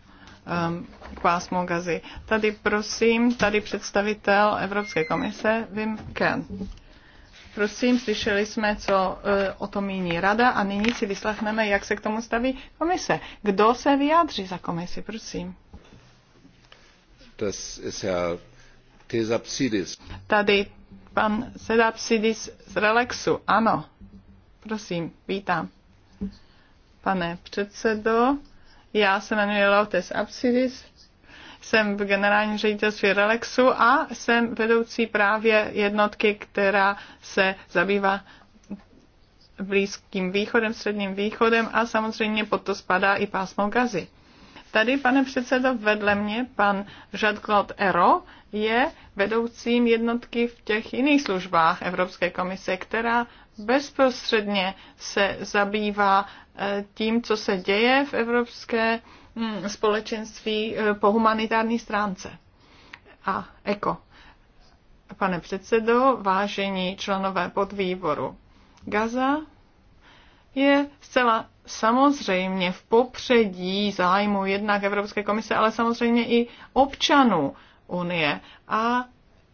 um, k pásmu Gazy. Tady prosím, tady představitel Evropské komise Wim Kern. Prosím, slyšeli jsme, co e, o tom míní rada a nyní si vyslechneme, jak se k tomu staví komise. Kdo se vyjádří za komisi, prosím? Das ist ja Tesapsidis. Tady pan Sedapsidis z Relaxu, ano. Prosím, vítám. Pane předsedo, já se jmenuji Lotes Apsidis, jsem v generálním ředitelství Relaxu a jsem vedoucí právě jednotky, která se zabývá Blízkým východem, Středním východem a samozřejmě pod to spadá i pásmo Gazy. Tady, pane předsedo, vedle mě pan Jean-Claude Ero je vedoucím jednotky v těch jiných službách Evropské komise, která bezprostředně se zabývá eh, tím, co se děje v Evropské Mm, společenství eh, po humanitární stránce a eko. Pane předsedo, vážení členové podvýboru, Gaza je zcela samozřejmě v popředí zájmu jednak Evropské komise, ale samozřejmě i občanů Unie. A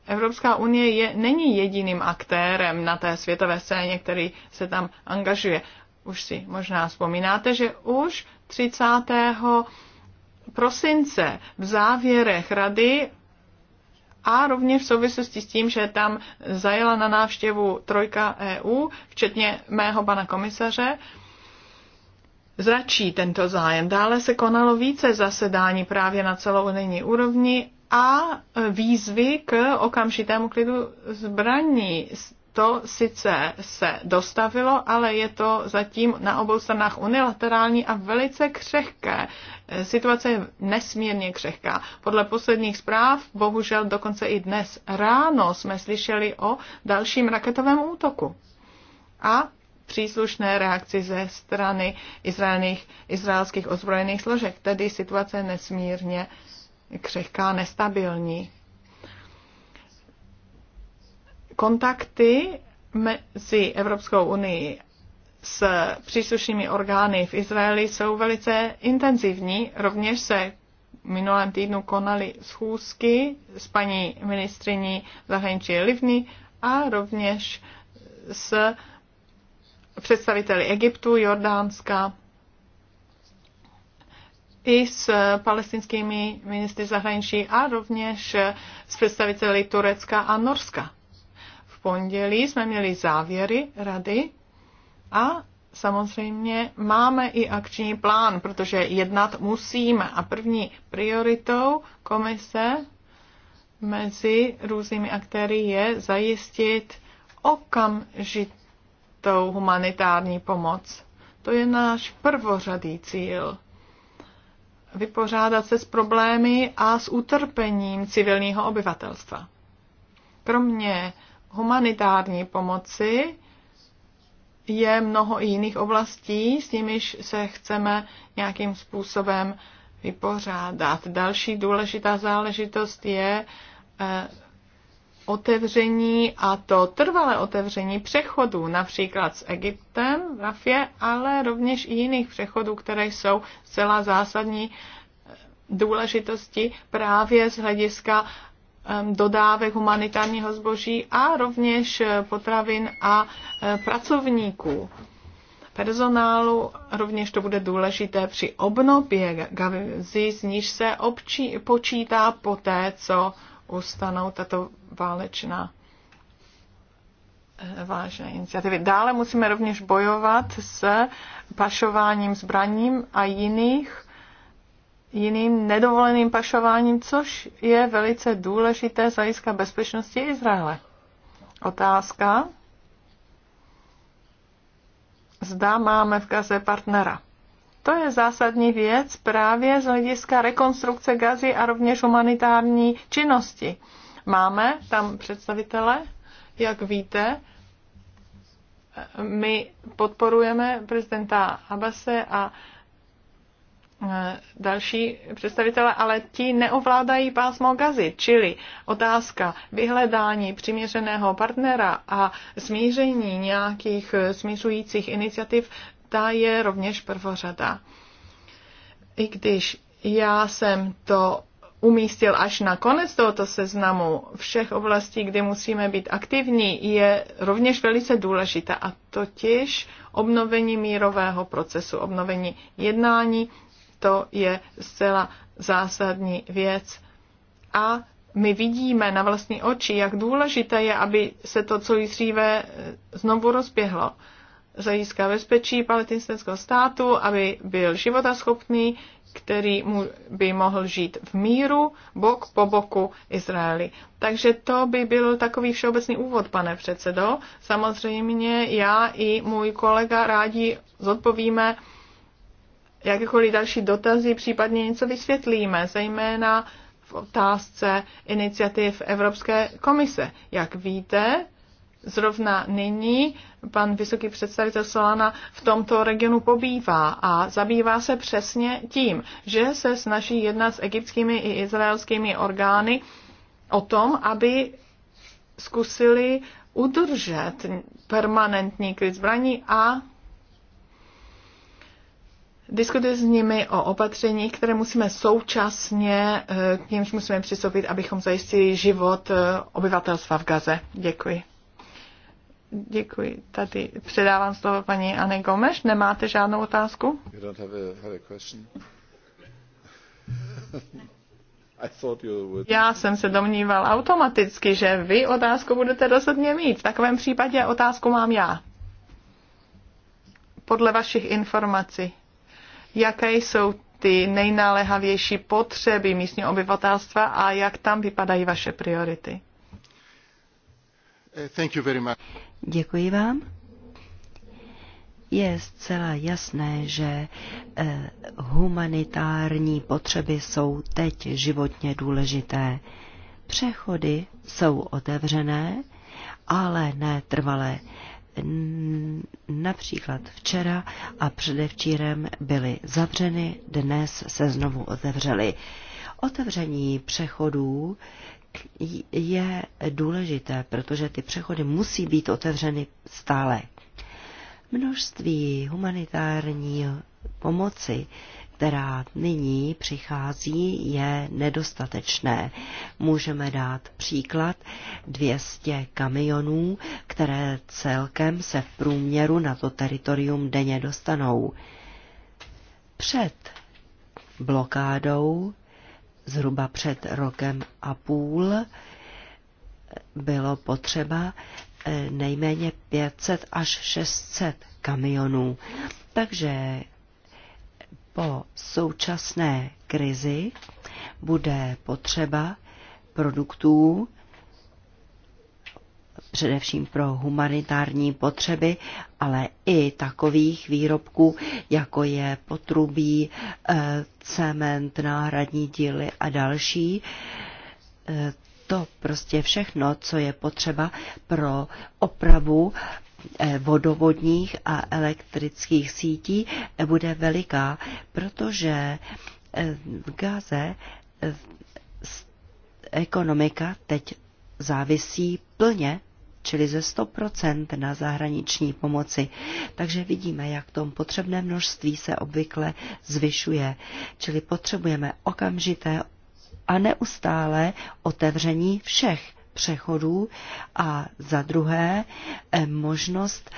Evropská unie je, není jediným aktérem na té světové scéně, který se tam angažuje už si možná vzpomínáte, že už 30. prosince v závěrech rady a rovněž v souvislosti s tím, že tam zajela na návštěvu trojka EU, včetně mého pana komisaře, zračí tento zájem. Dále se konalo více zasedání právě na celou unijní úrovni a výzvy k okamžitému klidu zbraní to sice se dostavilo, ale je to zatím na obou stranách unilaterální a velice křehké. Eh, situace je nesmírně křehká. Podle posledních zpráv, bohužel dokonce i dnes ráno jsme slyšeli o dalším raketovém útoku. A příslušné reakci ze strany izraelných, izraelských ozbrojených složek. Tedy situace nesmírně křehká, nestabilní kontakty mezi Evropskou unii s příslušnými orgány v Izraeli jsou velice intenzivní. Rovněž se minulém týdnu konaly schůzky s paní ministriní zahraničí Livny a rovněž s představiteli Egyptu, Jordánska i s palestinskými ministry zahraničí a rovněž s představiteli Turecka a Norska pondělí jsme měli závěry rady a samozřejmě máme i akční plán, protože jednat musíme. A první prioritou komise mezi různými aktéry je zajistit okamžitou humanitární pomoc. To je náš prvořadý cíl. Vypořádat se s problémy a s utrpením civilního obyvatelstva. Kromě humanitární pomoci je mnoho jiných oblastí, s nimiž se chceme nějakým způsobem vypořádat. Další důležitá záležitost je eh, otevření a to trvalé otevření přechodů, například s Egyptem, Rafie, ale rovněž i jiných přechodů, které jsou zcela zásadní eh, důležitosti právě z hlediska Um, dodávek humanitárního zboží a rovněž eh, potravin a eh, pracovníků personálu. Rovněž to bude důležité při obnově Gavi, z níž se občí, počítá poté, co ustanou tato válečná eh, vážné iniciativy. Dále musíme rovněž bojovat s pašováním zbraním a jiných jiným nedovoleným pašováním, což je velice důležité z hlediska bezpečnosti Izraele. Otázka, zda máme v Gaze partnera. To je zásadní věc právě z hlediska rekonstrukce Gazy a rovněž humanitární činnosti. Máme tam představitele, jak víte, my podporujeme prezidenta Abase a Eh, další představitele, ale ti neovládají pásmo gazy, čili otázka vyhledání přiměřeného partnera a smíření nějakých eh, smířujících iniciativ, ta je rovněž prvořada. I když já jsem to umístil až na konec tohoto seznamu všech oblastí, kde musíme být aktivní, je rovněž velice důležité a totiž obnovení mírového procesu, obnovení jednání to je zcela zásadní věc. A my vidíme na vlastní oči, jak důležité je, aby se to, co již dříve eh, znovu rozběhlo. Z bezpečí palestinského státu, aby byl životaschopný, který mu by mohl žít v míru, bok po boku Izraeli. Takže to by byl takový všeobecný úvod, pane předsedo. Samozřejmě já i můj kolega rádi zodpovíme jakékoliv další dotazy, případně něco vysvětlíme, zejména v otázce iniciativ Evropské komise. Jak víte, zrovna nyní pan vysoký představitel Solana v tomto regionu pobývá a zabývá se přesně tím, že se snaží jednat s egyptskými i izraelskými orgány o tom, aby zkusili udržet permanentní klid zbraní a diskutuje s nimi o opatření, které musíme současně, eh, k němž musíme přistoupit, abychom zajistili život eh, obyvatelstva v Gaze. Děkuji. Děkuji. Tady předávám slovo paní Anne Gomeš. Nemáte žádnou otázku? You don't have a, have a question. I thought you would. Já jsem se domníval automaticky, že vy otázku budete rozhodně mít. V takovém případě otázku mám já. Podle vašich informací jaké jsou ty nejnáléhavější potřeby místního obyvatelstva a jak tam vypadají vaše priority. Eh, thank you very much. Děkuji vám. Je zcela jasné, že eh, humanitární potřeby jsou teď životně důležité. Přechody jsou otevřené, ale ne trvalé. Například včera a předevčírem byly zavřeny, dnes se znovu otevřely. Otevření přechodů je důležité, protože ty přechody musí být otevřeny stále. Množství humanitární pomoci která nyní přichází, je nedostatečné. Můžeme dát příklad 200 kamionů, které celkem se v průměru na to teritorium denně dostanou. Před blokádou, zhruba před rokem a půl, bylo potřeba eh, nejméně 500 až 600 kamionů. Takže po současné krizi bude potřeba produktů, především pro humanitární potřeby, ale i takových výrobků, jako je potrubí, eh, cement, náhradní díly a další. Eh, to prostě všechno, co je potřeba pro opravu Eh, vodovodních a elektrických sítí eh, bude veliká, protože eh, v Gaze ekonomika teď závisí plně čili ze 100% na zahraniční pomoci. Takže vidíme, jak tom potřebné množství se obvykle zvyšuje. Čili potřebujeme okamžité a neustále otevření všech přechodů a za druhé eh, možnost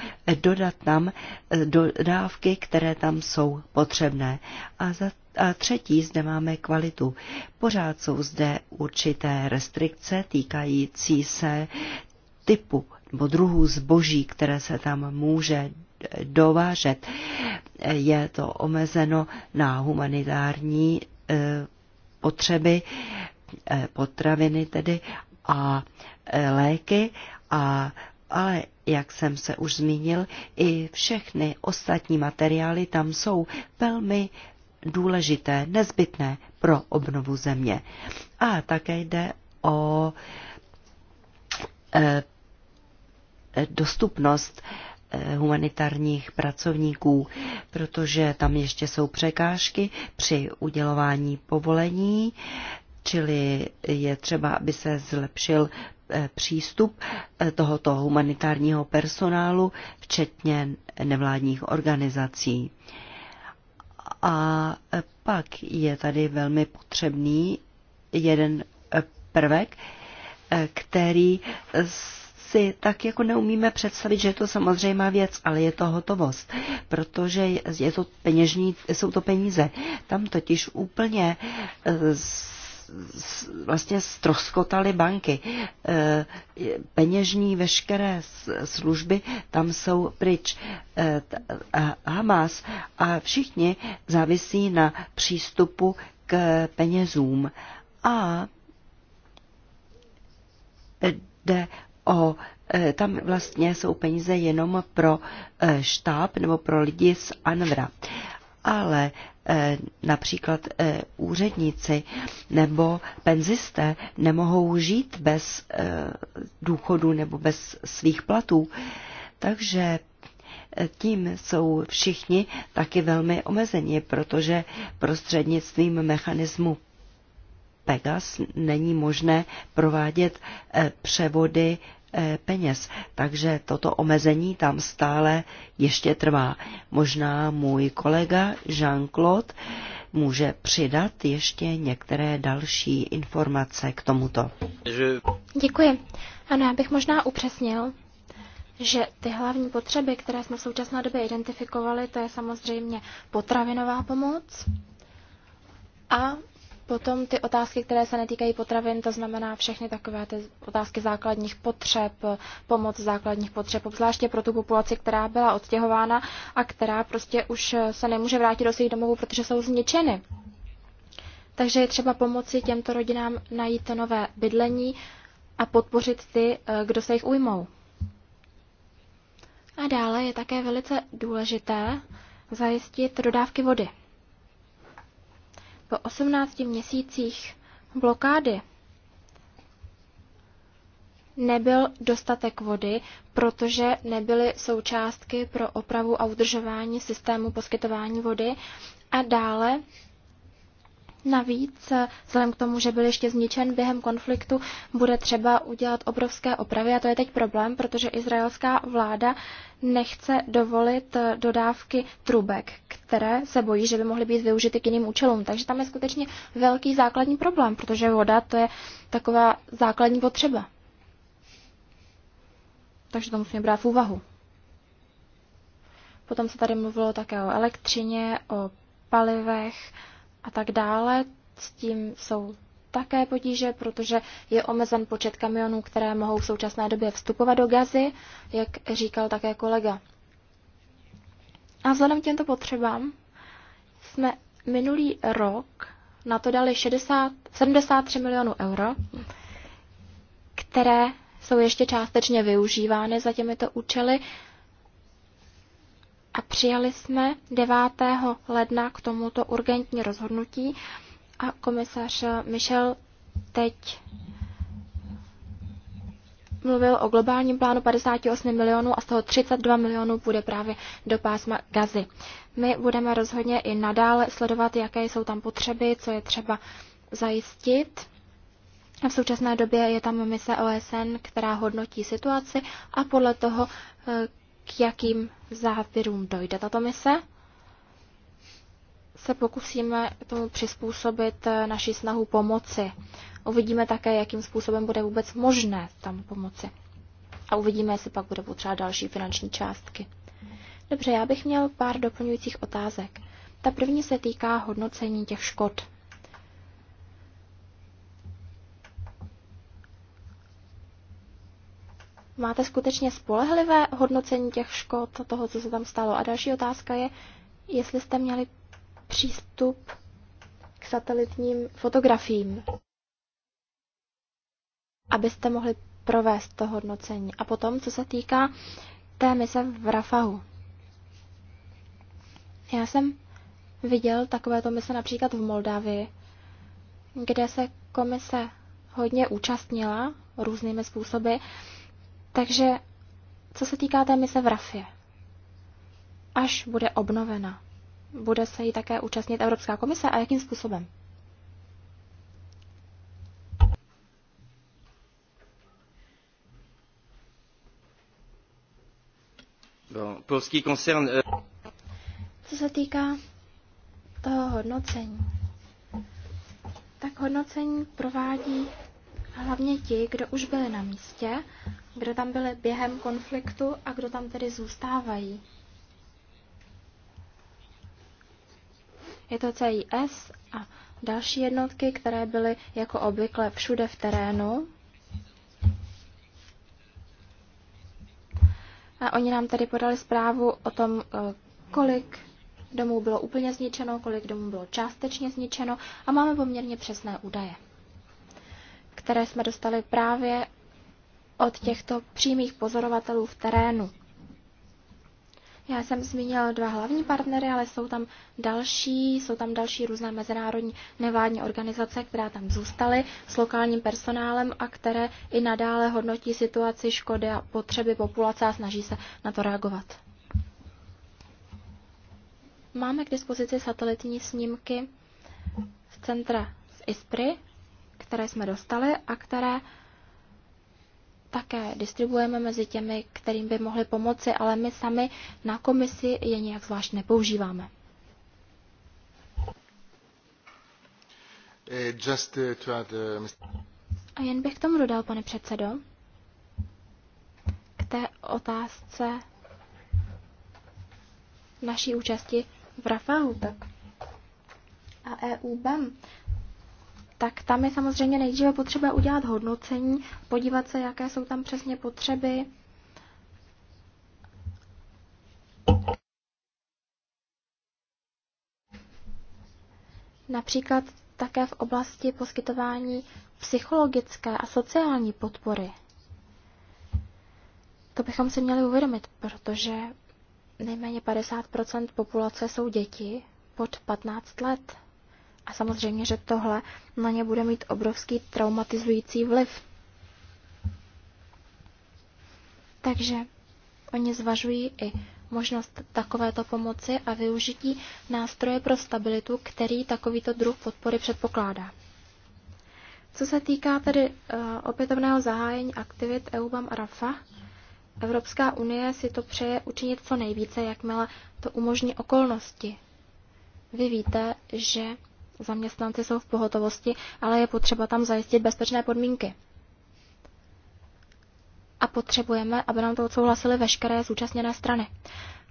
dodat tam eh, dodávky, které tam jsou potřebné. A za a třetí zde máme kvalitu. Pořád jsou zde určité restrikce týkající se typu nebo druhů zboží, které se tam může dovážet. Je to omezeno na humanitární eh, potřeby, potraviny tedy a e, léky, a, ale jak jsem se už zmínil, i všechny ostatní materiály tam jsou velmi důležité, nezbytné pro obnovu země. A také jde o e, dostupnost e, humanitárních pracovníků, protože tam ještě jsou překážky při udělování povolení, čili je třeba, aby se zlepšil eh, přístup eh, tohoto humanitárního personálu, včetně nevládních organizací. A eh, pak je tady velmi potřebný jeden prvek, který si tak jako neumíme představit, že je to samozřejmá věc, ale je to hotovost, protože je to peněžní, jsou to peníze. Tam totiž úplně vlastně stroskotaly banky. E, peněžní veškeré služby tam jsou pryč. E, Hamas a všichni závisí na přístupu k penězům. A jde o e, tam vlastně jsou peníze jenom pro štáb nebo pro lidi z Anvra ale eh, například eh, úředníci nebo penzisté nemohou žít bez eh, důchodu nebo bez svých platů. Takže tím jsou všichni taky velmi omezeni, protože prostřednictvím mechanismu Pegas není možné provádět převody Eh, peněz. Takže toto omezení tam stále ještě trvá. Možná můj kolega Jean-Claude může přidat ještě některé další informace k tomuto. Děkuji. Ano, já bych možná upřesnil, že ty hlavní potřeby, které jsme v současné době identifikovali, to je samozřejmě potravinová pomoc a Potom ty otázky, které se netýkají potravin, to znamená všechny takové ty otázky základních potřeb, pomoc základních potřeb, obzvláště pro tu populaci, která byla odstěhována a která prostě už se nemůže vrátit do svých domovů, protože jsou zničeny. Takže je třeba pomoci těmto rodinám najít nové bydlení a podpořit ty, eh, kdo se jich ujmou. A dále je také velice důležité zajistit dodávky vody po 18 měsících blokády nebyl dostatek vody, protože nebyly součástky pro opravu a udržování systému poskytování vody a dále Navíc, vzhledem k tomu, že byl ještě zničen během konfliktu, bude třeba udělat obrovské opravy a to je teď problém, protože izraelská vláda nechce dovolit dodávky trubek, které se bojí, že by mohly být využity k jiným účelům. Takže tam je skutečně velký základní problém, protože voda to je taková základní potřeba. Takže to musíme brát v úvahu. Potom se tady mluvilo také o elektřině, o palivech, a tak dále. S tím jsou také potíže, protože je omezen počet kamionů, které mohou v současné době vstupovat do gazy, jak říkal také kolega. A vzhledem k těmto potřebám jsme minulý rok na to dali 60, 73 milionů euro, které jsou ještě částečně využívány za těmito účely a přijali jsme 9. ledna k tomuto urgentní rozhodnutí a komisař Michel teď mluvil o globálním plánu 58 milionů a z toho 32 milionů bude právě do pásma gazy. My budeme rozhodně i nadále sledovat, jaké jsou tam potřeby, co je třeba zajistit. V současné době je tam mise OSN, která hodnotí situaci a podle toho eh, jakým závěrům dojde tato mise. Se pokusíme tomu přizpůsobit eh, naši snahu pomoci. Uvidíme také, jakým způsobem bude vůbec možné tam pomoci. A uvidíme, jestli pak bude potřeba další finanční částky. Dobře, já bych měl pár doplňujících otázek. Ta první se týká hodnocení těch škod. Máte skutečně spolehlivé hodnocení těch škod, toho, co se tam stalo? A další otázka je, jestli jste měli přístup k satelitním fotografiím, abyste mohli provést to hodnocení. A potom, co se týká té mise v Rafahu. Já jsem viděl takovéto mise například v Moldavii, kde se komise hodně účastnila různými způsoby takže co se týká té mise v Rafě, až bude obnovena, bude se jí také účastnit Evropská komise a jakým způsobem? Euh, co se týká toho hodnocení, tak hodnocení provádí hlavně ti, kdo už byli na místě kdo tam byli během konfliktu a kdo tam tedy zůstávají. Je to CIS a další jednotky, které byly jako obvykle všude v terénu. A oni nám tady podali zprávu o tom, eh, kolik domů bylo úplně zničeno, kolik domů bylo částečně zničeno a máme poměrně přesné údaje, které jsme dostali právě od těchto přímých pozorovatelů v terénu. Já jsem zmínil dva hlavní partnery, ale jsou tam další, jsou tam další různé mezinárodní nevládní organizace, které tam zůstaly s lokálním personálem a které i nadále hodnotí situaci škody a potřeby populace a snaží se na to reagovat. Máme k dispozici satelitní snímky z centra z ISPRI, které jsme dostali a které také distribuujeme mezi těmi, kterým by mohli pomoci, ale my sami na komisi je nějak zvlášť nepoužíváme. Eh, just eh, to add, uh, a jen bych tomu dodal, pane předsedo, k té otázce naší účasti v Rafahu, tak a EU BAM. E tak tam je samozřejmě nejdříve potřeba udělat hodnocení, podívat se, jaké jsou tam přesně potřeby. Například také v oblasti poskytování psychologické a sociální podpory. To bychom si měli uvědomit, protože nejméně 50 populace jsou děti pod 15 let. A samozřejmě, že tohle na ně bude mít obrovský traumatizující vliv. Takže oni zvažují i možnost takovéto pomoci a využití nástroje pro stabilitu, který takovýto druh podpory předpokládá. Co se týká tedy uh, opětovného zahájení aktivit EUBAM a RAFA, Evropská unie si to přeje učinit co nejvíce, jakmile to umožní okolnosti. Vy víte, že zaměstnanci jsou v pohotovosti, ale je potřeba tam zajistit bezpečné podmínky. A potřebujeme, aby nám to odsouhlasily veškeré zúčastněné strany.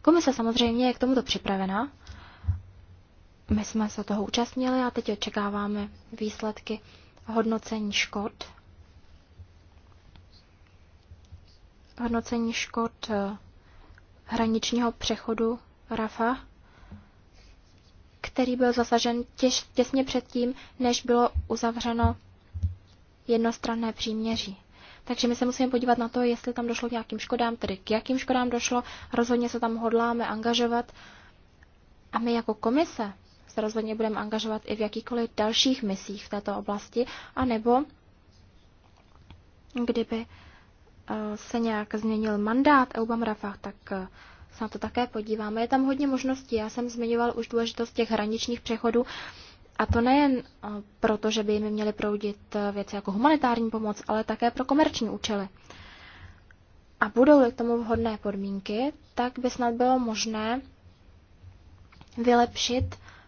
Komise samozřejmě je k tomuto připravena. My jsme se toho účastnili a teď očekáváme výsledky hodnocení škod. Hodnocení škod eh, hraničního přechodu Rafa který byl zasažen těž, těsně předtím, než bylo uzavřeno jednostranné příměří. Takže my se musíme podívat na to, jestli tam došlo k nějakým škodám, tedy k jakým škodám došlo. Rozhodně se tam hodláme angažovat. A my jako komise se rozhodně budeme angažovat i v jakýkoliv dalších misích v této oblasti, anebo kdyby eh, se nějak změnil mandát Eubam Rafa, tak eh, na to také podíváme. Je tam hodně možností. Já jsem zmiňoval už důležitost těch hraničních přechodů. A to nejen eh, proto, že by jim měly proudit eh, věci jako humanitární pomoc, ale také pro komerční účely. A budou-li k tomu vhodné podmínky, tak by snad bylo možné vylepšit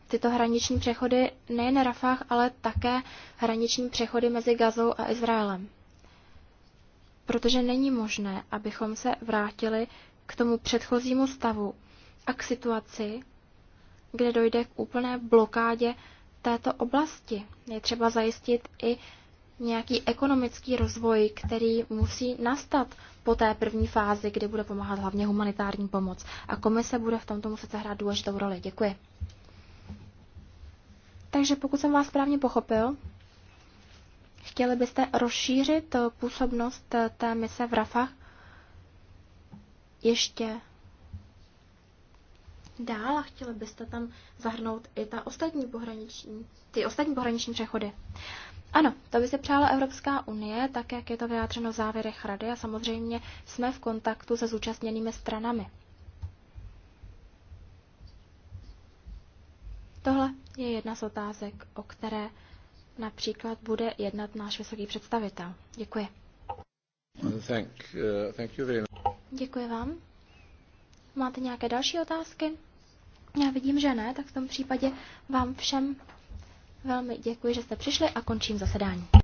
tyto hraniční přechody nejen na Rafách, ale také hraniční přechody mezi Gazou a Izraelem. Protože není možné, abychom se vrátili k tomu předchozímu stavu a k situaci, kde dojde k úplné blokádě této oblasti. Je třeba zajistit i nějaký ekonomický rozvoj, který musí nastat po té první fázi, kdy bude pomáhat hlavně humanitární pomoc. A komise bude v tomto muset zahrát důležitou roli. Děkuji. Takže pokud jsem vás správně pochopil, chtěli byste rozšířit eh, působnost eh, té mise v Rafah ještě dál a chtěli byste tam zahrnout i ta ostatní pohraniční, ty ostatní pohraniční přechody. Ano, to by se přála Evropská unie, tak jak je to vyjádřeno v závěrech Rady a samozřejmě jsme v kontaktu se zúčastněnými stranami. Tohle je jedna z otázek, o které například bude jednat náš vysoký představitel. Děkuji. Thank, uh, thank you very much. Děkuji vám. Máte nějaké další otázky? Já vidím, že ne, tak v tom případě vám všem velmi děkuji, že jste přišli a končím zasedání.